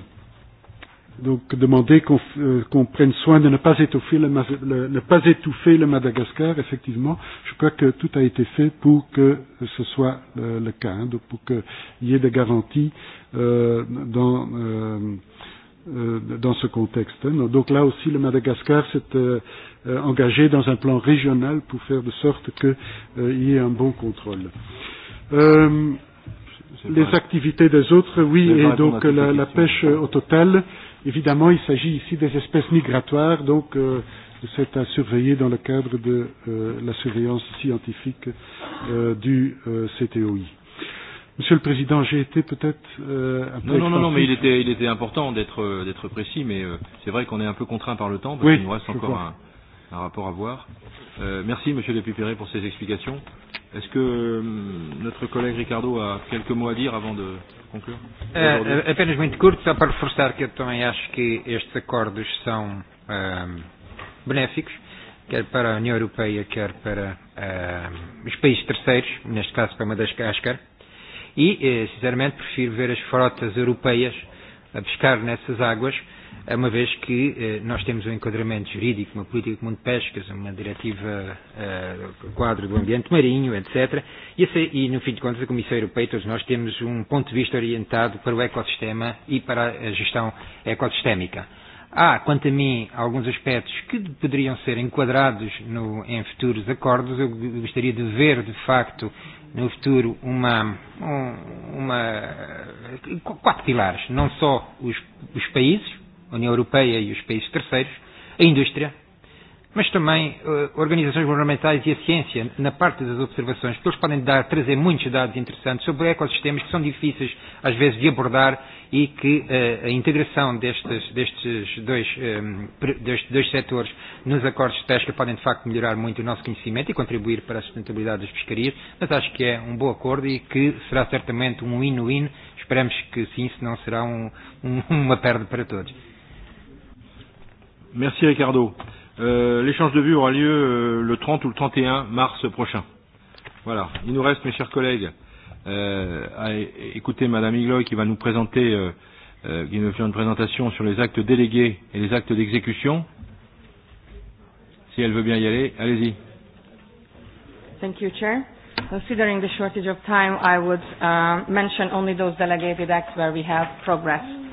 donc demander qu'on euh, qu prenne soin de ne pas étouffer le, le, ne pas étouffer le Madagascar, effectivement, je crois que tout a été fait pour que ce soit euh, le cas, hein, donc pour qu'il y ait des garanties euh, dans, euh, euh, dans ce contexte. Hein. Donc là aussi, le Madagascar s'est euh, euh, engagé dans un plan régional pour faire de sorte qu'il euh, y ait un bon contrôle. Euh, les activités des autres, oui, et donc la, la pêche euh, au total, Évidemment, il s'agit ici des espèces migratoires, donc euh, c'est à surveiller dans le cadre de euh, la surveillance scientifique euh, du euh, CTOI. Monsieur le Président, j'ai été peut-être euh, un peu. Non, non, non, non, mais il était, il était important d'être, euh, d'être précis, mais euh, c'est vrai qu'on est un peu contraint par le temps, parce oui, qu'il nous reste encore un, un rapport à voir. Euh, merci, Monsieur Lépipéré, pour ces explications. Est-ce que euh, notre collègue Ricardo a quelques mots à dire avant de conclure euh, Apenas muito curto, só para reforçar que eu também acho que estes acordos são euh, benéficos, quer para a União Europeia, quer para euh, os países terceiros, neste caso para Madagascar. E, eh, sinceramente, prefiro ver as frotas europeias a pescar nessas águas é uma vez que eh, nós temos um enquadramento jurídico, uma política comum de pescas, uma diretiva eh, quadro do ambiente marinho, etc. E, esse, e, no fim de contas, a Comissão Europeia, todos nós temos um ponto de vista orientado para o ecossistema e para a gestão ecossistémica. Há, quanto a mim, alguns aspectos que poderiam ser enquadrados no, em futuros acordos. Eu gostaria de ver, de facto, no futuro uma, um, uma quatro pilares, não só os, os países, União Europeia e os países terceiros, a indústria, mas também uh, organizações governamentais e a ciência, na parte das observações, porque eles podem dar, trazer muitos dados interessantes sobre ecossistemas que são difíceis, às vezes, de abordar e que uh, a integração destes, destes, dois, um, destes dois setores nos acordos de pesca podem, de facto, melhorar muito o nosso conhecimento e contribuir para a sustentabilidade das pescarias, mas acho que é um bom acordo e que será certamente um win-win. Esperamos que sim, senão será um, um, <laughs> uma perda para todos. Merci Ricardo. Euh, L'échange de vues aura lieu euh, le 30 ou le 31 mars prochain. Voilà. Il nous reste, mes chers collègues, euh, à écouter Madame Igloy qui va nous présenter, euh, euh, qui nous faire une présentation sur les actes délégués et les actes d'exécution. Si elle veut bien y aller, allez-y. Thank you, Chair. Considering the shortage of time, I would uh, mention only those delegated acts where we have progressed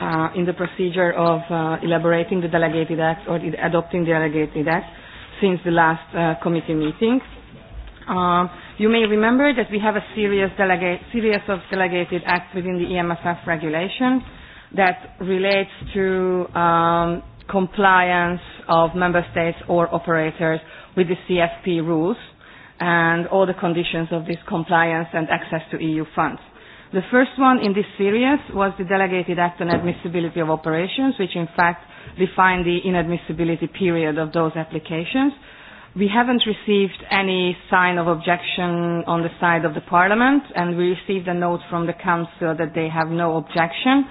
uh, in the procedure of uh, elaborating the delegated act or adopting the delegated act since the last uh, committee meeting. Um, you may remember that we have a serious delegate, series of delegated acts within the EMFF regulation that relates to um, compliance of member states or operators with the CFP rules and all the conditions of this compliance and access to EU funds. The first one in this series was the Delegated Act on Admissibility of Operations, which in fact defined the inadmissibility period of those applications. We haven't received any sign of objection on the side of the Parliament, and we received a note from the Council that they have no objection.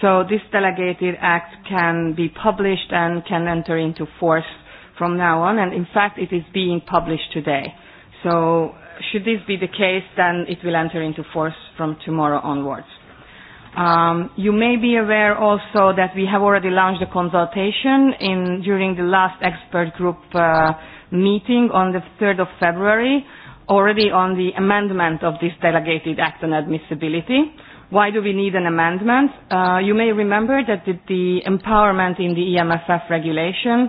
So this delegated act can be published and can enter into force from now on, and in fact it is being published today. So should this be the case, then it will enter into force from tomorrow onwards. Um, you may be aware also that we have already launched a consultation in, during the last expert group uh, meeting on the 3rd of February, already on the amendment of this delegated act on admissibility. Why do we need an amendment? Uh, you may remember that the, the empowerment in the EMFF regulation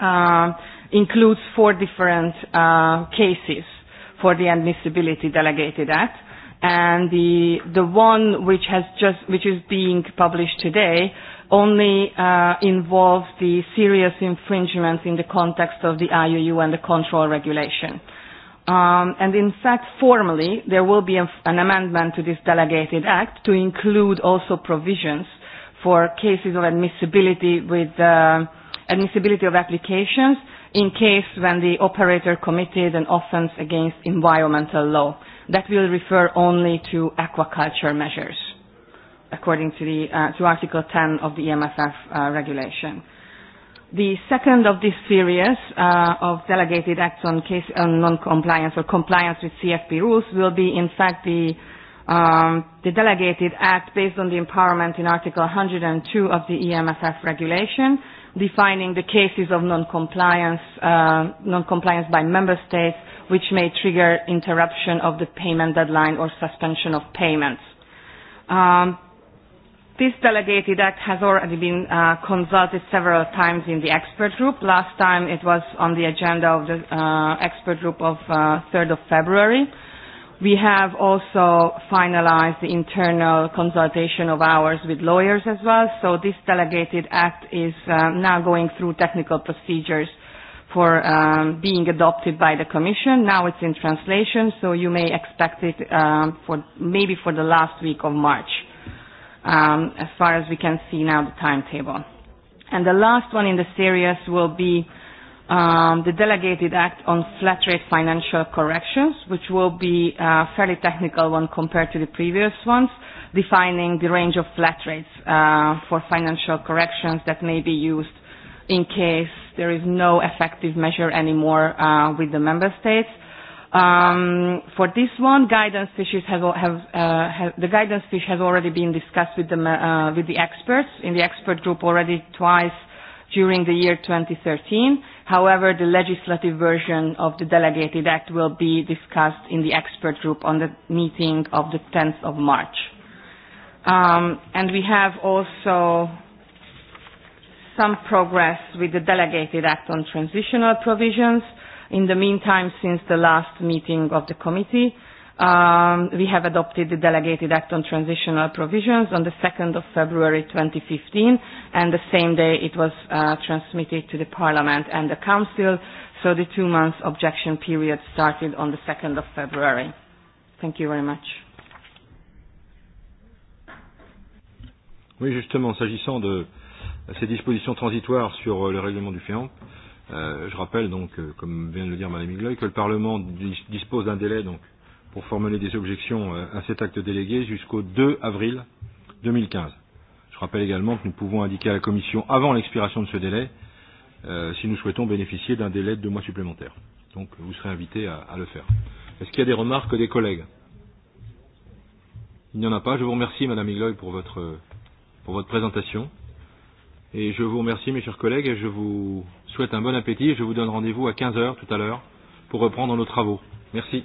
uh, includes four different uh, cases for the admissibility delegated act and the the one which has just which is being published today only uh, involves the serious infringements in the context of the IUU and the control regulation. Um, and in fact, formally, there will be an amendment to this delegated act to include also provisions for cases of admissibility with uh, admissibility of applications in case when the operator committed an offence against environmental law. That will refer only to aquaculture measures, according to, the, uh, to Article 10 of the EMFF uh, regulation. The second of this series uh, of delegated acts on, case, on non-compliance or compliance with CFP rules will be, in fact, the, um, the delegated act based on the empowerment in Article 102 of the EMFF regulation, defining the cases of non-compliance, uh, non-compliance by member states, which may trigger interruption of the payment deadline or suspension of payments. Um, this delegated act has already been uh, consulted several times in the expert group. Last time it was on the agenda of the uh, expert group of uh, 3rd of February. We have also finalized the internal consultation of ours with lawyers as well, so this delegated act is uh, now going through technical procedures for um, being adopted by the Commission. Now it's in translation, so you may expect it um, for maybe for the last week of March, um, as far as we can see now the timetable. And the last one in the series will be um, the delegated act on flat rate financial corrections, which will be a fairly technical one compared to the previous ones, defining the range of flat rates uh, for financial corrections that may be used in case there is no effective measure anymore uh, with the member states. Um, for this one, guidance fishes have, have, uh, the guidance fish has already been discussed with the, uh, with the experts in the expert group already twice during the year 2013 However, the legislative version of the delegated act will be discussed in the expert group on the meeting of the 10th of March. Um, and we have also some progress with the delegated act on transitional provisions in the meantime since the last meeting of the committee. Um, we have adopted the delegated act on transitional provisions on the 2nd of February 2015, and the same day it was uh, transmitted to the Parliament and the Council, so the two-month objection period started on the 2nd of February. Thank you very much. Oui, justement, s'agissant de ces dispositions transitoires sur euh, le règlement du FEAMP, euh, je rappelle donc, euh, comme vient de le dire Mme Migloy, que le Parlement dispose d'un délai donc, pour formuler des objections euh, à cet acte délégué jusqu'au 2 avril 2015. Je rappelle également que nous pouvons indiquer à la Commission avant l'expiration de ce délai euh, si nous souhaitons bénéficier d'un délai de deux mois supplémentaires. Donc vous serez invité à, à le faire. Est-ce qu'il y a des remarques des collègues Il n'y en a pas. Je vous remercie, Madame Igloy, pour votre, pour votre présentation. Et je vous remercie, mes chers collègues, et je vous souhaite un bon appétit. Et je vous donne rendez-vous à 15 heures tout à l'heure pour reprendre nos travaux. Merci.